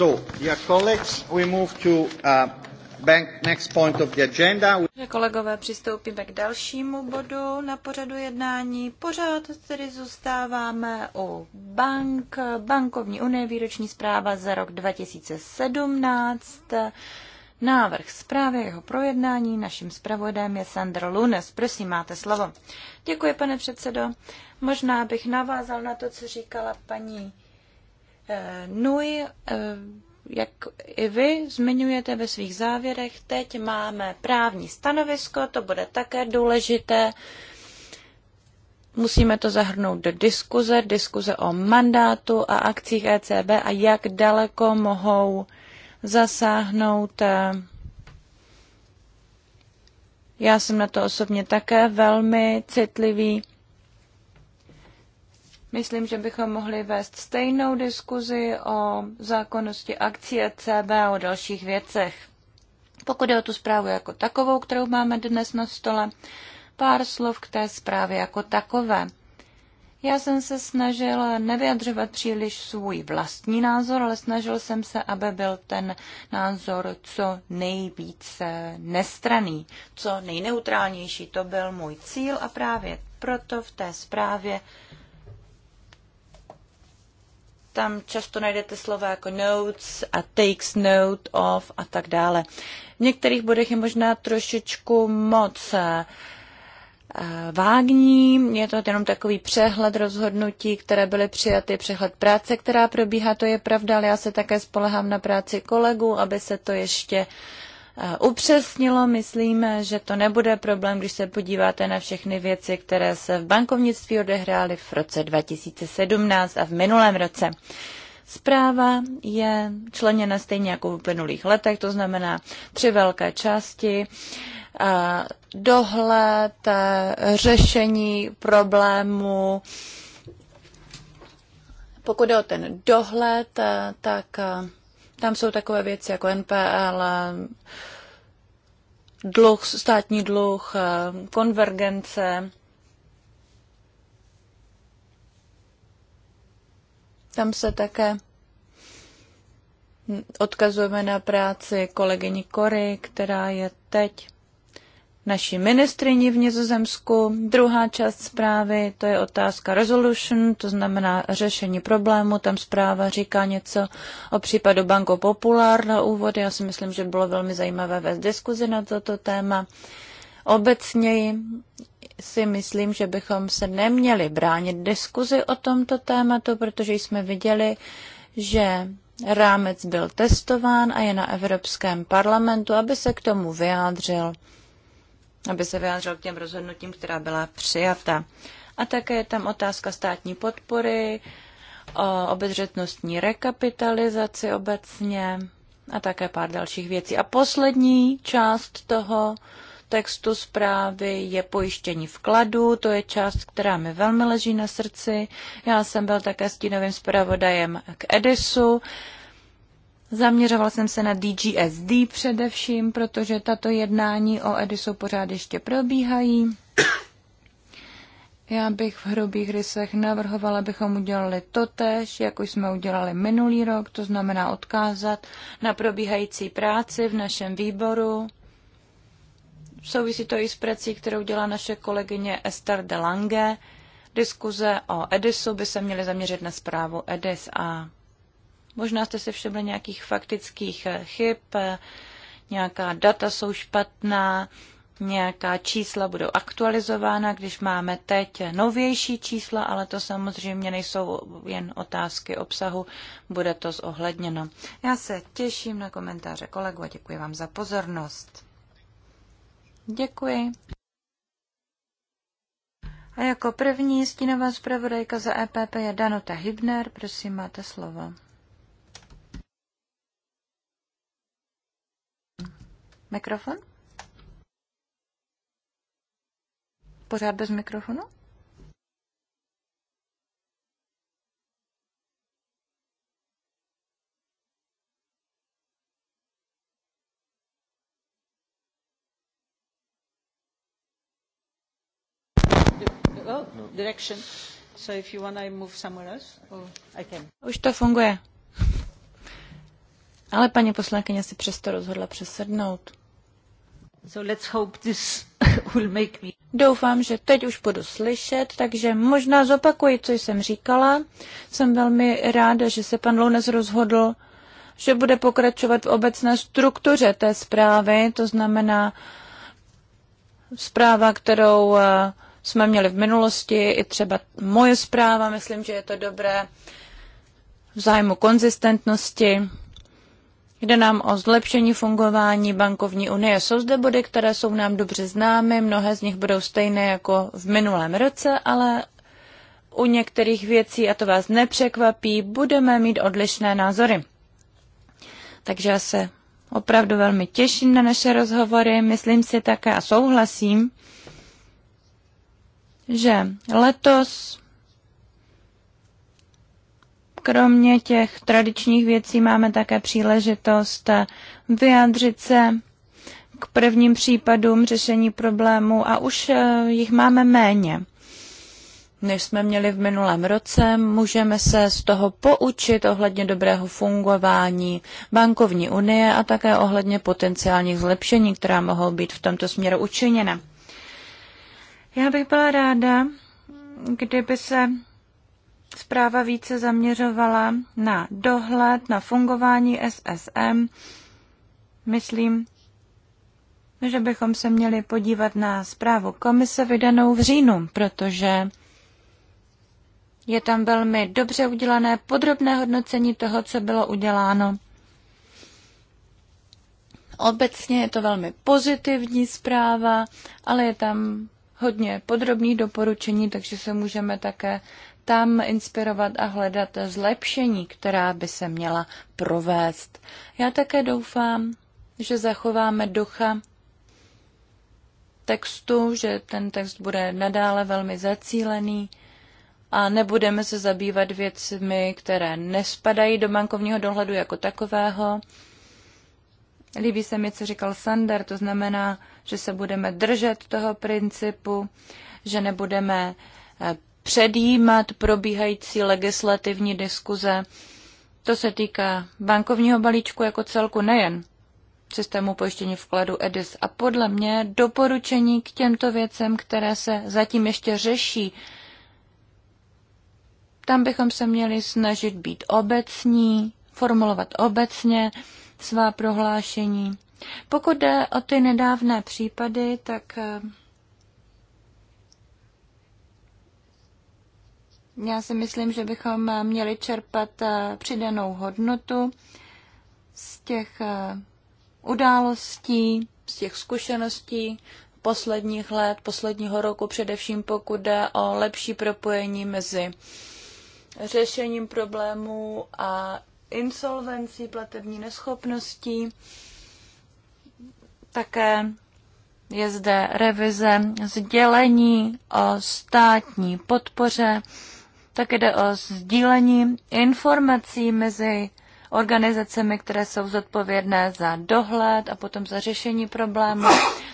Uh, kolegové, přistoupíme k dalšímu bodu na pořadu jednání. Pořád tedy zůstáváme u bank, bankovní unie, výroční zpráva za rok 2017. Návrh zprávy jeho projednání naším zpravodajem je Sandro Lunes. Prosím, máte slovo. Děkuji, pane předsedo. Možná bych navázal na to, co říkala paní NUJ, eh, jak i vy zmiňujete ve svých závěrech, teď máme právní stanovisko, to bude také důležité. Musíme to zahrnout do diskuze, diskuze o mandátu a akcích ECB a jak daleko mohou zasáhnout. Eh, já jsem na to osobně také velmi citlivý. Myslím, že bychom mohli vést stejnou diskuzi o zákonnosti akcí ECB a o dalších věcech. Pokud je o tu zprávu jako takovou, kterou máme dnes na stole, pár slov k té zprávě jako takové. Já jsem se snažil nevyjadřovat příliš svůj vlastní názor, ale snažil jsem se, aby byl ten názor co nejvíce nestraný, co nejneutrálnější. To byl můj cíl a právě proto v té zprávě tam často najdete slova jako notes a takes note of a tak dále. V některých bodech je možná trošičku moc eh, eh, vágní, je to jenom takový přehled rozhodnutí, které byly přijaty, přehled práce, která probíhá, to je pravda, ale já se také spolehám na práci kolegů, aby se to ještě uh, Eh, upřesnilo. Myslím, že to nebude problém, když se podíváte na všechny věci, které se v bankovnictví odehrály v roce 2017 a v minulém roce. Zpráva je členěna stejně jako v uplynulých letech, to znamená tři velké části. Eh, dohled, eh, řešení problému. Pokud jde o ten dohled, tak tam jsou takové věci jako NPL, dluh, státní dluh, konvergence. Tam se také odkazujeme na práci kolegyni Kory, která je teď naší ministrině v Nizozemsku. Druhá část zprávy, to je otázka resolution, to znamená řešení problému. Tam zpráva říká něco o případu Banko Popular na úvod. Já si myslím, že bylo velmi zajímavé vést diskuzi na toto téma. Obecněji si myslím, že bychom se neměli bránit diskuzi o tomto tématu, protože jsme viděli, že rámec byl testován a je na Evropském parlamentu, aby se k tomu vyjádřil aby se vyjádřil k těm rozhodnutím, která byla přijata. A také je tam otázka státní podpory, o obezřetnostní rekapitalizaci obecně a také pár dalších věcí. A poslední část toho textu zprávy je pojištění vkladu. To je část, která mi velmi leží na srdci. Já jsem byl také stínovým zpravodajem k Edisu. Zaměřoval jsem se na DGSD především, protože tato jednání o Edisu pořád ještě probíhají. Já bych v hrubých rysech navrhovala, abychom udělali to tež, jako jsme udělali minulý rok, to znamená odkázat na probíhající práci v našem výboru. Souvisí to i s prací, kterou dělá naše kolegyně Esther de Lange. Diskuze o Edisu by se měly zaměřit na zprávu Edis a Možná jste si všimli nějakých faktických eh, chyb, eh, nějaká data jsou špatná, nějaká čísla budou aktualizována, když máme teď novější čísla, ale to samozřejmě nejsou jen otázky obsahu, bude to zohledněno. Já se těším na komentáře kolegu a děkuji vám za pozornost. Děkuji. A jako první stínová zpravodajka za EPP je Danuta Hybner. Prosím, máte slovo. Mikrofon? Pořád bez mikrofonu? Oh, direction. So if you want, I move somewhere else, I can. Už to funguje. Ale paní poslankyně si přesto rozhodla přesednout. Doufám, že teď už budu slyšet, takže možná zopakuji, co jsem říkala. Jsem velmi ráda, že se pan Lounes rozhodl, že bude pokračovat v obecné struktuře té zprávy, to znamená zpráva, kterou eh, jsme měli v minulosti, i třeba moje zpráva, myslím, že je to dobré v zájmu konzistentnosti. Jde nám o zlepšení fungování bankovní unie. Jsou zde body, které jsou nám dobře známy, mnohé z nich budou stejné jako v minulém roce, ale u některých věcí, a to vás nepřekvapí, budeme mít odlišné názory. Takže já se opravdu velmi těším na naše rozhovory. Myslím si také a souhlasím, že letos Kromě těch tradičních věcí máme také příležitost vyjádřit se k prvním případům řešení problémů a už eh, jich máme méně než jsme měli v minulém roce. Můžeme se z toho poučit ohledně dobrého fungování bankovní unie a také ohledně potenciálních zlepšení, která mohou být v tomto směru učiněna. Já bych byla ráda, kdyby se zpráva více zaměřovala na dohled, na fungování SSM. Myslím, že bychom se měli podívat na zprávu komise vydanou v říjnu, protože je tam velmi dobře udělané podrobné hodnocení toho, co bylo uděláno. Obecně je to velmi pozitivní zpráva, ale je tam hodně podrobných doporučení, takže se můžeme také tam inspirovat a hledat zlepšení, která by se měla provést. Já také doufám, že zachováme ducha textu, že ten text bude nadále velmi zacílený a nebudeme se zabývat věcmi, které nespadají do bankovního dohledu jako takového. Líbí se mi, co říkal Sander, to znamená, že se budeme držet toho principu, že nebudeme předjímat probíhající legislativní diskuze. To se týká bankovního balíčku jako celku nejen systému pojištění vkladu EDIS. A podle mě doporučení k těmto věcem, které se zatím ještě řeší, tam bychom se měli snažit být obecní, formulovat obecně svá prohlášení. Pokud jde o ty nedávné případy, tak eh, Já si myslím, že bychom eh, měli čerpat eh, přidanou hodnotu z těch eh, událostí, z těch zkušeností posledních let, posledního roku, především pokud jde o lepší propojení mezi řešením problémů a insolvencí, platební neschopností. Také je zde revize sdělení o státní podpoře tak jde o sdílení informací mezi organizacemi, které jsou zodpovědné za dohled a potom za řešení problémů.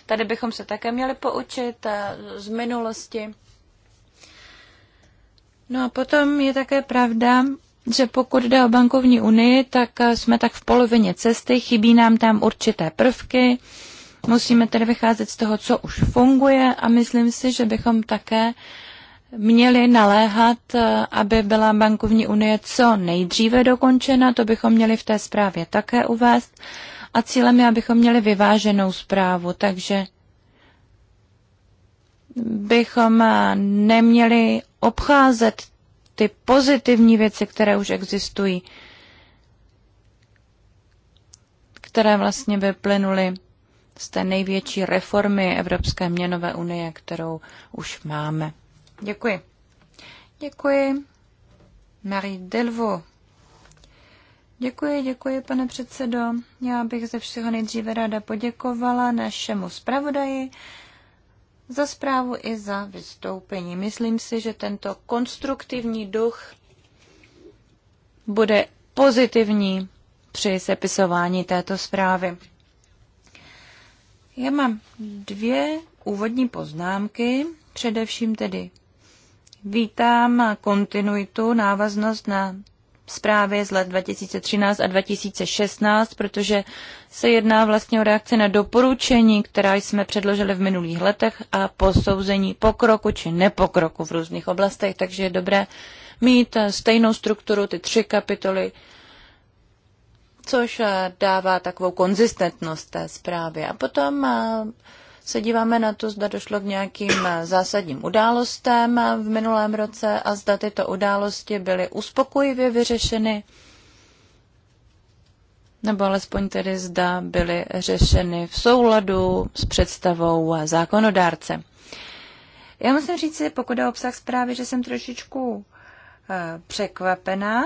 Tady bychom se také měli poučit eh, z minulosti. No a potom je také pravda, že pokud jde o bankovní unii, tak eh, jsme tak v polovině cesty, chybí nám tam určité prvky, musíme tedy vycházet z toho, co už funguje a myslím si, že bychom také uh, měli naléhat, eh, aby byla bankovní unie co nejdříve dokončena, to bychom měli v té zprávě také uvést. A cílem je, abychom měli vyváženou zprávu, takže bychom eh, neměli obcházet ty pozitivní věci, které už existují, které vlastně vyplynuly z té největší reformy Evropské měnové unie, kterou už máme. Děkuji. Děkuji. Marie Delvo. Děkuji, děkuji, pane předsedo. Já bych ze všeho nejdříve ráda poděkovala našemu zpravodaji za zprávu i za vystoupení. Myslím si, že tento konstruktivní duch bude pozitivní při sepisování této zprávy. Já mám dvě úvodní poznámky, především tedy Vítám kontinuitu, návaznost na zprávy z let 2013 a 2016, protože se jedná vlastně o reakci na doporučení, která jsme předložili v minulých letech a posouzení pokroku či nepokroku v různých oblastech, takže je dobré mít stejnou strukturu, ty tři kapitoly, což dává takovou konzistentnost té zprávy. A potom se díváme na to, zda došlo k nějakým eh, zásadním událostem eh, v minulém roce a zda tyto události byly uspokojivě vyřešeny, nebo alespoň tedy zda byly řešeny v souladu s představou eh, zákonodárce. Já musím říct si, pokud je obsah zprávy, že jsem trošičku překvapená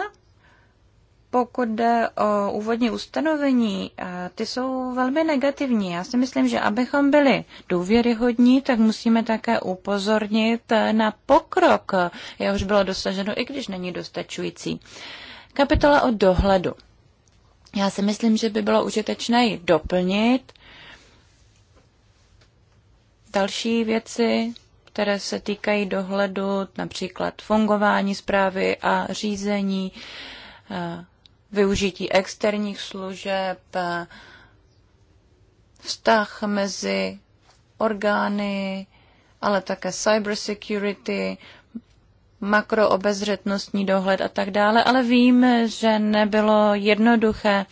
pokud jde o úvodní ustanovení, eh, ty jsou velmi negativní. Já si myslím, že abychom byli důvěryhodní, tak musíme také upozornit eh, na pokrok, eh, jehož bylo dosaženo, i když není dostačující. Kapitola o dohledu. Já si myslím, že by bylo užitečné ji doplnit. Další věci, které se týkají dohledu, například fungování zprávy a řízení, využití externích služeb, vztah mezi orgány, ale také cybersecurity, makroobezřetnostní dohled a tak dále, ale víme, že nebylo jednoduché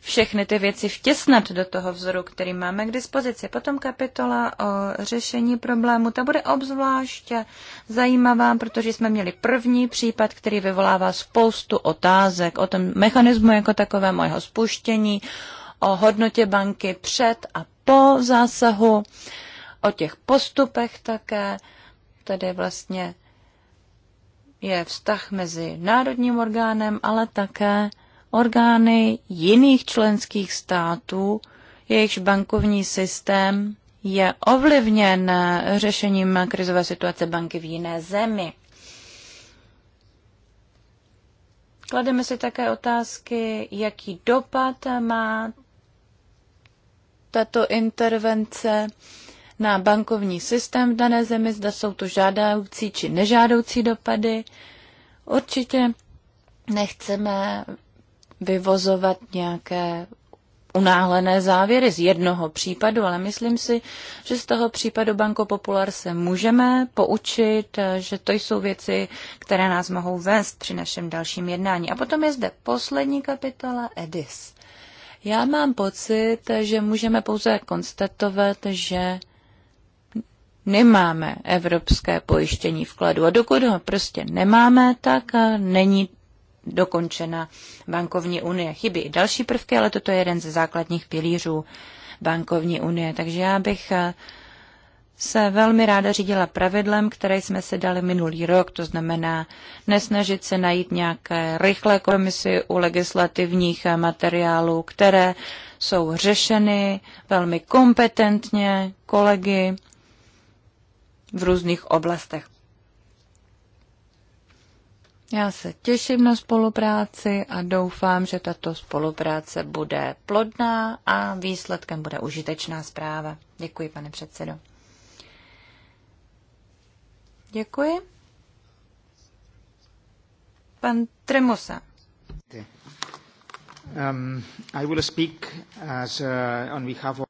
všechny ty věci vtěsnat do toho vzoru, který máme k dispozici. Potom kapitola o řešení problému, ta bude obzvláště zajímavá, protože jsme měli první případ, který vyvolává spoustu otázek o tom mechanismu jako takové mojeho jeho spuštění, o hodnotě banky před a po zásahu, o těch postupech také, tedy vlastně je vztah mezi národním orgánem, ale také orgány jiných členských států, jejichž bankovní systém je ovlivněn řešením krizové situace banky v jiné zemi. Klademe si také otázky, jaký dopad má tato intervence na bankovní systém v dané zemi, zda jsou to žádoucí či nežádoucí dopady. Určitě nechceme vyvozovat nějaké unáhlené závěry z jednoho případu, ale myslím si, že z toho případu Banko Popular se můžeme poučit, že to jsou věci, které nás mohou vést při našem dalším jednání. A potom je zde poslední kapitola EDIS. Já mám pocit, že můžeme pouze konstatovat, že nemáme evropské pojištění vkladu. A dokud ho prostě nemáme, tak není dokončena bankovní unie. Chybí i další prvky, ale toto je jeden ze základních pilířů bankovní unie. Takže já bych eh, se velmi ráda řídila pravidlem, které jsme si dali minulý rok, to znamená nesnažit se najít nějaké rychlé komisy u legislativních eh, materiálů, které jsou řešeny velmi kompetentně kolegy v různých oblastech. Já se těším na spolupráci a doufám, že tato spolupráce bude plodná a výsledkem bude užitečná zpráva. Děkuji, pane předsedo. Děkuji. Pan Tremosa. Um, I will speak as, uh, on behalf of...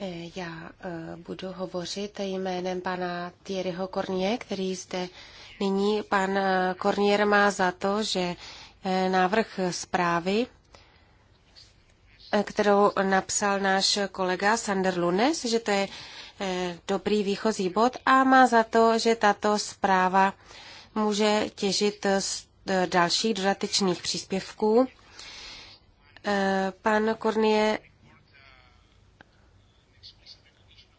Eh, já uh, budu hovořit jménem pana Thierryho Kornie, který zde Nyní pan eh, Kornier má za to, že eh, návrh zprávy, eh, kterou napsal náš kolega Sander Lunes, že to je dobrý výchozí bod a má za to, že tato zpráva může těžit z dalších dodatečných příspěvků. Pan Kornier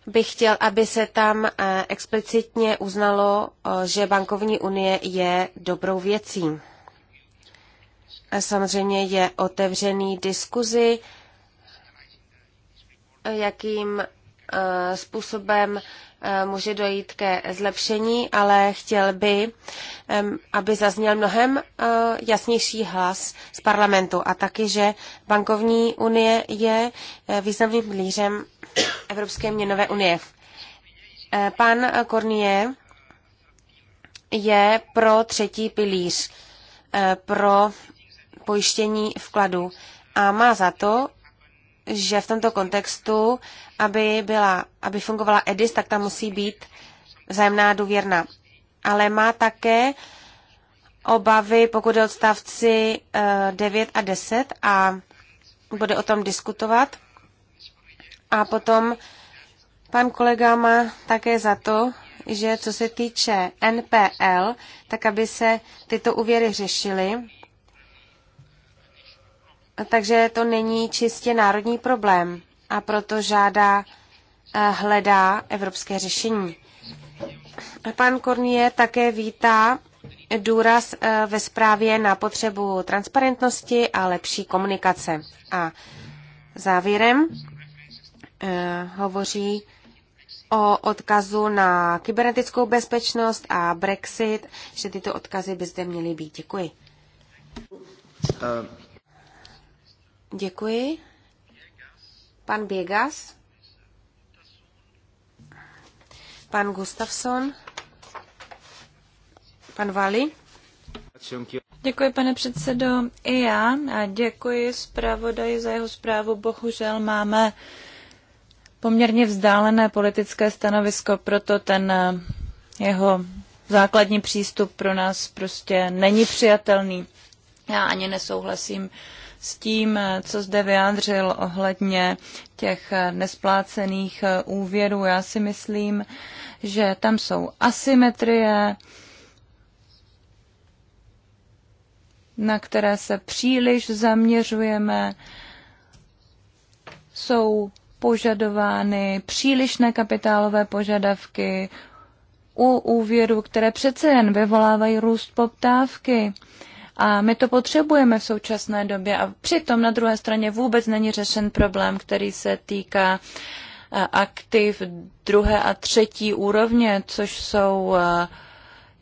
bych chtěl, aby se tam eh, explicitně uznalo, eh, že bankovní unie je dobrou věcí. A samozřejmě je otevřený diskuzi, jakým eh, způsobem může dojít ke zlepšení, ale chtěl by, aby zazněl mnohem jasnější hlas z parlamentu a taky, že bankovní unie je významným blížem Evropské měnové unie. Eh, pan Kornie je pro třetí pilíř, eh, pro pojištění vkladu a má za to, že v tomto kontextu, aby, byla, aby fungovala EDIS, tak tam musí být vzájemná důvěrna. Ale má také obavy, pokud je odstavci 9 eh, a 10 a bude o tom diskutovat. A potom pan kolega má také za to, že co se týče NPL, tak aby se tyto úvěry řešily, takže to není čistě národní problém a proto žádá, eh, hledá evropské řešení. Pan Kornie také vítá důraz eh, ve zprávě na potřebu transparentnosti a lepší komunikace. A závěrem Eh, hovoří o odkazu na kybernetickou bezpečnost a Brexit, že tyto odkazy by zde měly být. Děkuji. Eh. Děkuji. Pan Biegas. Pan Gustafsson. Pan Vali. Děkuji, pane předsedo. I já a děkuji zpravodaji za jeho zprávu. Bohužel máme uh, poměrně vzdálené politické stanovisko, proto ten eh, jeho základní přístup pro nás prostě není přijatelný. Já ani nesouhlasím s tím, eh, co zde vyjádřil ohledně těch eh, nesplácených úvěrů. Já si myslím, že tam jsou asymetrie, na které se příliš zaměřujeme. Jsou požadovány přílišné kapitálové požadavky u úvěru, které přece jen vyvolávají růst poptávky. A my to potřebujeme v současné době a přitom na druhé straně vůbec není řešen problém, který se týká eh, aktiv druhé a třetí úrovně, což jsou eh,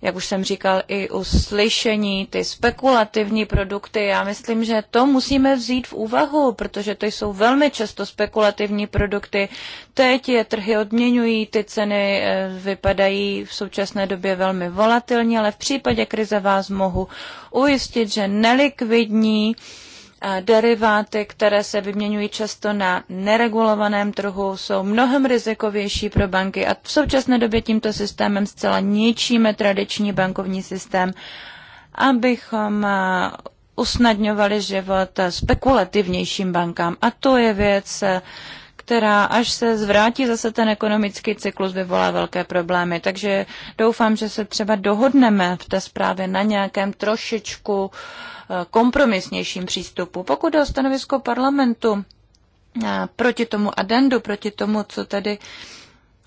jak už jsem říkal, i u slyšení, ty spekulativní produkty. Já myslím, že to musíme vzít v úvahu, protože to jsou velmi často spekulativní produkty. Teď je trhy odměňují, ty ceny eh, vypadají v současné době velmi volatilně, ale v případě krize vás mohu ujistit, že nelikvidní deriváty, které se vyměňují často na neregulovaném trhu, jsou mnohem rizikovější pro banky a v současné době tímto systémem zcela ničíme tradiční bankovní systém, abychom usnadňovali život spekulativnějším bankám. A to je věc, která až se zvrátí zase ten ekonomický cyklus, vyvolá velké problémy. Takže doufám, že se třeba dohodneme v té zprávě na nějakém trošičku uh, kompromisnějším přístupu. Pokud jde o stanovisko parlamentu eh, proti tomu adendu, proti tomu, co tady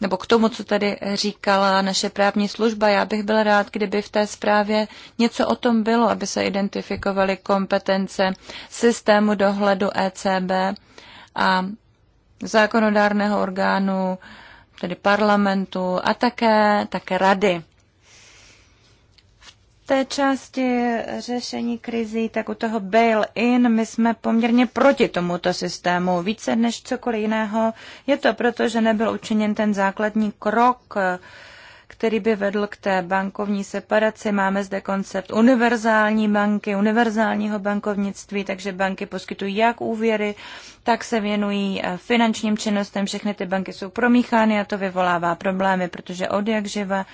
nebo k tomu, co tady říkala naše právní služba. Já bych byl rád, kdyby v té zprávě něco o tom bylo, aby se identifikovaly kompetence systému dohledu ECB a zákonodárného orgánu, tedy parlamentu a také, také rady té části řešení krizí, tak u toho bail-in my jsme poměrně proti tomuto systému. Více než cokoliv jiného je to proto, že nebyl učiněn ten základní krok, který by vedl k té bankovní separaci. Máme zde koncept univerzální banky, univerzálního bankovnictví, takže banky poskytují jak úvěry, tak se věnují eh, finančním činnostem. Všechny ty banky jsou promíchány a to vyvolává problémy, protože od jak živa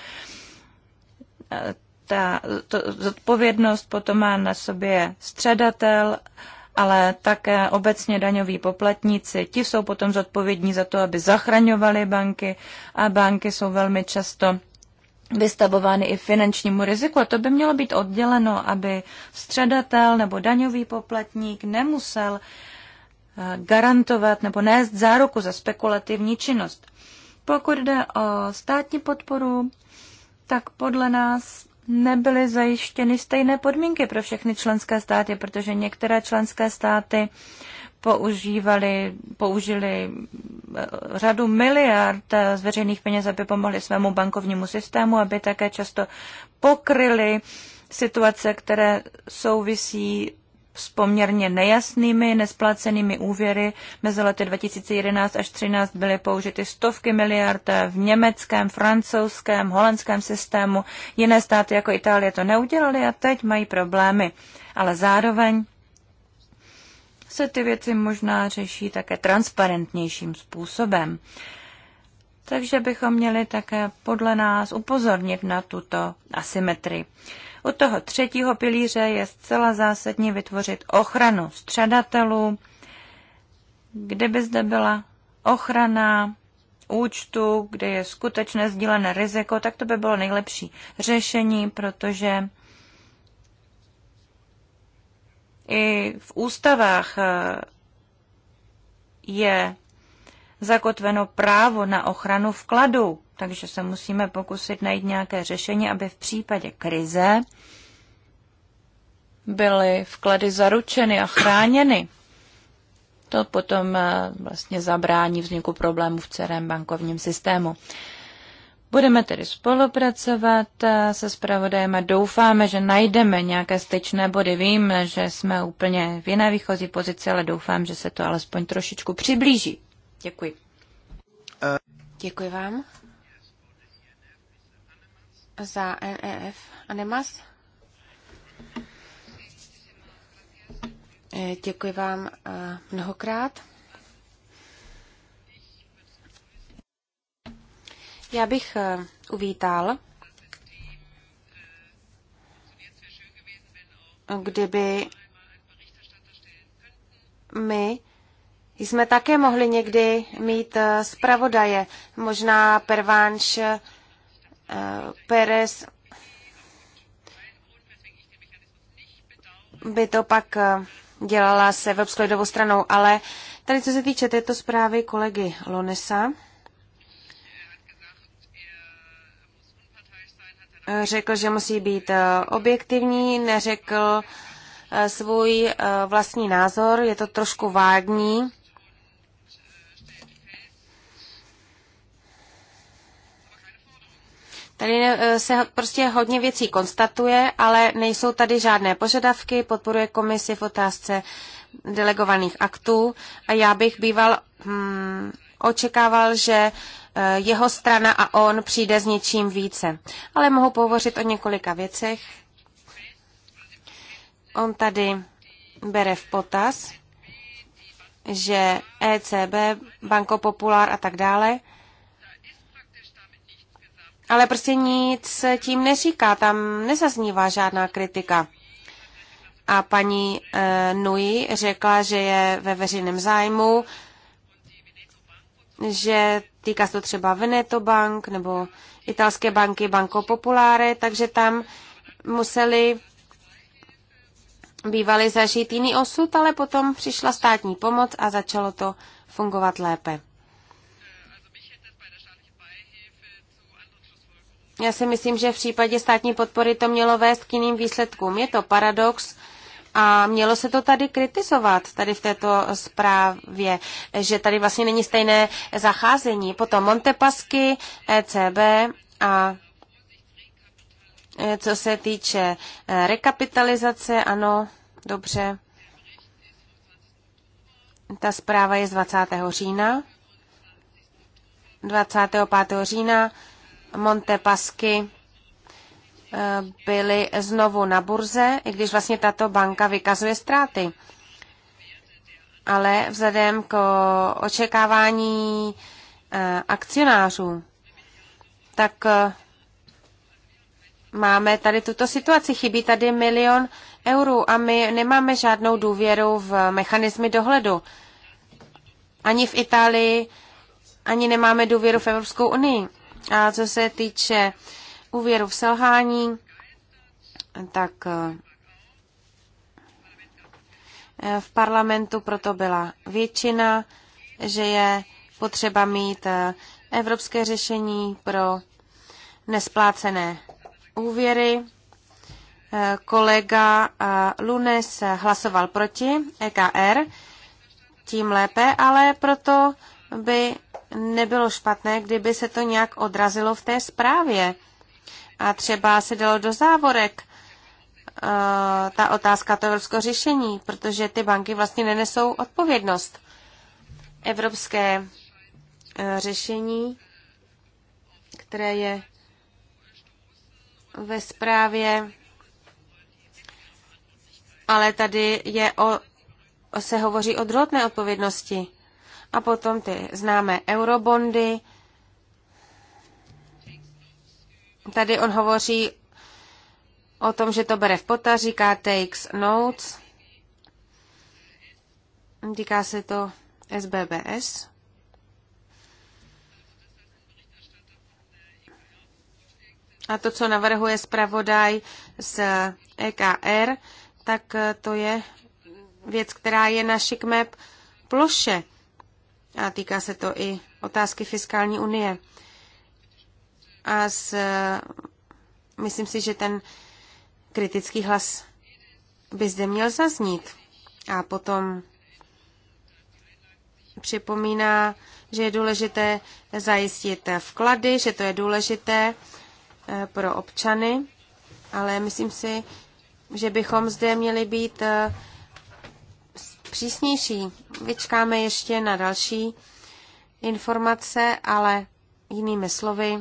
eh, ta to, zodpovědnost potom má na sobě středatel, ale také obecně daňoví poplatníci. Ti jsou potom zodpovědní za to, aby zachraňovali banky a banky jsou velmi často vystavovány i finančnímu riziku. A to by mělo být odděleno, aby středatel nebo daňový poplatník nemusel eh, garantovat nebo nést záruku za spekulativní činnost. Pokud jde o státní podporu, tak podle nás nebyly zajištěny stejné podmínky pro všechny členské státy, protože některé členské státy používali, použili eh, řadu miliard eh, z veřejných peněz, aby pomohli svému bankovnímu systému, aby také často pokryli situace, které souvisí s poměrně nejasnými nesplacenými úvěry. Mezi lety 2011 až 2013 byly použity stovky miliard v německém, francouzském, holandském systému. Jiné státy jako Itálie to neudělali a teď mají problémy. Ale zároveň se ty věci možná řeší také transparentnějším způsobem. Takže bychom měli také podle nás upozornit na tuto asymetrii. U toho třetího pilíře je zcela zásadní vytvořit ochranu střadatelů, kde by zde byla ochrana účtu, kde je skutečné sdílené riziko, tak to by bylo nejlepší řešení, protože i v ústavách eh, je zakotveno právo na ochranu vkladů takže se musíme pokusit najít nějaké řešení, aby v případě krize byly vklady zaručeny a chráněny. To potom eh, vlastně zabrání vzniku problémů v celém bankovním systému. Budeme tedy spolupracovat eh, se zpravodajem a doufáme, že najdeme nějaké styčné body. Vím, že jsme úplně v jiné výchozí pozici, ale doufám, že se to alespoň trošičku přiblíží. Děkuji. Eh. Děkuji vám za NEF e Anemas. Eh, děkuji vám eh, mnohokrát. Já bych eh, uvítal, kdyby my jsme také mohli někdy mít zpravodaje. Možná Pervánš Eh, Pérez by to pak eh, dělala s Evropskou lidovou stranou, ale tady co se týče této zprávy kolegy Lonesa, eh, řekl, že musí být objektivní, neřekl svůj vlastní názor, je to trošku vágní Tady eh, se prostě hodně věcí konstatuje, ale nejsou tady žádné požadavky, podporuje komisi v otázce delegovaných aktů a já bych býval hmm, očekával, že eh, jeho strana a on přijde s něčím více. Ale mohu pohovořit o několika věcech. On tady bere v potaz, že ECB, Banko Popular a tak dále, ale prostě nic tím neříká, tam nezaznívá žádná kritika. A paní e, Nui řekla, že je ve veřejném zájmu, že týká se to třeba Veneto Bank nebo italské banky Banco Populare, takže tam museli bývali zažít jiný osud, ale potom přišla státní pomoc a začalo to fungovat lépe. Já si myslím, že v případě státní podpory to mělo vést k jiným výsledkům. Je to paradox, a mělo se to tady kritizovat, tady v této zprávě, že tady vlastně není stejné zacházení. Potom Montepasky, ECB a e, co se týče e, rekapitalizace, ano, dobře. Ta zpráva je z 20. října. 25. října Montepasky eh, byly znovu na burze, i když vlastně tato banka vykazuje ztráty. Ale vzhledem k očekávání eh, akcionářů, tak eh, máme tady tuto situaci. Chybí tady milion eurů a my nemáme žádnou důvěru v mechanismy dohledu. Ani v Itálii, ani nemáme důvěru v Evropskou unii. A co se týče úvěru v selhání, tak eh, v parlamentu proto byla většina, že je potřeba mít eh, evropské řešení pro nesplácené úvěry. Eh, kolega Lunes hlasoval proti EKR, tím lépe, ale proto by nebylo špatné, kdyby se to nějak odrazilo v té zprávě. A třeba se dalo do závorek eh, ta otázka to evropského řešení, protože ty banky vlastně nenesou odpovědnost. Evropské eh, řešení, které je ve zprávě, ale tady je o, se hovoří o druhotné odpovědnosti a potom ty známé eurobondy. Tady on hovoří o tom, že to bere v potaz, říká takes notes. Týká se to SBBS. A to, co navrhuje zpravodaj z EKR, tak to je věc, která je na šikmé ploše a týká se to i otázky fiskální unie. A z, myslím si, že ten kritický hlas by zde měl zaznít. A potom připomíná, že je důležité zajistit vklady, že to je důležité eh, pro občany, ale myslím si, že bychom zde měli být eh, přísnější. Vyčkáme ještě na další informace, ale jinými slovy,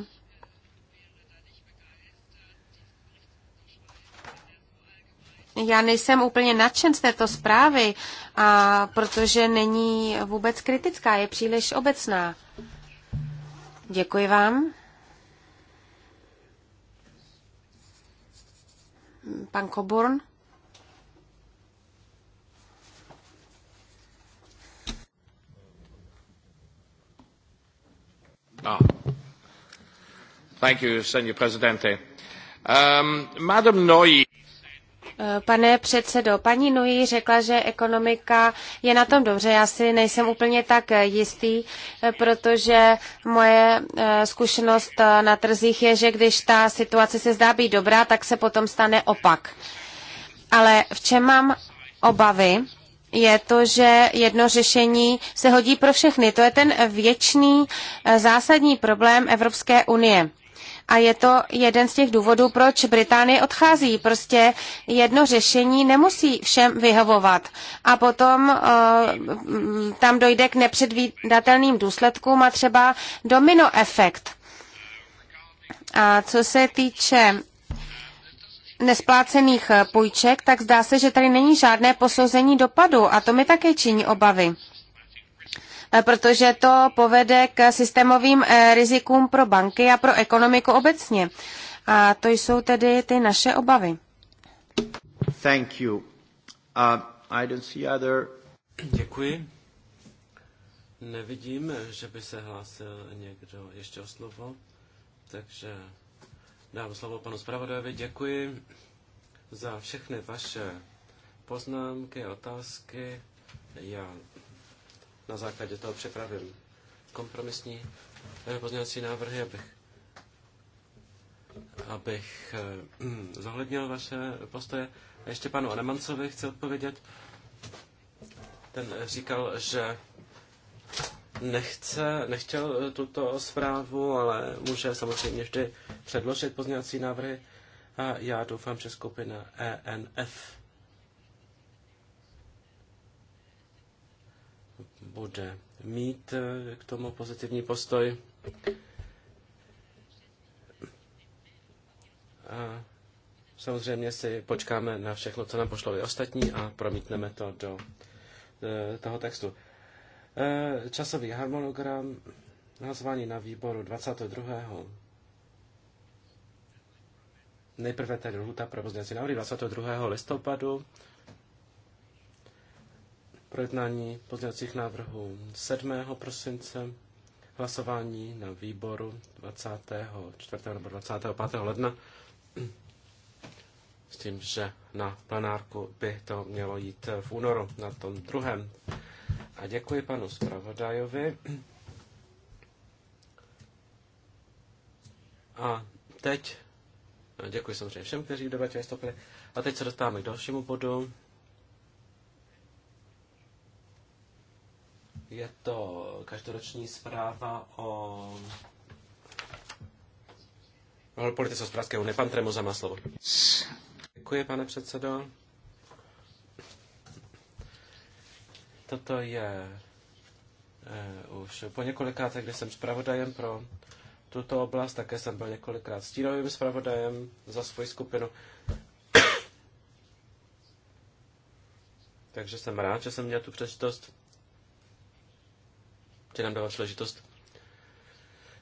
Já nejsem úplně nadšen z této zprávy, a protože není vůbec kritická, je příliš obecná. Děkuji vám. Pan Coburn. Ah. Um, Pane předsedo, paní Nui řekla, že ekonomika je na tom dobře. Já si nejsem úplně tak jistý, protože moje eh, zkušenost eh, na trzích je, že když ta situace se zdá být dobrá, tak se potom stane opak. Ale v čem mám obavy? je to, že jedno řešení se hodí pro všechny. To je ten věčný eh, zásadní problém Evropské unie. A je to jeden z těch důvodů, proč Británie odchází. Prostě jedno řešení nemusí všem vyhovovat. A potom uh, tam dojde k nepředvídatelným důsledkům a třeba domino efekt. A co se týče nesplácených eh, půjček, tak zdá se, že tady není žádné posouzení dopadu a to mi také činí obavy eh, protože to povede k systémovým eh, rizikům pro banky a pro ekonomiku obecně. A to jsou tedy ty naše obavy. Thank you. Uh, I don't see other... Děkuji. Nevidím, že by se hlásil někdo ještě o slovo, takže Dám slovo panu zpravodajovi. Děkuji za všechny vaše poznámky, otázky. Já na základě toho připravím kompromisní eh, pozměňovací návrhy, abych, abych eh, mm, zohlednil vaše postoje. A ještě panu Anemancovi chci odpovědět. Ten říkal, že nechce, nechtěl eh, tuto zprávu, ale může samozřejmě vždy předložit pozměňovací návrhy a já doufám, že skupina ENF bude mít eh, k tomu pozitivní postoj. A samozřejmě si počkáme na všechno, co nám pošlo i ostatní a promítneme to do eh, toho textu. Eh, časový harmonogram hlasování na výboru 22. Nejprve tedy lhuta pro pozdějící návrhy 22. listopadu. Projednání pozdějících návrhů 7. prosince. Hlasování na výboru 24. nebo 25. ledna. S tím, že na plenárku by to mělo jít v únoru na tom druhém a děkuji panu zpravodajovi. A teď, a děkuji samozřejmě všem, kteří v debatě vystoupili, a teď se dostáváme k dalšímu bodu. Je to každoroční zpráva o politice hospodářské unie. Pan Tremoza má slovo. Děkuji, pane předsedo. Toto je eh, už po několikrát, kdy jsem zpravodajem pro tuto oblast, také jsem byl několikrát stínovým zpravodajem za svoji skupinu. Takže jsem rád, že jsem měl tu příležitost, že nám dala příležitost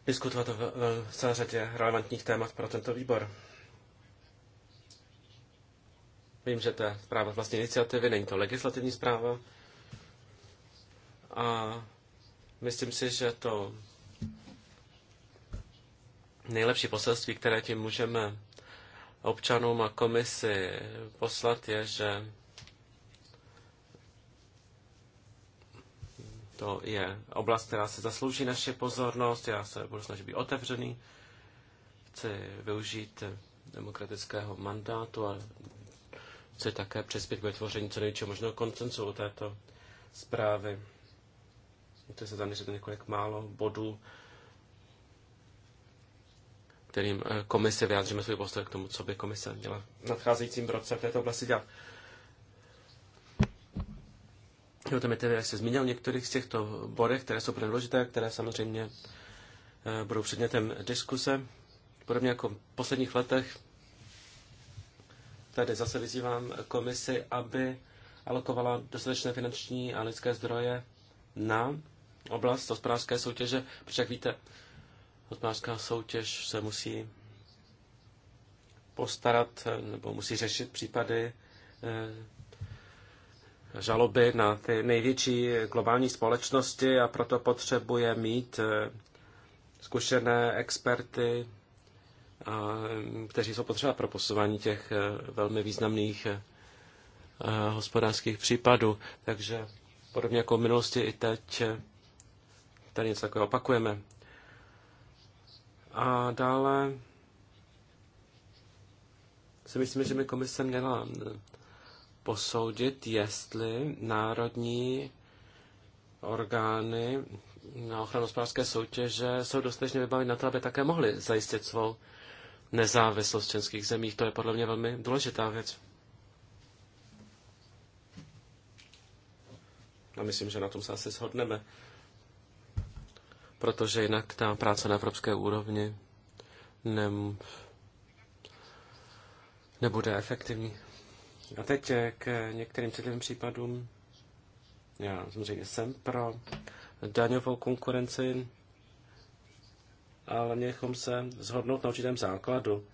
diskutovat o celé řadě relevantních témat pro tento výbor. Vím, že to je zpráva vlastní iniciativy, není to legislativní zpráva, a myslím si, že to nejlepší poselství, které tím můžeme občanům a komisi poslat, je, že to je oblast, která se zaslouží naše pozornost. Já se budu snažit být otevřený. Chci využít demokratického mandátu a chci také přispět k vytvoření co největšího možného koncensu u této zprávy. Chci se zaměřit na několik málo bodů, kterým eh, komise vyjádříme svůj postoj k tomu, co by komise měla v nadcházejícím roce v této oblasti dělat. Jo, tam je tedy, jak se zmínil, některých z těchto bodech, které jsou důležité, které samozřejmě eh, budou předmětem diskuse. Podobně jako v posledních letech, tady zase vyzývám komisi, aby alokovala dostatečné finanční a lidské zdroje na oblast hospodářské soutěže, protože jak víte, hospodářská soutěž se musí postarat eh, nebo musí řešit případy eh, žaloby na ty největší globální společnosti a proto potřebuje mít eh, zkušené experty, a, mm, kteří jsou potřeba pro posování těch velmi významných hospodářských případů. Takže podobně jako v minulosti i teď tady něco takového opakujeme. A dále si myslím, že by komise měla posoudit, jestli národní orgány na ochranu hospodářské soutěže jsou dostatečně vybaveny na to, aby také mohly zajistit svou nezávislost v českých zemích. To je podle mě velmi důležitá věc. A myslím, že na tom se asi shodneme protože jinak ta práce na evropské úrovni ne, nebude efektivní. A teď eh, k některým citlivým případům. Já samozřejmě jsem pro daňovou konkurenci, ale měchom se zhodnout na určitém základu.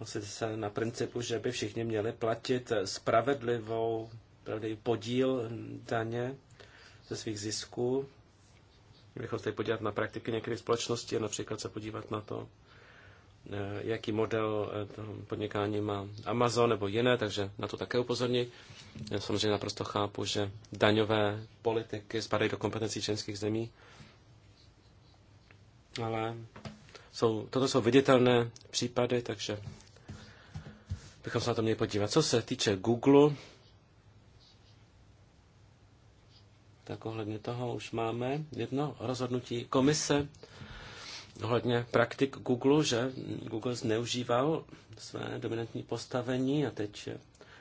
Asi se na principu, že by všichni měli platit spravedlivou podíl daně ze svých zisků Kdybychom se podívat na praktiky některých společností a například se podívat na to, eh, jaký model eh, podnikání má Amazon nebo jiné, takže na to také upozorní. Já samozřejmě naprosto chápu, že daňové politiky spadají do kompetencí členských zemí, ale jsou, toto jsou viditelné případy, takže bychom se na to měli podívat. Co se týče Google, tak ohledně toho už máme jedno rozhodnutí komise ohledně praktik Google, že Google zneužíval své dominantní postavení a teď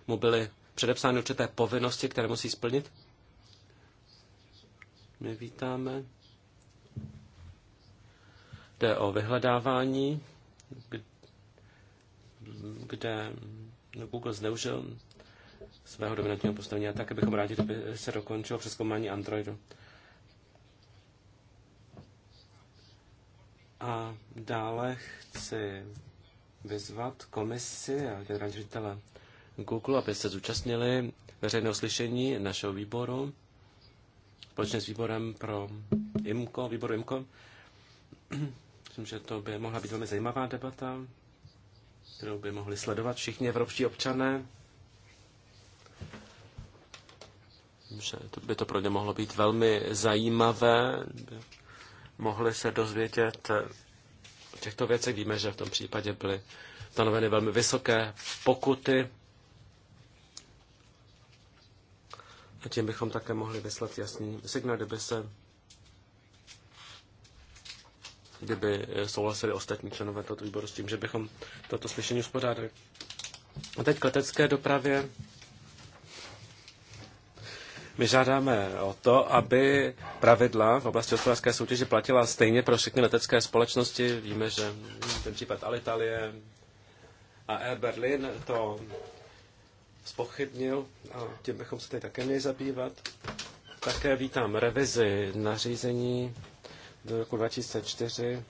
mu byly předepsány určité povinnosti, které musí splnit. My vítáme. Jde o vyhledávání, kde Google zneužil svého dominantního postavení a tak, abychom rádi, kdyby se dokončilo přeskoumání Androidu. A dále chci vyzvat komisi a generální ředitele Google, aby se zúčastnili veřejného slyšení našeho výboru společně s výborem pro IMCO, výboru IMCO. Myslím, že to by mohla být velmi zajímavá debata, kterou by mohli sledovat všichni evropští občané. že to by to pro ně mohlo být velmi zajímavé. Mohli se dozvědět eh, o těchto věcech. Víme, že v tom případě byly stanoveny velmi vysoké pokuty. A tím bychom také mohli vyslat jasný signál, kdyby se kdyby eh, souhlasili ostatní členové tohoto výboru s tím, že bychom toto slyšení uspořádali. A teď k letecké dopravě. My žádáme o to, aby pravidla v oblasti hospodářské soutěže platila stejně pro všechny letecké společnosti. Víme, že ten případ Alitalie a Air Berlin to spochybnil a tím bychom se tady také měli zabývat. Také vítám revizi nařízení do roku 2004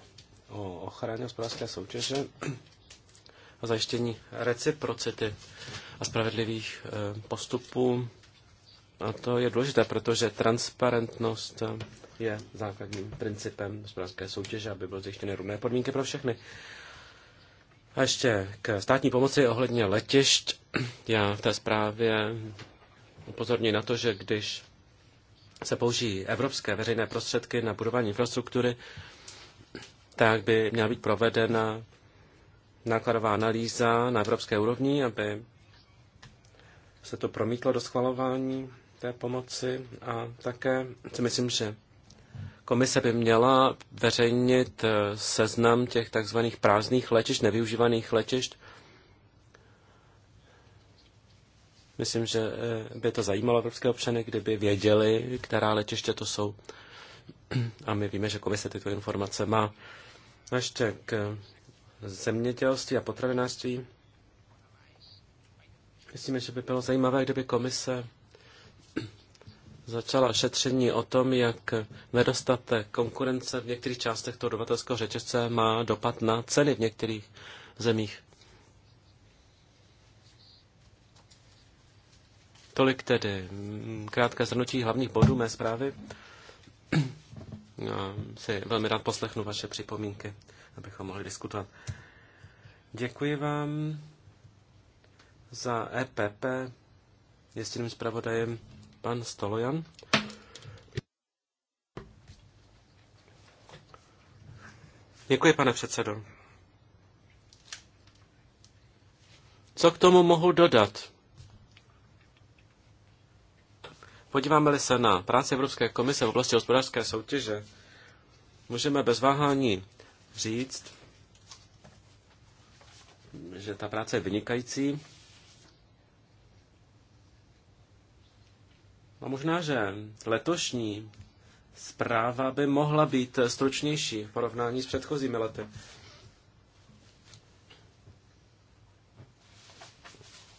o ochraně hospodářské soutěže a zajištění reciprocity a spravedlivých eh, postupů a to je důležité, protože transparentnost je základním principem hospodářské soutěže, aby byly zjištěny rovné podmínky pro všechny. A ještě k státní pomoci ohledně letišť. Já v té zprávě upozorňuji na to, že když se použijí evropské veřejné prostředky na budování infrastruktury, tak by měla být provedena nákladová analýza na evropské úrovni, aby se to promítlo do schvalování té pomoci a také si myslím, že komise by měla veřejnit eh, seznam těch takzvaných prázdných letišť, nevyužívaných letišť. Myslím, že eh, by to zajímalo evropské občany, kdyby věděli, která letiště to jsou. A my víme, že komise tyto informace má. A ještě k zemědělství a potravinářství. Myslím, že by bylo zajímavé, kdyby komise začala šetření o tom, jak nedostatek konkurence v některých částech toho dodavatelského řetězce má dopad na ceny v některých zemích. Tolik tedy mm, krátké zhrnutí hlavních bodů mé zprávy. Já si velmi rád poslechnu vaše připomínky, abychom mohli diskutovat. Děkuji vám za EPP, jestiným zpravodajem pan Stolojan. Děkuji, pane předsedo. Co k tomu mohu dodat? Podíváme-li se na práci Evropské komise v oblasti hospodářské soutěže, můžeme bez váhání říct, že ta práce je vynikající. A možná, že letošní zpráva by mohla být stručnější v porovnání s předchozími lety.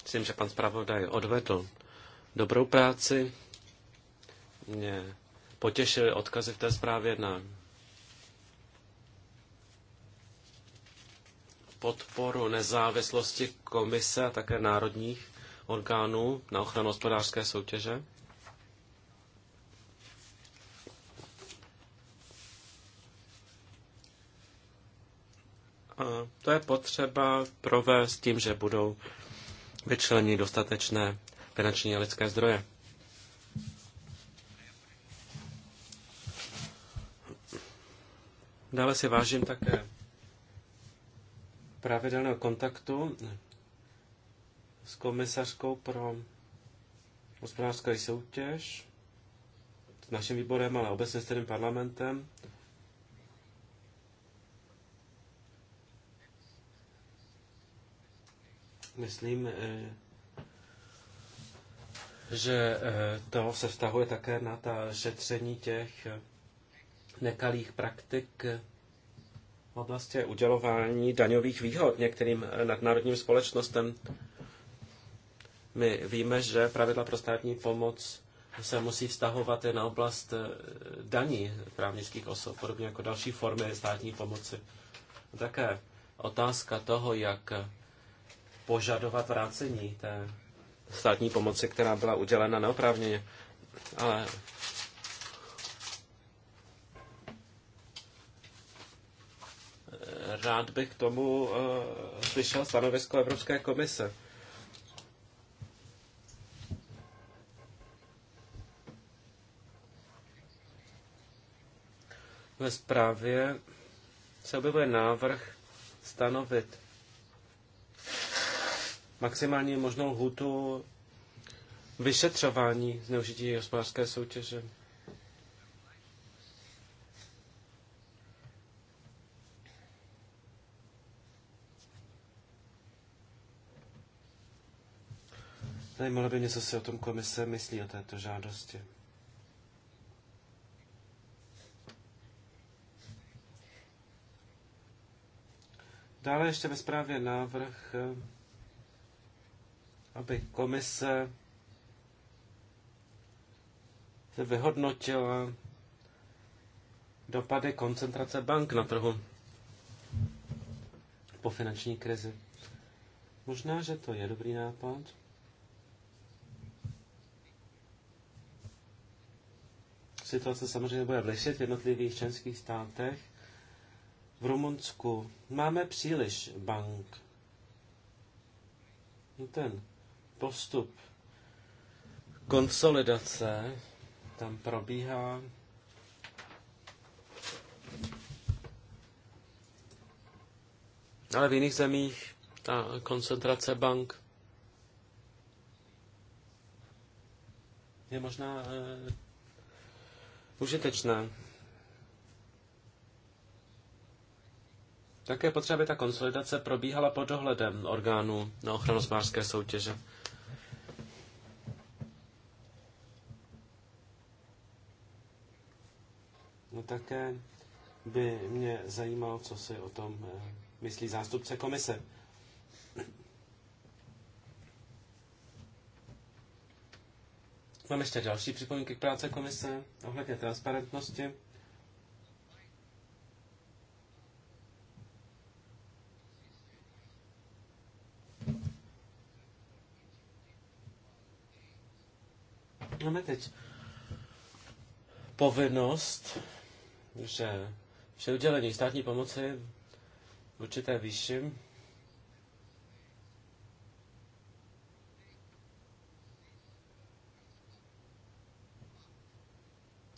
Myslím, že pan zpravodaj odvedl dobrou práci. Mě potěšily odkazy v té zprávě na podporu nezávislosti komise a také národních orgánů na ochranu hospodářské soutěže. to je potřeba provést tím, že budou vyčlení dostatečné finanční a lidské zdroje. Dále si vážím také pravidelného kontaktu s komisařkou pro hospodářskou soutěž, s naším výborem, ale obecně s celým parlamentem. myslím, eh, že eh, to se vztahuje také na ta šetření těch eh, nekalých praktik v oblasti udělování daňových výhod některým nadnárodním společnostem. My víme, že pravidla pro státní pomoc se musí vztahovat i na oblast daní právnických osob, podobně jako další formy státní pomoci. Také otázka toho, jak požadovat vrácení té státní pomoci, která byla udělena neoprávněně. Ale rád bych k tomu uh, slyšel stanovisko Evropské komise. Ve zprávě se objevuje návrh stanovit maximální možnou lhůtu vyšetřování zneužití hospodářské soutěže. Zajímalo by mě, co si o tom komise myslí, o této žádosti. Dále ještě ve zprávě návrh aby komise se vyhodnotila dopady koncentrace bank na trhu po finanční krizi. Možná, že to je dobrý nápad. Situace samozřejmě bude lišit v jednotlivých členských státech. V Rumunsku máme příliš bank. Ten postup konsolidace tam probíhá. Ale v jiných zemích ta koncentrace bank je možná uh, užitečná. Také potřeba, aby ta konsolidace probíhala pod dohledem orgánů na ochranu spářské soutěže. také by mě zajímalo, co si o tom eh, myslí zástupce komise. Mám ještě další připomínky k práce komise ohledně transparentnosti. Máme teď povinnost že při udělení státní pomoci v určité výši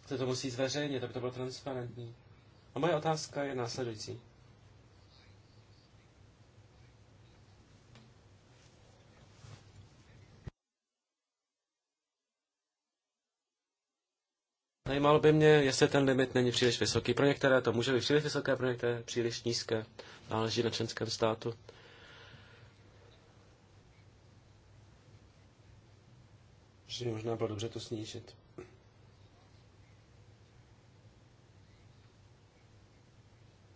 se to musí zveřejnit, aby to bylo transparentní. A moje otázka je následující. Zajímalo by mě, jestli ten limit není příliš vysoký. Pro některé to může být příliš vysoké, pro některé příliš nízké. Záleží na členském státu. Že možná bylo dobře to snížit.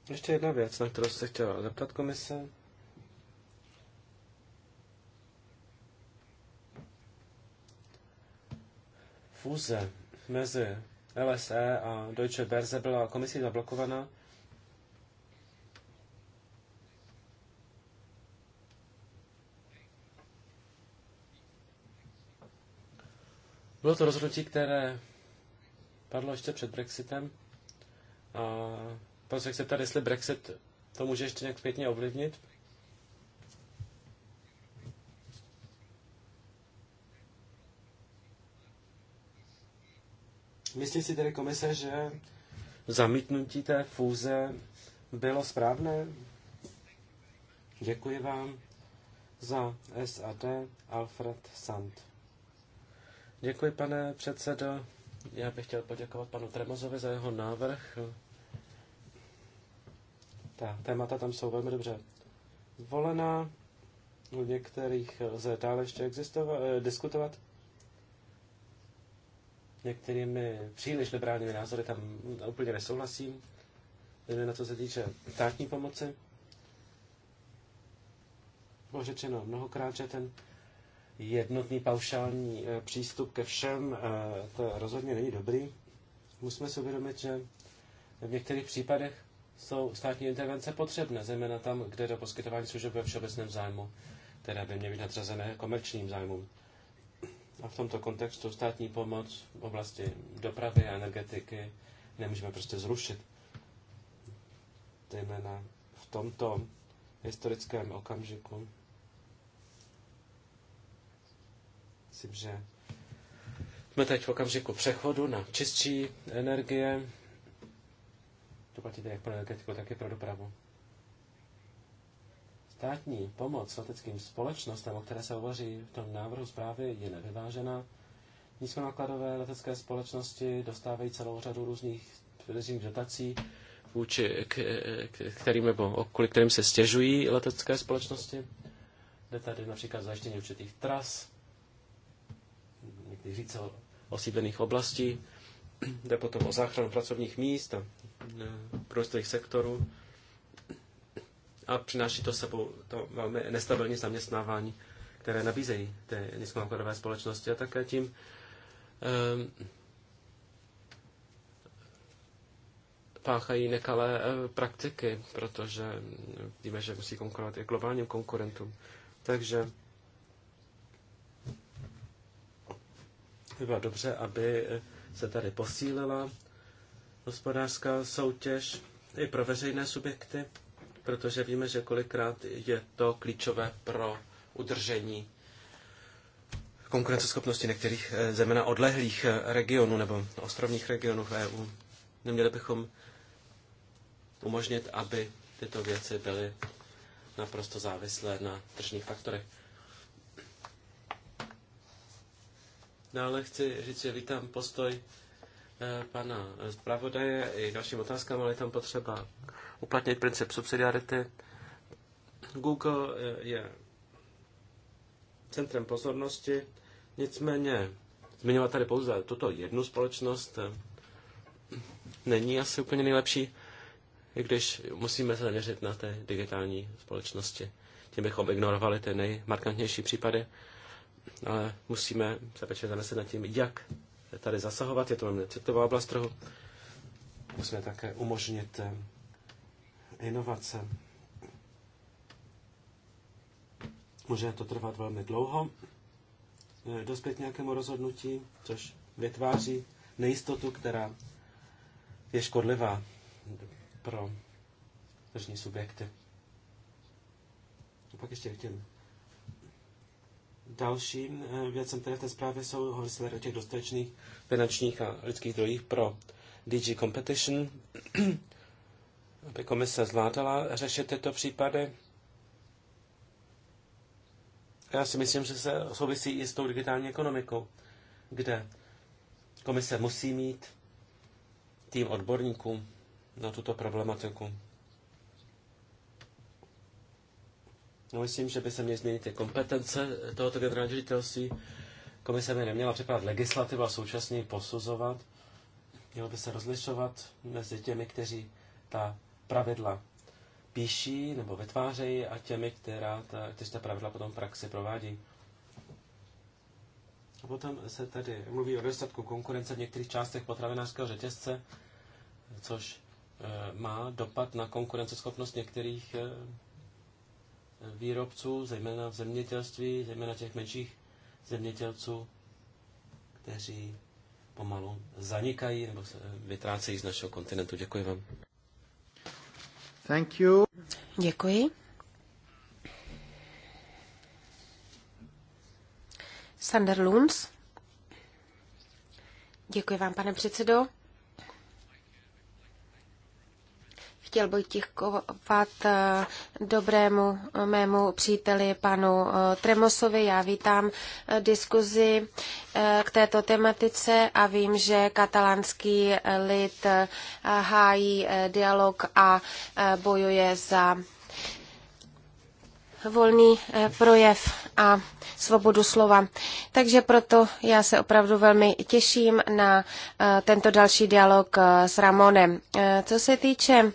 Ještě jedna věc, na kterou se chtěla zeptat komise. Fuze mezi LSE a Deutsche Börse byla komisí zablokovaná. Bylo to rozhodnutí, které padlo ještě před Brexitem. A pan se tady, jestli Brexit to může ještě nějak zpětně ovlivnit. Myslí si tedy komise, že zamítnutí té fůze bylo správné? Děkuji vám za SAD Alfred Sand. Děkuji, pane předsedo. Já bych chtěl poděkovat panu Tremozovi za jeho návrh. Ta témata tam jsou velmi dobře volená. U některých lze dále ještě existovat, eh, diskutovat některými příliš liberálními názory tam úplně nesouhlasím, na co se týče státní pomoci. Bylo řečeno mnohokrát, že ten jednotný paušální eh, přístup ke všem, eh, to rozhodně není dobrý. Musíme si uvědomit, že v některých případech jsou státní intervence potřebné, zejména tam, kde do poskytování služeb ve všeobecném zájmu, které by měly být nadřazené komerčním zájmům. A v tomto kontextu státní pomoc v oblasti dopravy a energetiky nemůžeme prostě zrušit. Zejména v tomto historickém okamžiku. Myslím, že jsme teď v okamžiku přechodu na čistší energie. To platí jak pro energetiku, tak i pro dopravu. Státní pomoc leteckým společnostem, o které se hovoří v tom návrhu zprávy, je nevyvážená. Nízkonákladové letecké společnosti dostávají celou řadu různých, různých dotací, vůči, k, k, kterým, nebo kvůli kterým se stěžují letecké společnosti. Jde tady například zajištění určitých tras, někdy říct o osídlených oblastí, jde potom o záchranu pracovních míst a průmyslových sektorů a přináší to sebou to velmi nestabilní zaměstnávání, které nabízejí té nízkonákladové společnosti a také tím um, páchají nekalé eh, praktiky, protože víme, že musí konkurovat i globálním konkurentům. Takže by bylo dobře, aby eh, se tady posílila hospodářská soutěž i pro veřejné subjekty protože víme, že kolikrát je to klíčové pro udržení konkurenceschopnosti některých eh, zejména odlehlých eh, regionů nebo ostrovních regionů v EU. Neměli bychom umožnit, aby tyto věci byly naprosto závislé na tržních faktorech. Dále chci říct, že vítám postoj Eh, pana zpravodaje i dalším otázkám, ale je tam potřeba uplatnit princip subsidiarity. Google eh, je centrem pozornosti, nicméně zmiňovat tady pouze tuto jednu společnost eh, není asi úplně nejlepší, i když musíme se zaměřit na té digitální společnosti. Tím bychom ignorovali ty nejmarkantnější případy, ale musíme se pečet zamyslet nad tím, jak tady zasahovat. Je to velmi citlivá oblast trhu. Musíme také umožnit eh, inovace. Může to trvat velmi dlouho, eh, dospět nějakému rozhodnutí, což vytváří nejistotu, která je škodlivá pro tržní subjekty. A pak ještě k těm Dalším eh, věcem, které v té zprávě jsou, hovoří o těch dostatečných finančních a lidských zdrojích pro DG Competition, aby komise zvládala řešit tyto případy. Já si myslím, že se souvisí i s tou digitální ekonomikou, kde komise musí mít tým odborníků na tuto problematiku. Myslím, že by se měly změnit ty kompetence tohoto generálního ředitelství. Komise by neměla připravit legislativu a současně ji posuzovat. Mělo by se rozlišovat mezi těmi, kteří ta pravidla píší nebo vytvářejí a těmi, která ta, kteří ta pravidla potom v praxi provádí. A potom se tady mluví o dostatku konkurence v některých částech potravinářského řetězce, což eh, má dopad na konkurenceschopnost některých eh, výrobců, zejména v zemědělství, zejména těch menších zemědělců, kteří pomalu zanikají nebo se eh, vytrácejí z našeho kontinentu. Děkuji vám. Thank you. Děkuji. Sander Luns. Děkuji vám, pane předsedo. chtěl poděkovat eh, dobrému mému příteli panu eh, Tremosovi. Já vítám eh, diskuzi k této tematice a vím, že katalánský lid hájí dialog a bojuje za volný projev a svobodu slova. Takže proto já se opravdu velmi těším na tento další dialog s Ramonem. Co se týče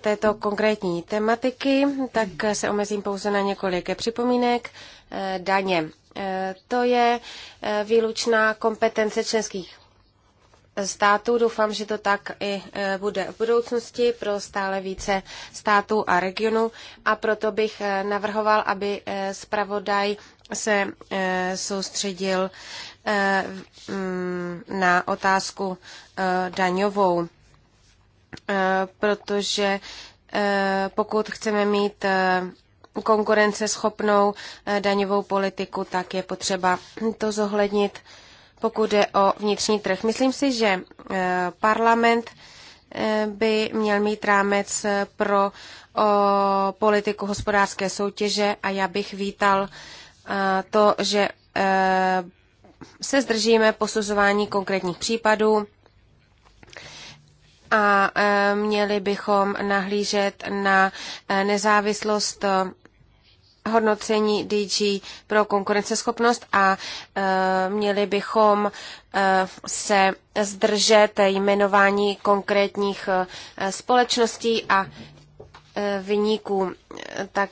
této konkrétní tematiky, tak se omezím pouze na několik připomínek. Eh, daně. Eh, to je eh, výlučná kompetence českých států. Doufám, že to tak i bude v budoucnosti pro stále více států a regionů a proto bych navrhoval, aby zpravodaj se soustředil mm, na otázku daňovou. Eh, protože eh, pokud chceme mít eh, konkurenceschopnou daňovou politiku, tak je potřeba to zohlednit, pokud je o vnitřní trh. Myslím si, že parlament by měl mít rámec pro politiku hospodářské soutěže a já bych vítal to, že se zdržíme posuzování konkrétních případů a e, měli bychom nahlížet na e, nezávislost e, hodnocení DG pro konkurenceschopnost a měli bychom se zdržet jmenování konkrétních společností a vyníků. Tak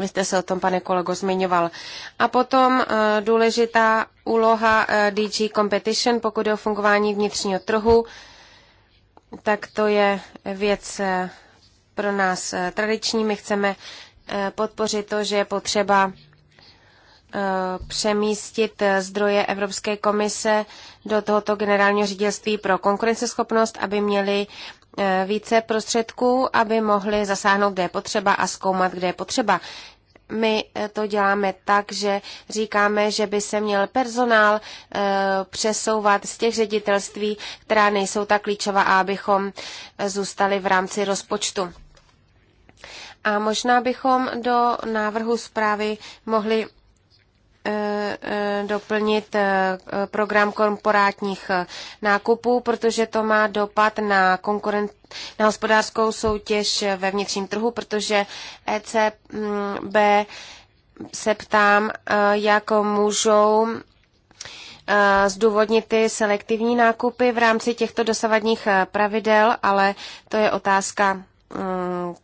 vy jste se o tom, pane kolego, zmiňoval. A potom eh, důležitá úloha eh, DG Competition, pokud je o fungování vnitřního trhu, tak to je věc eh, pro nás tradiční. My chceme podpořit to, že je potřeba přemístit zdroje Evropské komise do tohoto generálního ředitelství pro konkurenceschopnost, aby měli E, více prostředků, aby mohli zasáhnout, kde je potřeba a zkoumat, kde je potřeba. My e, to děláme tak, že říkáme, že by se měl personál e, přesouvat z těch ředitelství, která nejsou tak klíčová, a abychom zůstali v rámci rozpočtu. A možná bychom do návrhu zprávy mohli Eh, eh, doplnit eh, program korporátních nákupů, protože to má dopad na, konkurent, na hospodářskou soutěž ve vnitřním trhu, protože ECB se ptám, jak můžou zdůvodnit ty selektivní nákupy v rámci těchto dosavadních pravidel, ale to je otázka mm,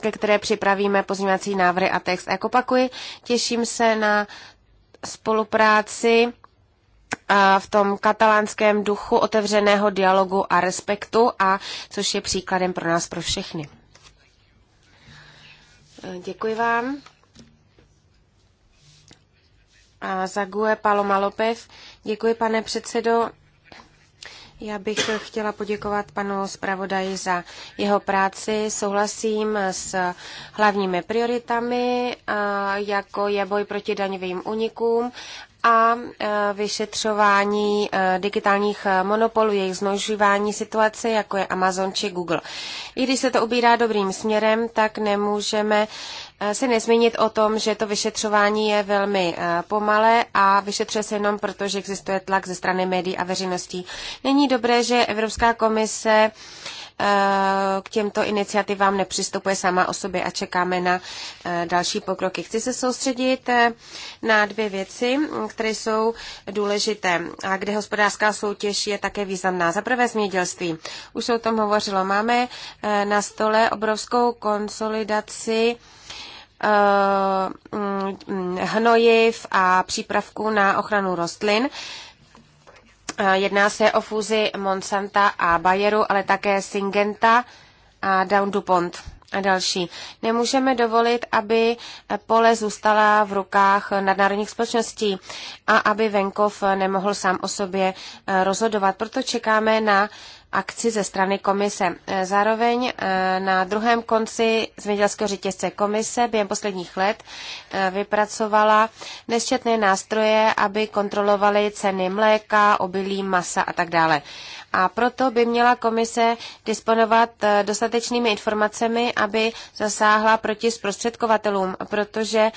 ke které připravíme pozměňovací návrhy a text. A jak opakuji, těším se na spolupráci v tom katalánském duchu otevřeného dialogu a respektu, a což je příkladem pro nás, pro všechny. E, děkuji vám. A Zague Paloma López. Děkuji, pane předsedo. Já bych chtěla poděkovat panu zpravodaji za jeho práci. Souhlasím s hlavními prioritami, jako je boj proti daňovým unikům a e, vyšetřování e, digitálních monopolů, jejich zneužívání situace, jako je Amazon či Google. I když se to ubírá dobrým směrem, tak nemůžeme Eh, se nezmínit o tom, že to vyšetřování je velmi eh, pomalé a vyšetřuje se jenom proto, že existuje tlak ze strany médií a veřejností. Není dobré, že Evropská komise eh, k těmto iniciativám nepřistupuje sama o sobě a čekáme na další pokroky. Chci se soustředit na dvě věci, které jsou důležité a kde hospodářská soutěž je také významná. Za prvé zemědělství. Už se o tom hovořilo. Máme na stole obrovskou konsolidaci Eh, mm, hnojiv a přípravků na ochranu rostlin. Eh, jedná se o fúzi Monsanta a Bayeru, ale také Syngenta a Down DuPont a další. Nemůžeme dovolit, aby pole zůstala v rukách nadnárodních společností a aby venkov nemohl sám o sobě eh, rozhodovat. Proto čekáme na akci ze strany komise. Eh, zároveň eh, na druhém konci zemědělského řetězce komise během posledních let eh, vypracovala nesčetné nástroje, aby kontrolovaly ceny mléka, obilí, masa a tak dále. A proto by měla komise disponovat dostatečnými informacemi, aby zasáhla proti zprostředkovatelům, protože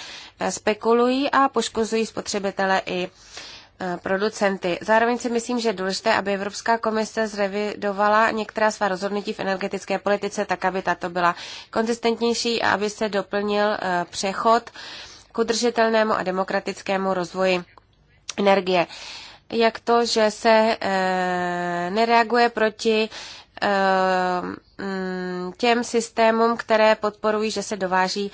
spekulují a poškozují spotřebitele i Eh, producenty. Zároveň si myslím, že je důležité, aby Evropská komise zrevidovala některá svá rozhodnutí v energetické politice, tak aby tato byla konzistentnější a aby se doplnil eh, přechod k udržitelnému a demokratickému rozvoji energie. Jak to, že se eh, nereaguje proti mm, těm systémům, které podporují, že se dováží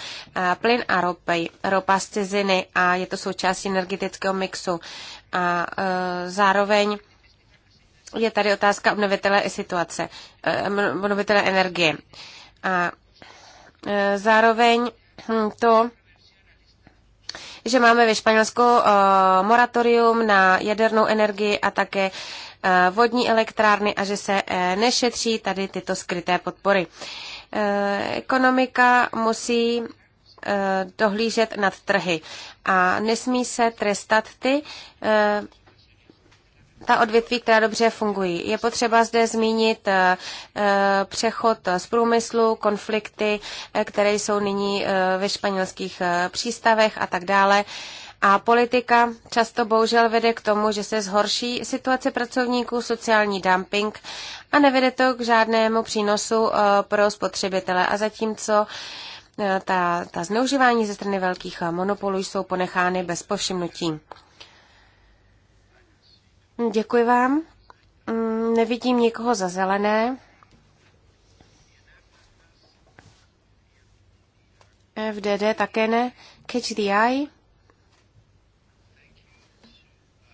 plyn a ropy, ropa z ciziny a je to součástí energetického mixu. A e, zároveň je tady otázka obnovitelé situace, e, obnovitelé energie. A e, zároveň hm, to, že máme ve Španělsku moratorium na jadernou energii a také vodní elektrárny a že se nešetří tady tyto skryté podpory. Ekonomika musí Eh, dohlížet nad trhy a nesmí se trestat ty eh, ta odvětví, která dobře fungují. Je potřeba zde zmínit eh, přechod z průmyslu, konflikty, které jsou nyní ve španělských přístavech a tak dále. A politika často bohužel vede k tomu, že se zhorší situace pracovníků, sociální dumping a nevede to k žádnému přínosu pro spotřebitele. A zatímco Eh, ta, ta zneužívání ze strany velkých eh, monopolů jsou ponechány bez povšimnutí. Děkuji vám. Mm, nevidím nikoho za zelené. FDD také ne. Catch the eye.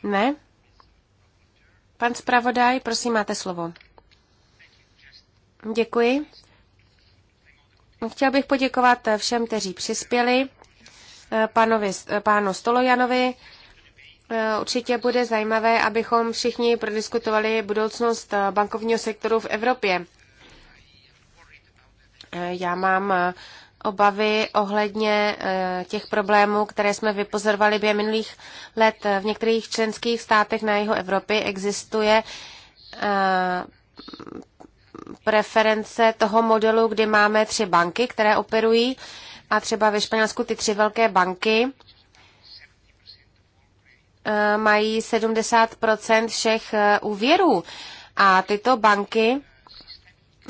Ne. Pan zpravodaj, prosím, máte slovo. Děkuji. Chtěl bych poděkovat všem, kteří přispěli, eh, panovi, eh, pánu Stolojanovi. Eh, určitě bude zajímavé, abychom všichni prodiskutovali budoucnost bankovního sektoru v Evropě. Já mám obavy ohledně těch problémů, které jsme vypozorovali během minulých let v některých členských státech na jihu Evropy. Existuje preference toho modelu, kdy máme tři banky, které operují a třeba ve Španělsku ty tři velké banky eh, mají 70 všech eh, úvěrů a tyto banky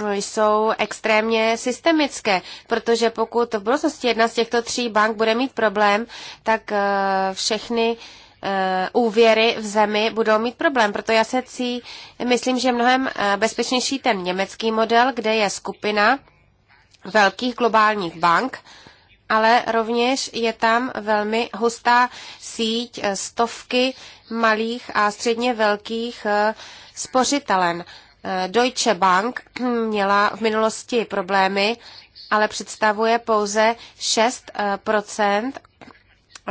eh, jsou extrémně systemické, protože pokud v budoucnosti jedna z těchto tří bank bude mít problém, tak všechny Eh, úvěry v zemi budou mít problém. Proto já se cí, myslím, že je mnohem eh, bezpečnější ten německý model, kde je skupina velkých globálních bank, ale rovněž je tam velmi hustá síť eh, stovky malých a středně velkých spořitelen. Deutsche Bank hm, měla v minulosti problémy, ale představuje pouze 6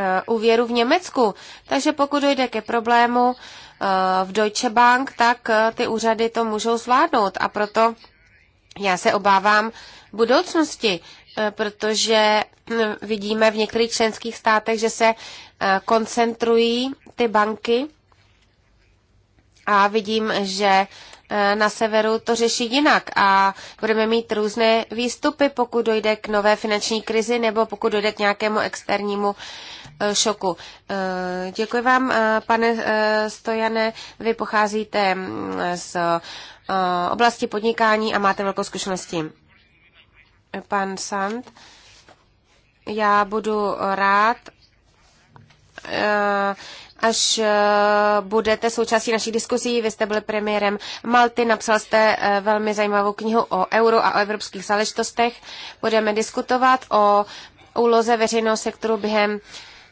Eh, úvěru v Německu. Takže pokud dojde ke problému eh, v Deutsche Bank, tak eh, ty úřady to můžou zvládnout a proto já se obávám budoucnosti, protože hm, vidíme v některých členských státech, že se koncentrují ty banky a vidím, že Eh, na severu to řeší jinak a budeme mít různé výstupy, pokud dojde k nové finanční krizi nebo pokud dojde k nějakému externímu eh, šoku. Eh, děkuji vám, pane Stojane. Vy pocházíte mm, z oblasti podnikání a máte velkou zkušenosti. Pan Sand, já budu rád, až eh, budete součástí našich diskuzí. Vy jste byli premiérem Malty, napsal jste eh, velmi zajímavou knihu o euro a o evropských záležitostech. Budeme diskutovat o úloze veřejného sektoru během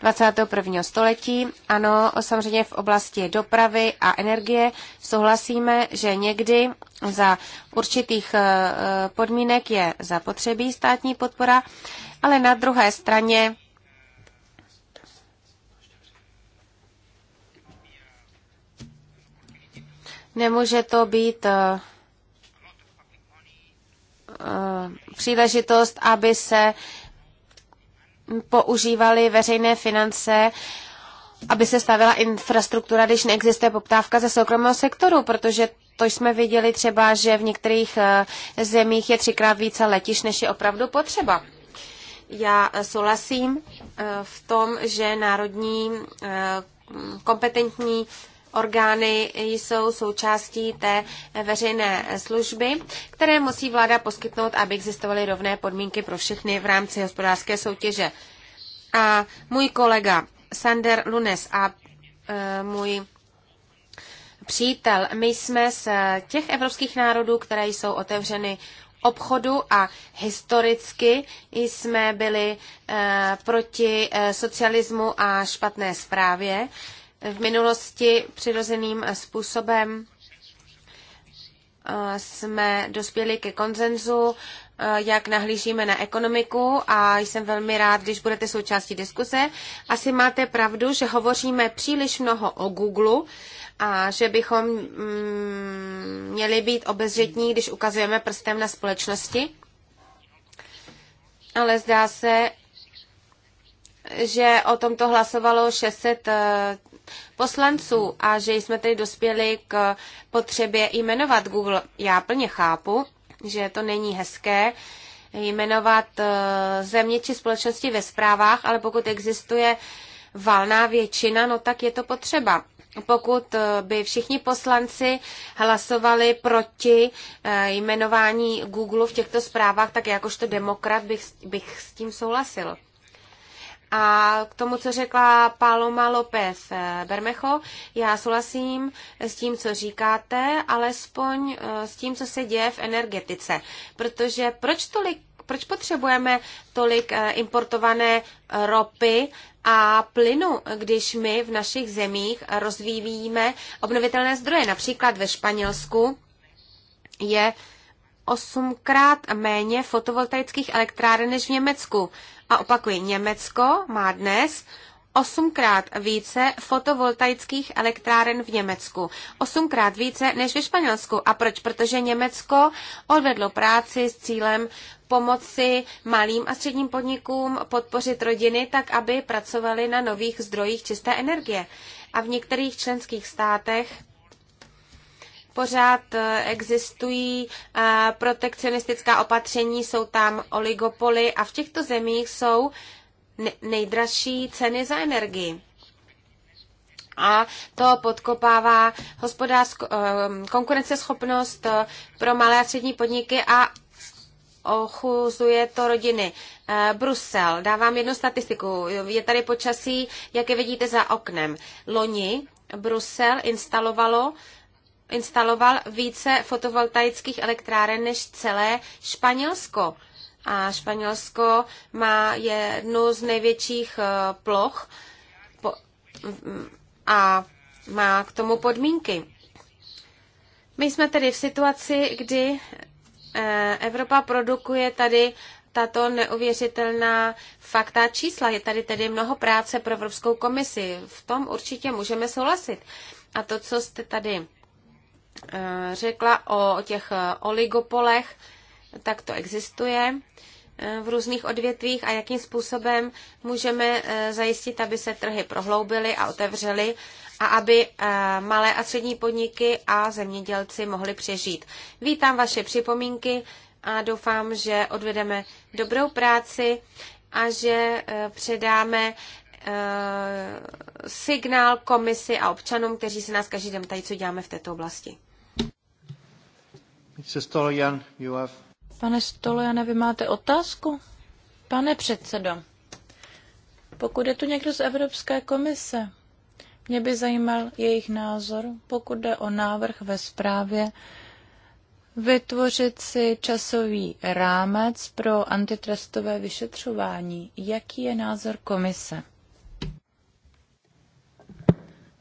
21. století. Ano, samozřejmě v oblasti dopravy a energie souhlasíme, že někdy za určitých eh, podmínek je zapotřebí státní podpora, ale na druhé straně Nemůže to být eh, eh, příležitost, aby se používaly veřejné finance, aby se stavila infrastruktura, když neexistuje poptávka ze soukromého sektoru, protože to jsme viděli třeba, že v některých eh, zemích je třikrát více letiš, než je opravdu potřeba. Já souhlasím v tom, že národní kompetentní orgány jsou součástí té veřejné služby, které musí vláda poskytnout, aby existovaly rovné podmínky pro všechny v rámci hospodářské soutěže. A můj kolega Sander Lunes a e, můj přítel, my jsme z těch evropských národů, které jsou otevřeny obchodu a historicky jsme byli e, proti e, socialismu a špatné zprávě. E, v minulosti přirozeným způsobem eh, jsme dospěli ke konzenzu, eh, jak nahlížíme na ekonomiku a jsem velmi rád, když budete součástí diskuse. Asi máte pravdu, že hovoříme příliš mnoho o Google a že bychom mm, měli být obezřetní, když ukazujeme prstem na společnosti. Ale zdá se, že o tomto hlasovalo 600 poslanců a že jsme tedy dospěli k potřebě jmenovat Google. Já plně chápu, že to není hezké jmenovat eh, země či společnosti ve zprávách, ale pokud existuje valná většina, no tak je to potřeba pokud eh, by všichni poslanci hlasovali proti eh, jmenování Google v těchto zprávách, tak jakožto demokrat bych, bych s tím souhlasil. A k tomu, co řekla Paloma López eh, Bermecho, já souhlasím s tím, co říkáte, alespoň eh, s tím, co se děje v energetice. Protože proč tolik proč potřebujeme tolik eh, importované ropy a plynu, když my v našich zemích rozvíjíme obnovitelné zdroje. Například ve Španělsku je osmkrát méně fotovoltaických elektráren než v Německu. A opakuji, Německo má dnes osmkrát více fotovoltaických elektráren v Německu. Osmkrát více než ve Španělsku. A proč? Protože Německo odvedlo práci s cílem pomoci malým a středním podnikům podpořit rodiny tak, aby pracovali na nových zdrojích čisté energie. A v některých členských státech pořád eh, existují eh, protekcionistická opatření, jsou tam oligopoly a v těchto zemích jsou nejdražší ceny za energii. A to podkopává hospodářskou eh, konkurenceschopnost pro malé a střední podniky a ochuzuje to rodiny. Brusel, dávám jednu statistiku. Je tady počasí, jak je vidíte za oknem. Loni Brusel instalovalo instaloval více fotovoltaických elektráren než celé Španělsko. A Španělsko má jednu z největších eh, ploch a má k tomu podmínky. My jsme tedy v situaci, kdy eh, Evropa produkuje tady tato neuvěřitelná fakta čísla. Je tady tedy mnoho práce pro Evropskou komisi. V tom určitě můžeme souhlasit. A to, co jste tady Eh, řekla o těch eh, oligopolech, tak to existuje eh, v různých odvětvích a jakým způsobem můžeme zajistit, aby se trhy prohloubily a otevřely a aby malé a střední podniky a zemědělci mohli přežít. Vítám vaše připomínky a doufám, že odvedeme dobrou práci a že předáme signál komisi a občanům, kteří se nás každý den ptají, co děláme v této oblasti. Pane Stolojane, vy máte otázku? Pane předsedo, pokud je tu někdo z Evropské komise, mě by zajímal jejich názor, pokud jde o návrh ve zprávě vytvořit si časový rámec pro antitrustové vyšetřování. Jaký je názor komise?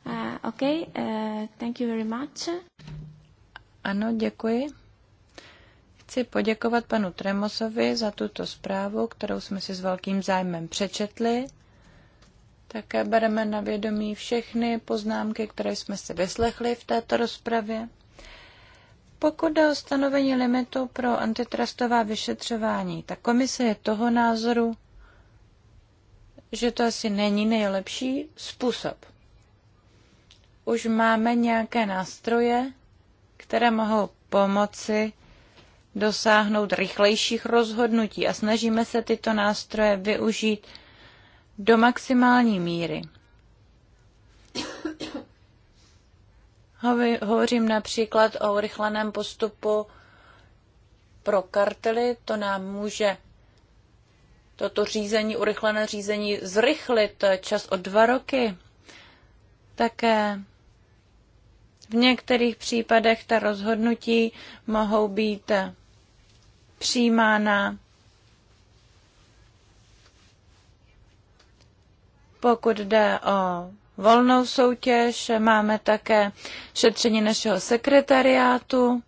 Uh, okay, uh, thank you very much. Ano, děkuji. Chci poděkovat panu Tremosovi za tuto zprávu, kterou jsme si s velkým zájmem přečetli. Také bereme na vědomí všechny poznámky, které jsme si vyslechli v této rozpravě. Pokud jde o stanovení limitu pro antitrustová vyšetřování, ta komise je toho názoru, že to asi není nejlepší způsob. Už máme nějaké nástroje, které mohou pomoci dosáhnout rychlejších rozhodnutí a snažíme se tyto nástroje využít do maximální míry. Hovořím například o urychleném postupu pro kartely. To nám může toto řízení, urychlené řízení zrychlit čas o dva roky. Také v některých případech ta rozhodnutí mohou být přijímána, pokud jde o volnou soutěž, máme také šetření našeho sekretariátu.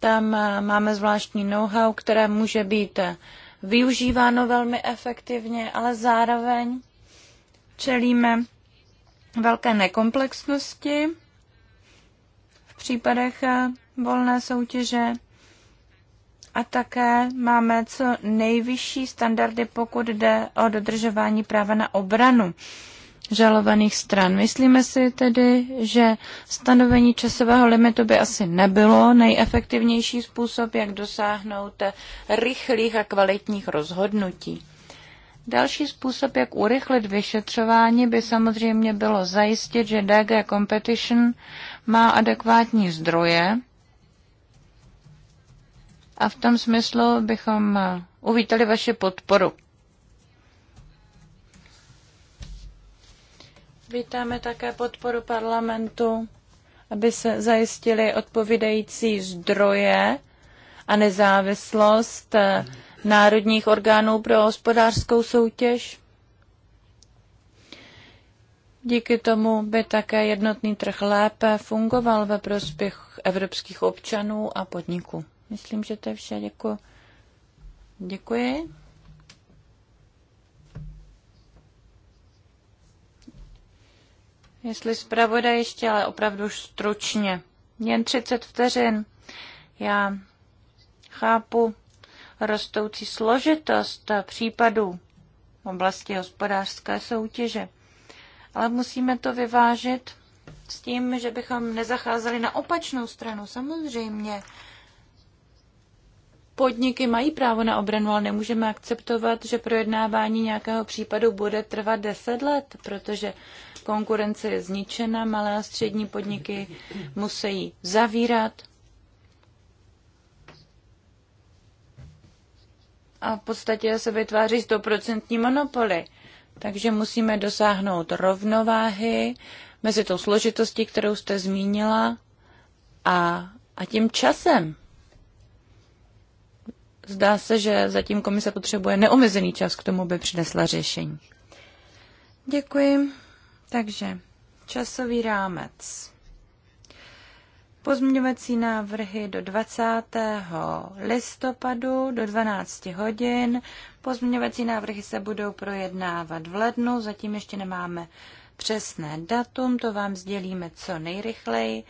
Tam eh, máme zvláštní know-how, které může být eh, využíváno velmi efektivně, ale zároveň čelíme velké nekomplexnosti v případech eh, volné soutěže a také máme co nejvyšší standardy, pokud jde o dodržování práva na obranu žalovaných stran. Myslíme si tedy, že stanovení časového limitu by asi nebylo nejefektivnější způsob, jak dosáhnout rychlých a kvalitních rozhodnutí. Další způsob, jak urychlit vyšetřování, by samozřejmě bylo zajistit, že DG Competition má adekvátní zdroje a v tom smyslu bychom eh, uvítali vaši podporu. Vítáme také podporu parlamentu, aby se zajistili odpovídající zdroje a nezávislost eh, národních orgánů pro hospodářskou soutěž. Díky tomu by také jednotný trh lépe fungoval ve prospěch evropských občanů a podniků. Myslím, že to je vše. Děkuji. Děkuji. Jestli zpravodaj ještě, ale opravdu stručně. Jen 30 vteřin. Já chápu rostoucí složitost případů v oblasti hospodářské soutěže. Ale musíme to vyvážit s tím, že bychom nezacházeli na opačnou stranu. Samozřejmě podniky mají právo na obranu, ale nemůžeme akceptovat, že projednávání nějakého případu bude trvat deset let, protože konkurence je zničena, malé a střední podniky musí zavírat. A v podstatě se vytváří stoprocentní monopoly. Takže musíme dosáhnout rovnováhy mezi tou složitostí, kterou jste zmínila, a, a tím časem. Zdá se, že zatím komise potřebuje neomezený čas k tomu, by přinesla řešení. Děkuji. Takže časový rámec. Pozměňovací návrhy do 20. listopadu do 12 hodin. Pozměňovací návrhy se budou projednávat v lednu, zatím ještě nemáme přesné datum, to vám sdělíme co nejrychleji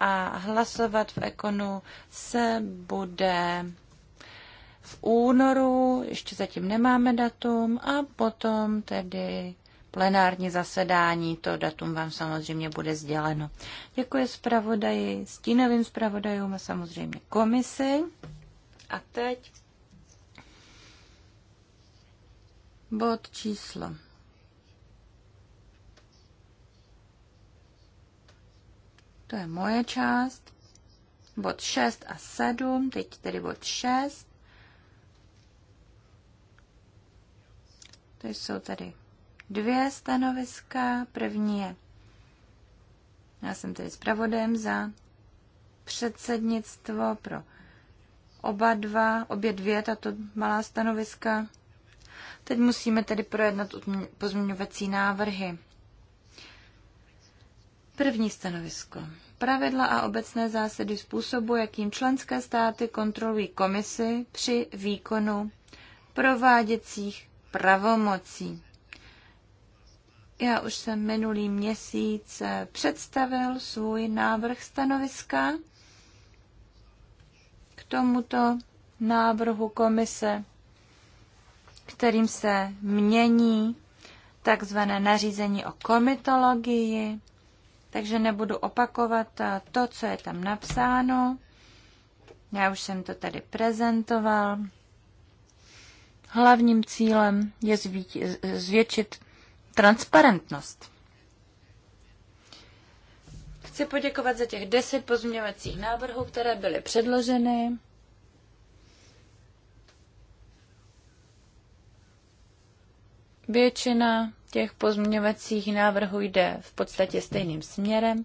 a hlasovat v Ekonu se bude v únoru, ještě zatím nemáme datum, a potom tedy plenární zasedání, to datum vám samozřejmě bude sděleno. Děkuji zpravodaji, stínovým zpravodajům a samozřejmě komisi. A teď bod číslo. To je moje část. Bod 6 a 7, teď tedy bod 6. To jsou tady dvě stanoviska. První je, já jsem tedy zpravodajem za předsednictvo pro oba dva, obě dvě tato malá stanoviska. Teď musíme tedy projednat pozměňovací návrhy. První stanovisko. Pravidla a obecné zásady způsobu, jakým členské státy kontrolují komisi při výkonu prováděcích pravomocí. Já už jsem minulý měsíc eh, představil svůj návrh stanoviska k tomuto návrhu komise, kterým se mění takzvané nařízení o komitologii, takže nebudu opakovat eh, to, co je tam napsáno. Já už jsem to tady prezentoval. Hlavním cílem je zvětšit transparentnost. Chci poděkovat za těch deset pozměňovacích návrhů, které byly předloženy. Většina těch pozměňovacích návrhů jde v podstatě stejným směrem.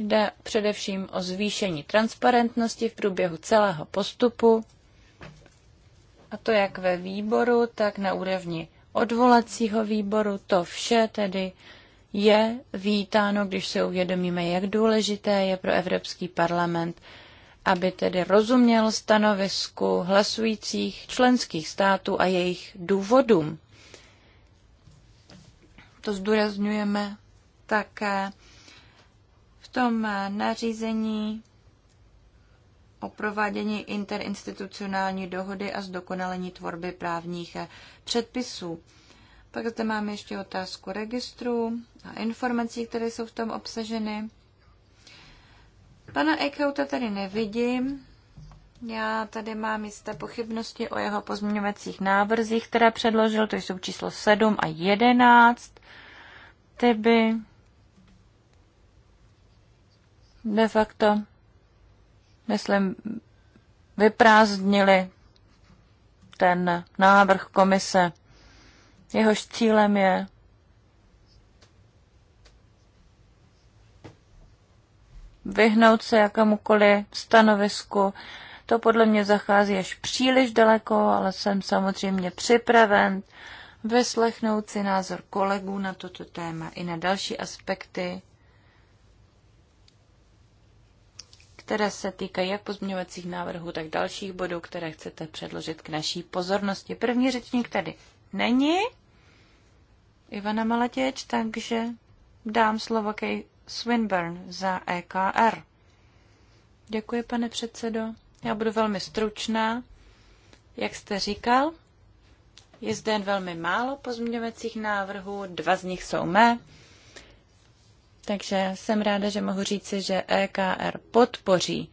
Jde především o zvýšení transparentnosti v průběhu celého postupu, a to jak ve výboru, tak na úrovni odvolacího výboru. To vše tedy je vítáno, když se uvědomíme, jak důležité je pro Evropský parlament, aby tedy rozuměl stanovisku hlasujících členských států a jejich důvodům. To zdůrazňujeme také tom nařízení o provádění interinstitucionální dohody a zdokonalení tvorby právních předpisů. Pak zde máme ještě otázku registru a informací, které jsou v tom obsaženy. Pana Eichhouta tady nevidím. Já tady mám jisté pochybnosti o jeho pozměňovacích návrzích, které předložil. To jsou číslo 7 a 11. Ty by de facto, myslím, vyprázdnili ten návrh komise. Jehož cílem je vyhnout se jakémukoliv stanovisku. To podle mě zachází až příliš daleko, ale jsem samozřejmě připraven vyslechnout si názor kolegů na toto téma i na další aspekty které se týkají jak pozměňovacích návrhů, tak dalších bodů, které chcete předložit k naší pozornosti. První řečník tady není, Ivana Malatěč, takže dám slovo ke Swinburne za EKR. Děkuji, pane předsedo. Já budu velmi stručná. Jak jste říkal, je zde jen velmi málo pozměňovacích návrhů, dva z nich jsou mé. Takže jsem ráda, že mohu říci, že EKR podpoří,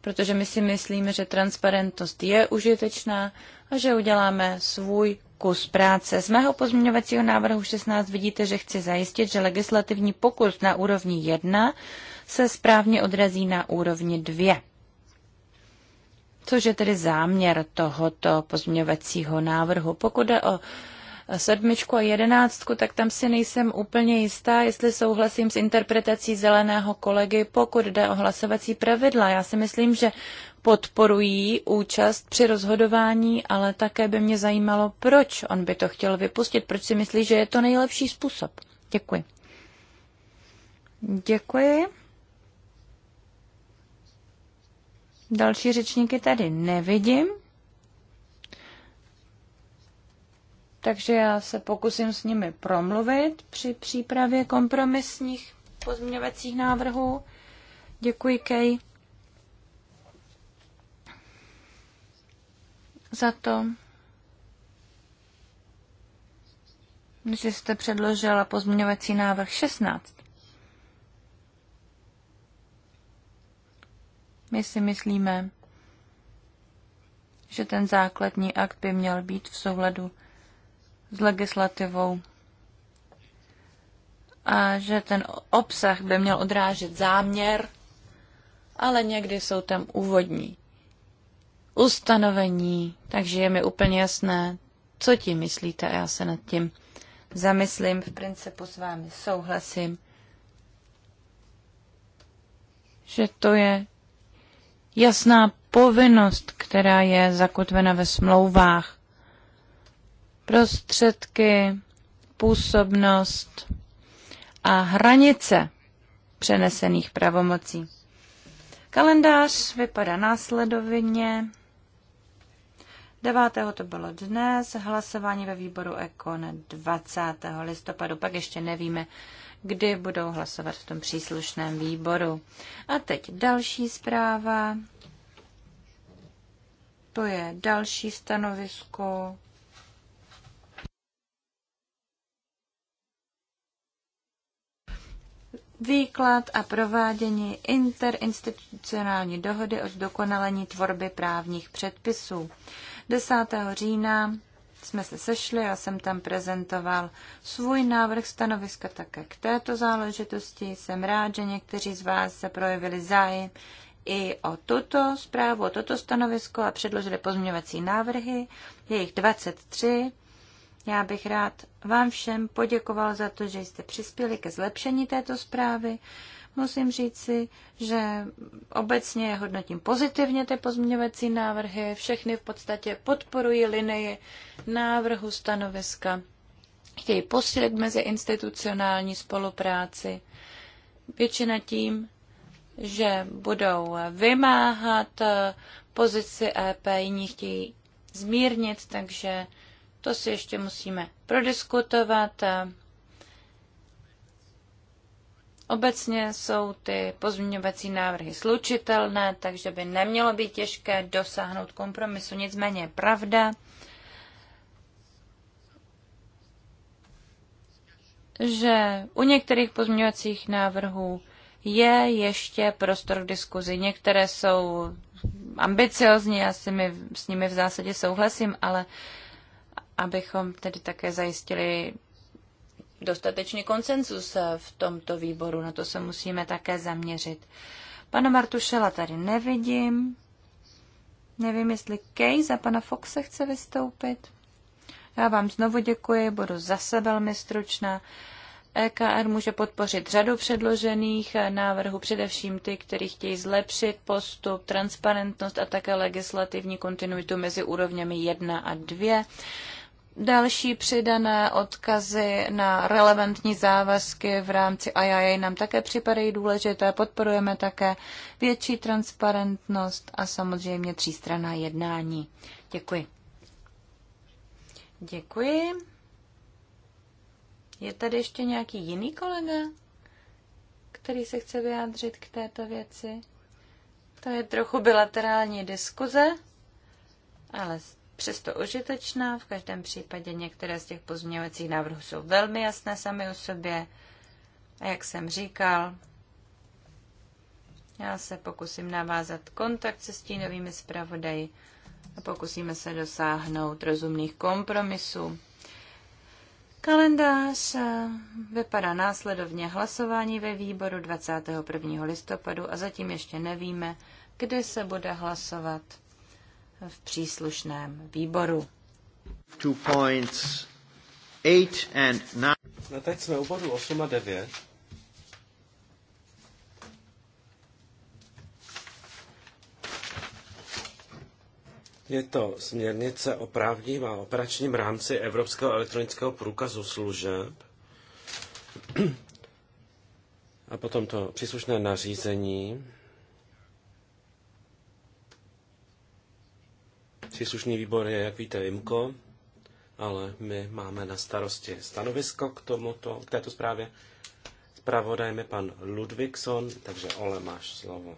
protože my si myslíme, že transparentnost je užitečná a že uděláme svůj kus práce. Z mého pozměňovacího návrhu 16 vidíte, že chci zajistit, že legislativní pokus na úrovni 1 se správně odrazí na úrovni 2. Což je tedy záměr tohoto pozměňovacího návrhu. Pokud jde o sedmičku a jedenáctku, tak tam si nejsem úplně jistá, jestli souhlasím s interpretací zeleného kolegy, pokud jde o hlasovací pravidla. Já si myslím, že podporují účast při rozhodování, ale také by mě zajímalo, proč on by to chtěl vypustit, proč si myslí, že je to nejlepší způsob. Děkuji. Děkuji. Další řečníky tady nevidím. takže já se pokusím s nimi promluvit při přípravě kompromisních pozměňovacích návrhů. Děkuji, Kej, za to, že jste předložila pozměňovací návrh 16. My si myslíme, že ten základní akt by měl být v souhledu s legislativou a že ten obsah by měl odrážet záměr, ale někdy jsou tam úvodní ustanovení, takže je mi úplně jasné, co ti myslíte a já se nad tím zamyslím, v principu s vámi souhlasím, že to je jasná povinnost, která je zakotvena ve smlouvách prostředky, působnost a hranice přenesených pravomocí. Kalendář vypadá následovně. 9. to bylo dnes, hlasování ve výboru Ekon 20. listopadu, pak ještě nevíme, kdy budou hlasovat v tom příslušném výboru. A teď další zpráva. To je další stanovisko výklad a provádění interinstitucionální dohody o dokonalení tvorby právních předpisů. 10. října jsme se sešli, já jsem tam prezentoval svůj návrh stanoviska také k této záležitosti. Jsem rád, že někteří z vás se projevili zájem i o tuto zprávu, o toto stanovisko a předložili pozměňovací návrhy. Je jich 23 já bych rád vám všem poděkoval za to, že jste přispěli ke zlepšení této zprávy. Musím říci, že obecně hodnotím pozitivně ty pozměňovací návrhy. Všechny v podstatě podporují linii návrhu stanoviska. Chtějí posílit institucionální spolupráci. Většina tím, že budou vymáhat pozici EP, jiní chtějí zmírnit, takže to si ještě musíme prodiskutovat. Obecně jsou ty pozměňovací návrhy slučitelné, takže by nemělo být těžké dosáhnout kompromisu. Nicméně je pravda, že u některých pozměňovacích návrhů je ještě prostor k diskuzi. Některé jsou ambiciozní, já si mi, s nimi v zásadě souhlasím, ale uh, abychom tedy také zajistili dostatečný konsenzus eh, v tomto výboru. Na to se musíme také zaměřit. Pana Martušela tady nevidím. Nevím, jestli Kej za pana Foxe chce vystoupit. Já vám znovu děkuji, budu zase velmi stručná. EKR může podpořit řadu předložených eh, návrhů, především ty, kteří chtějí zlepšit postup, transparentnost a také legislativní kontinuitu mezi úrovněmi 1 a 2. Další přidané odkazy na relevantní závazky v rámci IIA nám také připadají důležité. Podporujeme také větší transparentnost a samozřejmě třístranná jednání. Děkuji. Děkuji. Je tady ještě nějaký jiný kolega, který se chce vyjádřit k této věci? To je trochu bilaterální diskuze, ale přesto užitečná. V každém případě některé z těch pozměňovacích návrhů jsou velmi jasné sami o sobě. A jak jsem říkal, já se pokusím navázat kontakt se stínovými zpravodaji a pokusíme se dosáhnout rozumných kompromisů. Kalendář eh, vypadá následovně hlasování ve výboru 21. listopadu a zatím ještě nevíme, kdy se bude hlasovat v příslušném výboru. Two points, eight and nine. No teď jsme u bodu 8 a 9. Je to směrnice o právním a operačním rámci Evropského elektronického průkazu služeb a potom to příslušné nařízení Příslušný výbor je, jak víte, IMKO, ale my máme na starosti stanovisko k, tomuto, k této zprávě. Zpravodajem je pan Ludvíkson, takže Ole, máš slovo.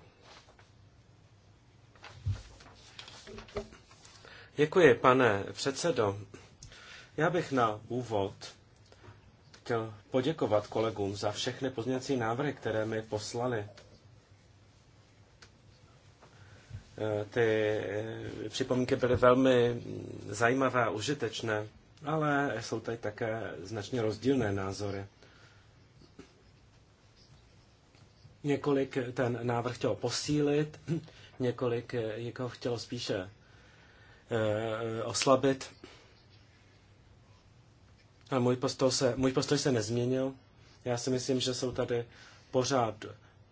Děkuji, pane předsedo. Já bych na úvod chtěl poděkovat kolegům za všechny pozměňovací návrhy, které mi poslali. Eh, ty eh, připomínky byly velmi zajímavé a užitečné, ale jsou tady také značně rozdílné názory. Několik ten návrh chtěl posílit, několik eh, jeho chtělo spíše oslabit. Ale můj postoj, se, můj postoj se nezměnil. Já si myslím, že jsou tady pořád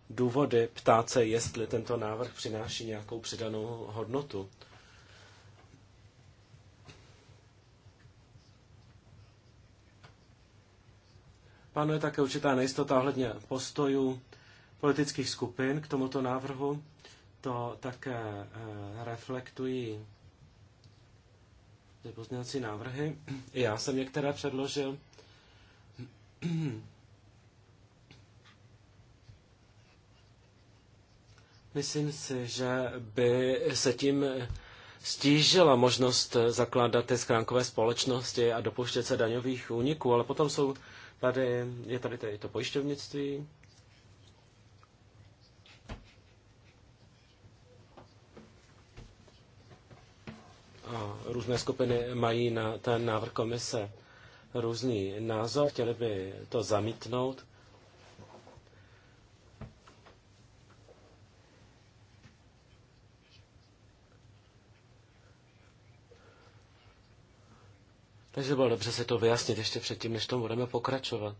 důvody ptát se, jestli tento návrh přináší nějakou přidanou hodnotu. Panuje také určitá nejistota ohledně postojů politických skupin k tomuto návrhu. To také eh, reflektují ty pozměňovací návrhy. Já jsem některé předložil. Myslím si, že by se tím stížila možnost zakládat ty skránkové společnosti a dopouštět se daňových úniků, ale potom jsou tady, je tady, tady to pojišťovnictví. A různé skupiny mají na ten návrh komise různý názor, chtěli by to zamítnout. Takže bylo dobře si to vyjasnit ještě předtím, než tomu budeme pokračovat.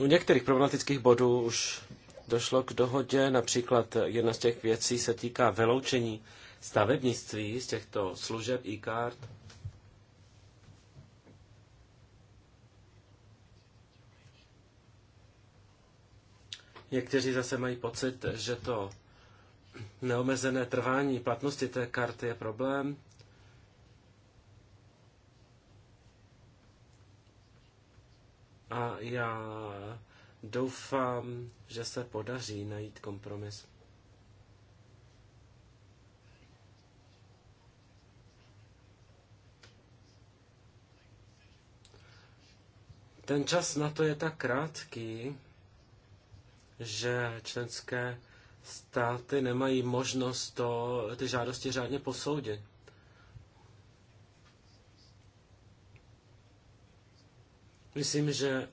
U některých problematických bodů už došlo k dohodě, například jedna z těch věcí se týká vyloučení stavebnictví z těchto služeb e-card. Někteří zase mají pocit, že to neomezené trvání platnosti té karty je problém. A já doufám, že se podaří najít kompromis. Ten čas na to je tak krátký, že členské státy nemají možnost to, ty žádosti řádně posoudit. Myslím, že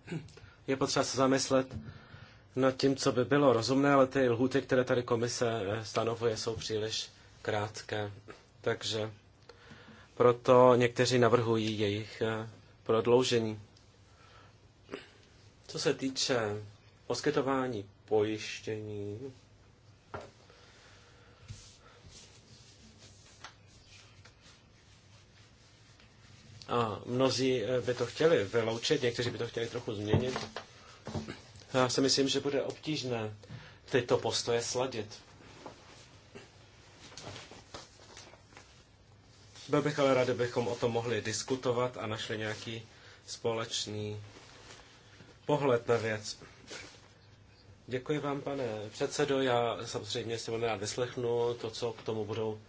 je potřeba se zamyslet nad tím, co by bylo rozumné, ale ty lhuty, které tady komise eh, stanovuje, jsou příliš krátké. Takže proto někteří navrhují jejich eh, prodloužení. Co se týče poskytování pojištění. A mnozí eh, by to chtěli vyloučit, někteří by to chtěli trochu změnit. Já si myslím, že bude obtížné tyto postoje sladit. Byl bych ale rád, bychom o tom mohli diskutovat a našli nějaký společný pohled na věc. Děkuji vám, pane předsedo. Já samozřejmě si velmi rád vyslechnu to, co k tomu budou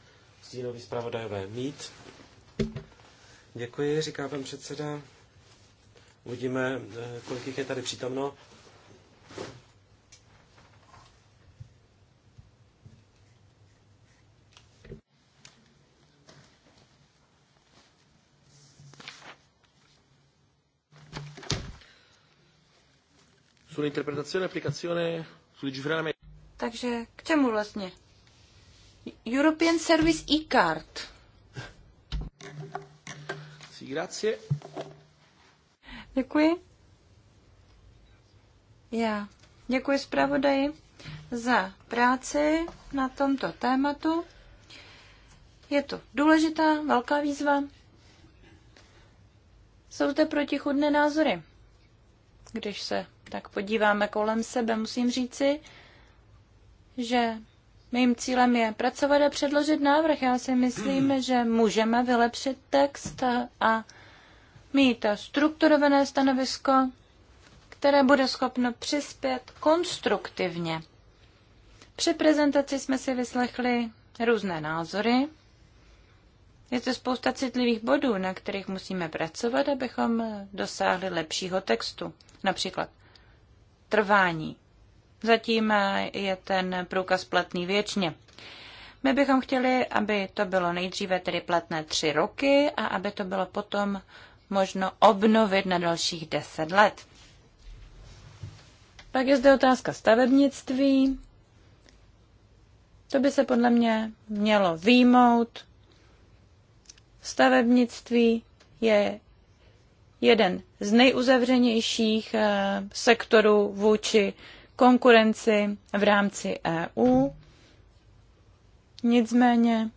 stínoví zpravodajové mít. Děkuji, říká pan předseda. Uvidíme, eh, kolik jich je tady přítomno. E applicazione Takže k čemu vlastně? European Service e-card. Sì, grazie. Děkuji. Já děkuji zpravodaji za práci na tomto tématu. Je to důležitá, velká výzva. Jsou zde protichudné názory, když se tak podíváme kolem sebe, musím říci, že mým cílem je pracovat a předložit návrh. Já si myslím, mhm. že můžeme vylepšit text a mít strukturované stanovisko, které bude schopno přispět konstruktivně. Při prezentaci jsme si vyslechli různé názory. Je to spousta citlivých bodů, na kterých musíme pracovat, abychom dosáhli lepšího textu. Například trvání. Zatím eh, je ten průkaz platný věčně. My bychom chtěli, aby to bylo nejdříve tedy platné tři roky a aby to bylo potom možno obnovit na dalších deset let. Pak je zde otázka stavebnictví. To by se podle mě mělo výjmout. Stavebnictví je jeden z nejuzavřenějších eh, sektorů vůči konkurenci v rámci EU. Nicméně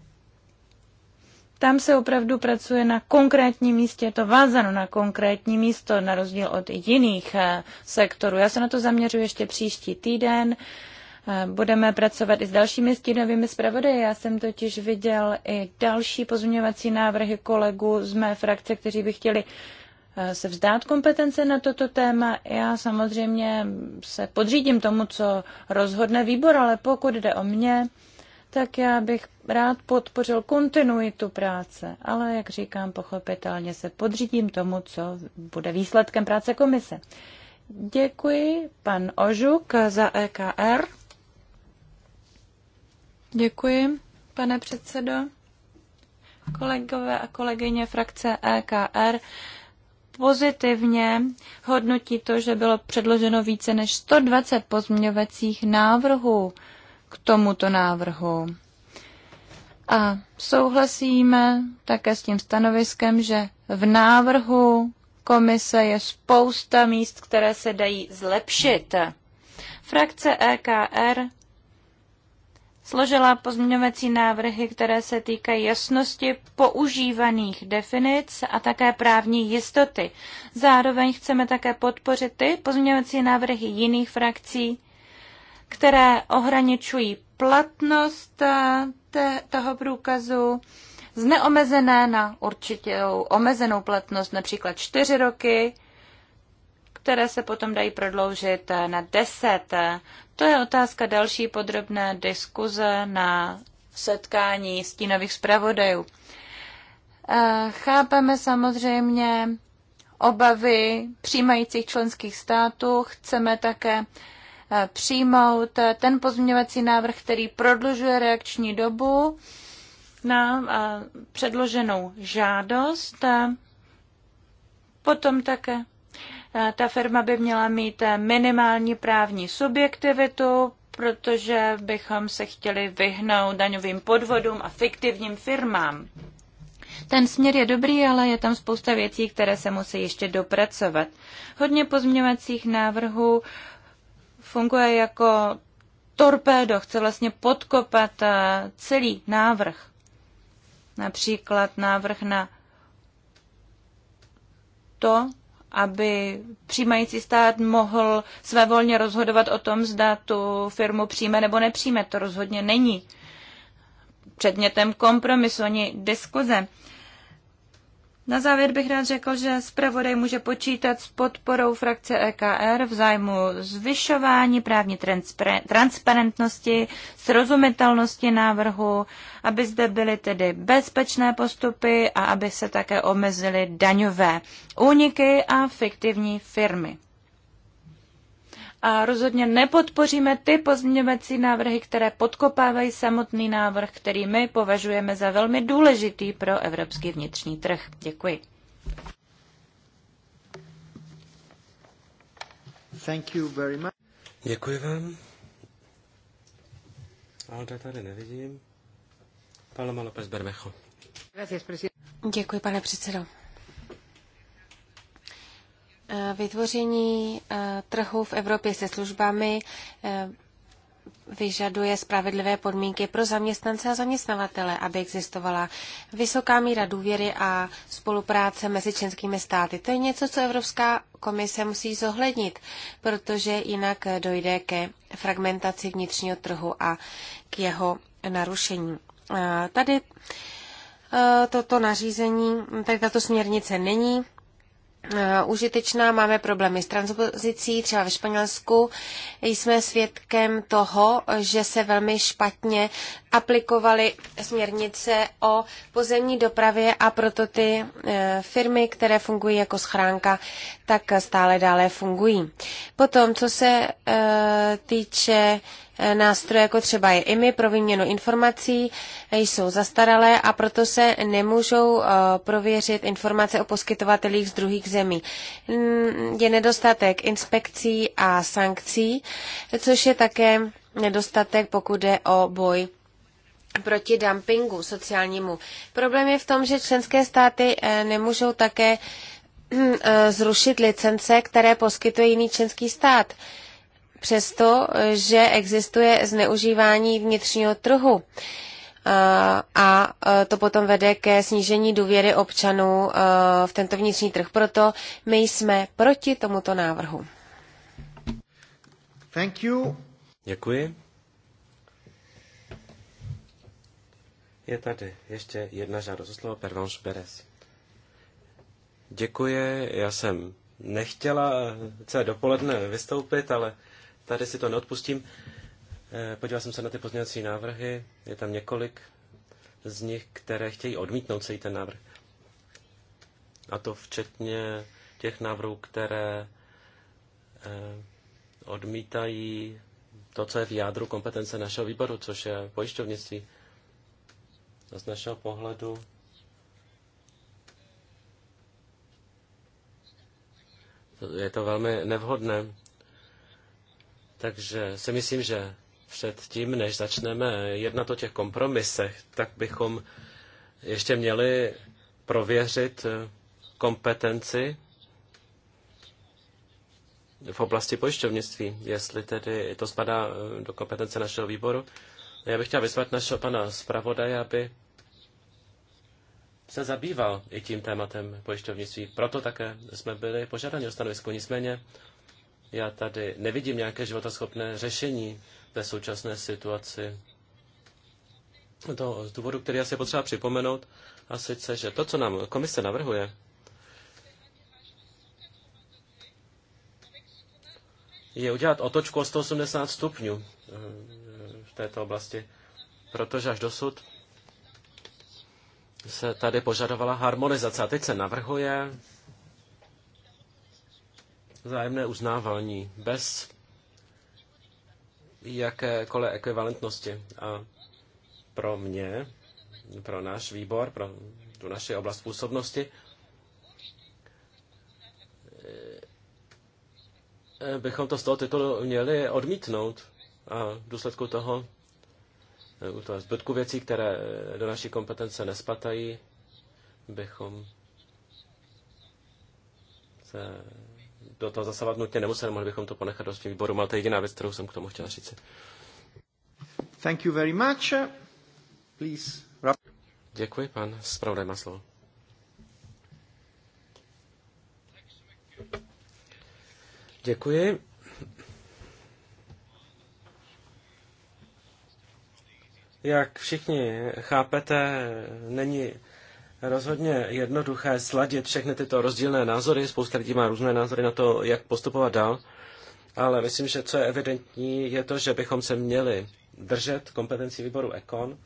tam se opravdu pracuje na konkrétním místě, je to vázáno na konkrétní místo, na rozdíl od jiných eh, sektorů. Já se na to zaměřuji ještě příští týden. Eh, budeme pracovat i s dalšími stínovými zpravodaji. Já jsem totiž viděl i další pozměňovací návrhy kolegů z mé frakce, kteří by chtěli Eh, se vzdát kompetence na toto téma. Já samozřejmě se podřídím tomu, co rozhodne výbor, ale pokud jde o mě, tak já bych rád podpořil kontinuitu práce, ale jak říkám, pochopitelně se podřídím tomu, co bude výsledkem práce komise. Děkuji pan Ožuk za EKR. Děkuji, pane předsedo. Kolegové a kolegyně frakce EKR pozitivně hodnotí to, že bylo předloženo více než 120 pozměňovacích návrhů k tomuto návrhu. A souhlasíme také s tím stanoviskem, že v návrhu komise je spousta míst, které se dají zlepšit. Frakce EKR složila pozměňovací návrhy, které se týkají jasnosti používaných definic a také právní jistoty. Zároveň chceme také podpořit ty pozměňovací návrhy jiných frakcí, které ohraničují platnost eh, te, toho průkazu z neomezené na určitou omezenou platnost, například čtyři roky, které se potom dají prodloužit eh, na 10. To je otázka další podrobné diskuze na setkání stínových zpravodajů. Eh, chápeme samozřejmě obavy přijímajících členských států. Chceme také eh, přijmout ten pozměňovací návrh, který prodlužuje reakční dobu na předloženou žádost. Potom také ta firma by měla mít minimální právní subjektivitu, protože bychom se chtěli vyhnout daňovým podvodům a fiktivním firmám. Ten směr je dobrý, ale je tam spousta věcí, které se musí ještě dopracovat. Hodně pozměňovacích návrhů funguje jako torpédo, chce vlastně podkopat eh, celý návrh. Například návrh na to, aby přijímající stát mohl své volně rozhodovat o tom, zda tu firmu přijme nebo nepřijme. To rozhodně není předmětem kompromisu ani diskuze. Na závěr bych rád řekl, že zpravodaj může počítat s podporou frakce EKR v zájmu zvyšování právní transparentnosti, srozumitelnosti návrhu, aby zde byly tedy bezpečné postupy a aby se také omezily daňové úniky a fiktivní firmy a rozhodně nepodpoříme ty pozměňovací návrhy, které podkopávají samotný návrh, který my považujeme za velmi důležitý pro evropský vnitřní trh. Děkuji. Thank you very much. Děkuji vám. Alda tady nevidím. Paloma López Bermejo. Děkuji, pane předsedo. Eh, vytvoření eh, trhu v Evropě se službami eh, vyžaduje spravedlivé podmínky pro zaměstnance a zaměstnavatele, aby existovala vysoká míra důvěry a spolupráce mezi členskými státy. To je něco, co Evropská komise musí zohlednit, protože jinak dojde ke fragmentaci vnitřního trhu a k jeho narušení. Tady toto nařízení, tady tato směrnice není Uh, užitečná. Máme problémy s transpozicí, třeba ve Španělsku jsme svědkem toho, že se velmi špatně aplikovaly směrnice o pozemní dopravě a proto ty uh, firmy, které fungují jako schránka, tak stále dále fungují. Potom, co se uh, týče E, nástroje, jako třeba je IMI pro výměnu informací, e, jsou zastaralé a proto se nemůžou e, prověřit informace o poskytovatelích z druhých zemí. Mm, je nedostatek inspekcí a sankcí, což je také nedostatek, pokud jde o boj proti dumpingu sociálnímu. Problém je v tom, že členské státy nemůžou také mm, zrušit licence, které poskytuje jiný členský stát přesto, že existuje zneužívání vnitřního trhu. A e, to potom vede ke snížení důvěry občanů e, v tento vnitřní trh. Proto my jsme proti tomuto návrhu. Thank you. Děkuji. Je tady ještě jedna žádost o slovo, Pervanš Beres. Děkuji, já jsem nechtěla celé dopoledne vystoupit, ale tady si to neodpustím. Eh, podíval jsem se na ty pozměňovací návrhy, je tam několik z nich, které chtějí odmítnout celý ten návrh. A to včetně těch návrhů, které eh, odmítají to, co je v jádru kompetence našeho výboru, což je pojišťovnictví. Z našeho pohledu je to velmi nevhodné. Takže si myslím, že předtím, než začneme jednat o těch kompromisech, tak bychom ještě měli prověřit eh, kompetenci v oblasti pojišťovnictví, jestli tedy to spadá eh, do kompetence našeho výboru. Já bych chtěl vyzvat našeho pana zpravodaje, aby se zabýval i tím tématem pojišťovnictví. Proto také jsme byli požádáni o stanovisko. Nicméně já tady nevidím nějaké životaschopné řešení ve současné situaci. To z důvodu, který asi potřeba připomenout, a sice, že to, co nám komise navrhuje, je udělat otočku o 180 stupňů eh, v této oblasti, protože až dosud se tady požadovala harmonizace. A teď se navrhuje vzájemné uznávání bez jakékoliv ekvivalentnosti. A pro mě, pro náš výbor, pro tu naši oblast působnosti, bychom to z toho titulu měli odmítnout a v důsledku toho u toho zbytku věcí, které do naší kompetence nespatají, bychom se do toho zasahovat nutně nemuseli, mohli bychom to ponechat dost výboru, ale to je jediná věc, kterou jsem k tomu chtěl říct. Thank you very much. Please. Děkuji, pan zpravodaj má slovo. Děkuji. Jak všichni chápete, není rozhodně jednoduché sladit všechny tyto rozdílné názory. Spousta lidí má různé názory na to, jak postupovat dál. Ale myslím, že co je evidentní, je to, že bychom se měli držet kompetencí výboru ECON.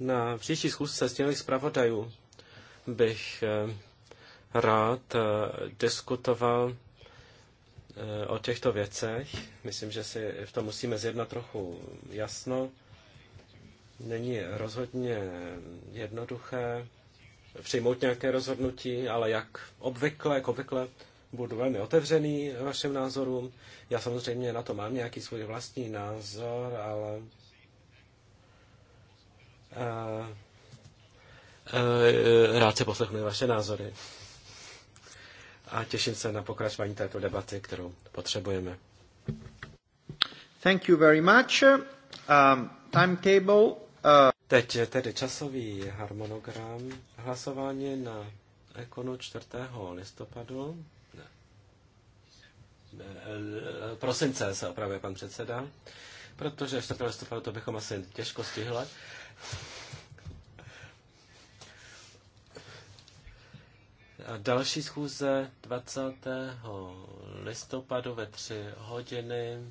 Na příští schůzce stěnových zpravodajů bych eh, rád eh, diskutoval Eh, o těchto věcech. Myslím, že si v tom musíme zjednat trochu jasno. Není rozhodně jednoduché přijmout nějaké rozhodnutí, ale jak obvykle, jak obvykle, budu velmi otevřený vašim názorům. Já samozřejmě na to mám nějaký svůj vlastní názor, ale eh, eh, rád se poslechnu vaše názory a těším se na pokračování této debaty, kterou potřebujeme. Thank you very much. Um, timetable. Uh... Teď je tedy časový harmonogram hlasování na Ekonu 4. listopadu. Ne. Eh, prosince se opravuje pan předseda, protože 4. listopadu to bychom asi těžko stihli. další schůze 20. listopadu ve 3 hodiny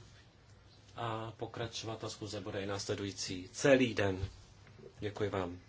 a pokračovat ta schůze bude i následující celý den. Děkuji vám.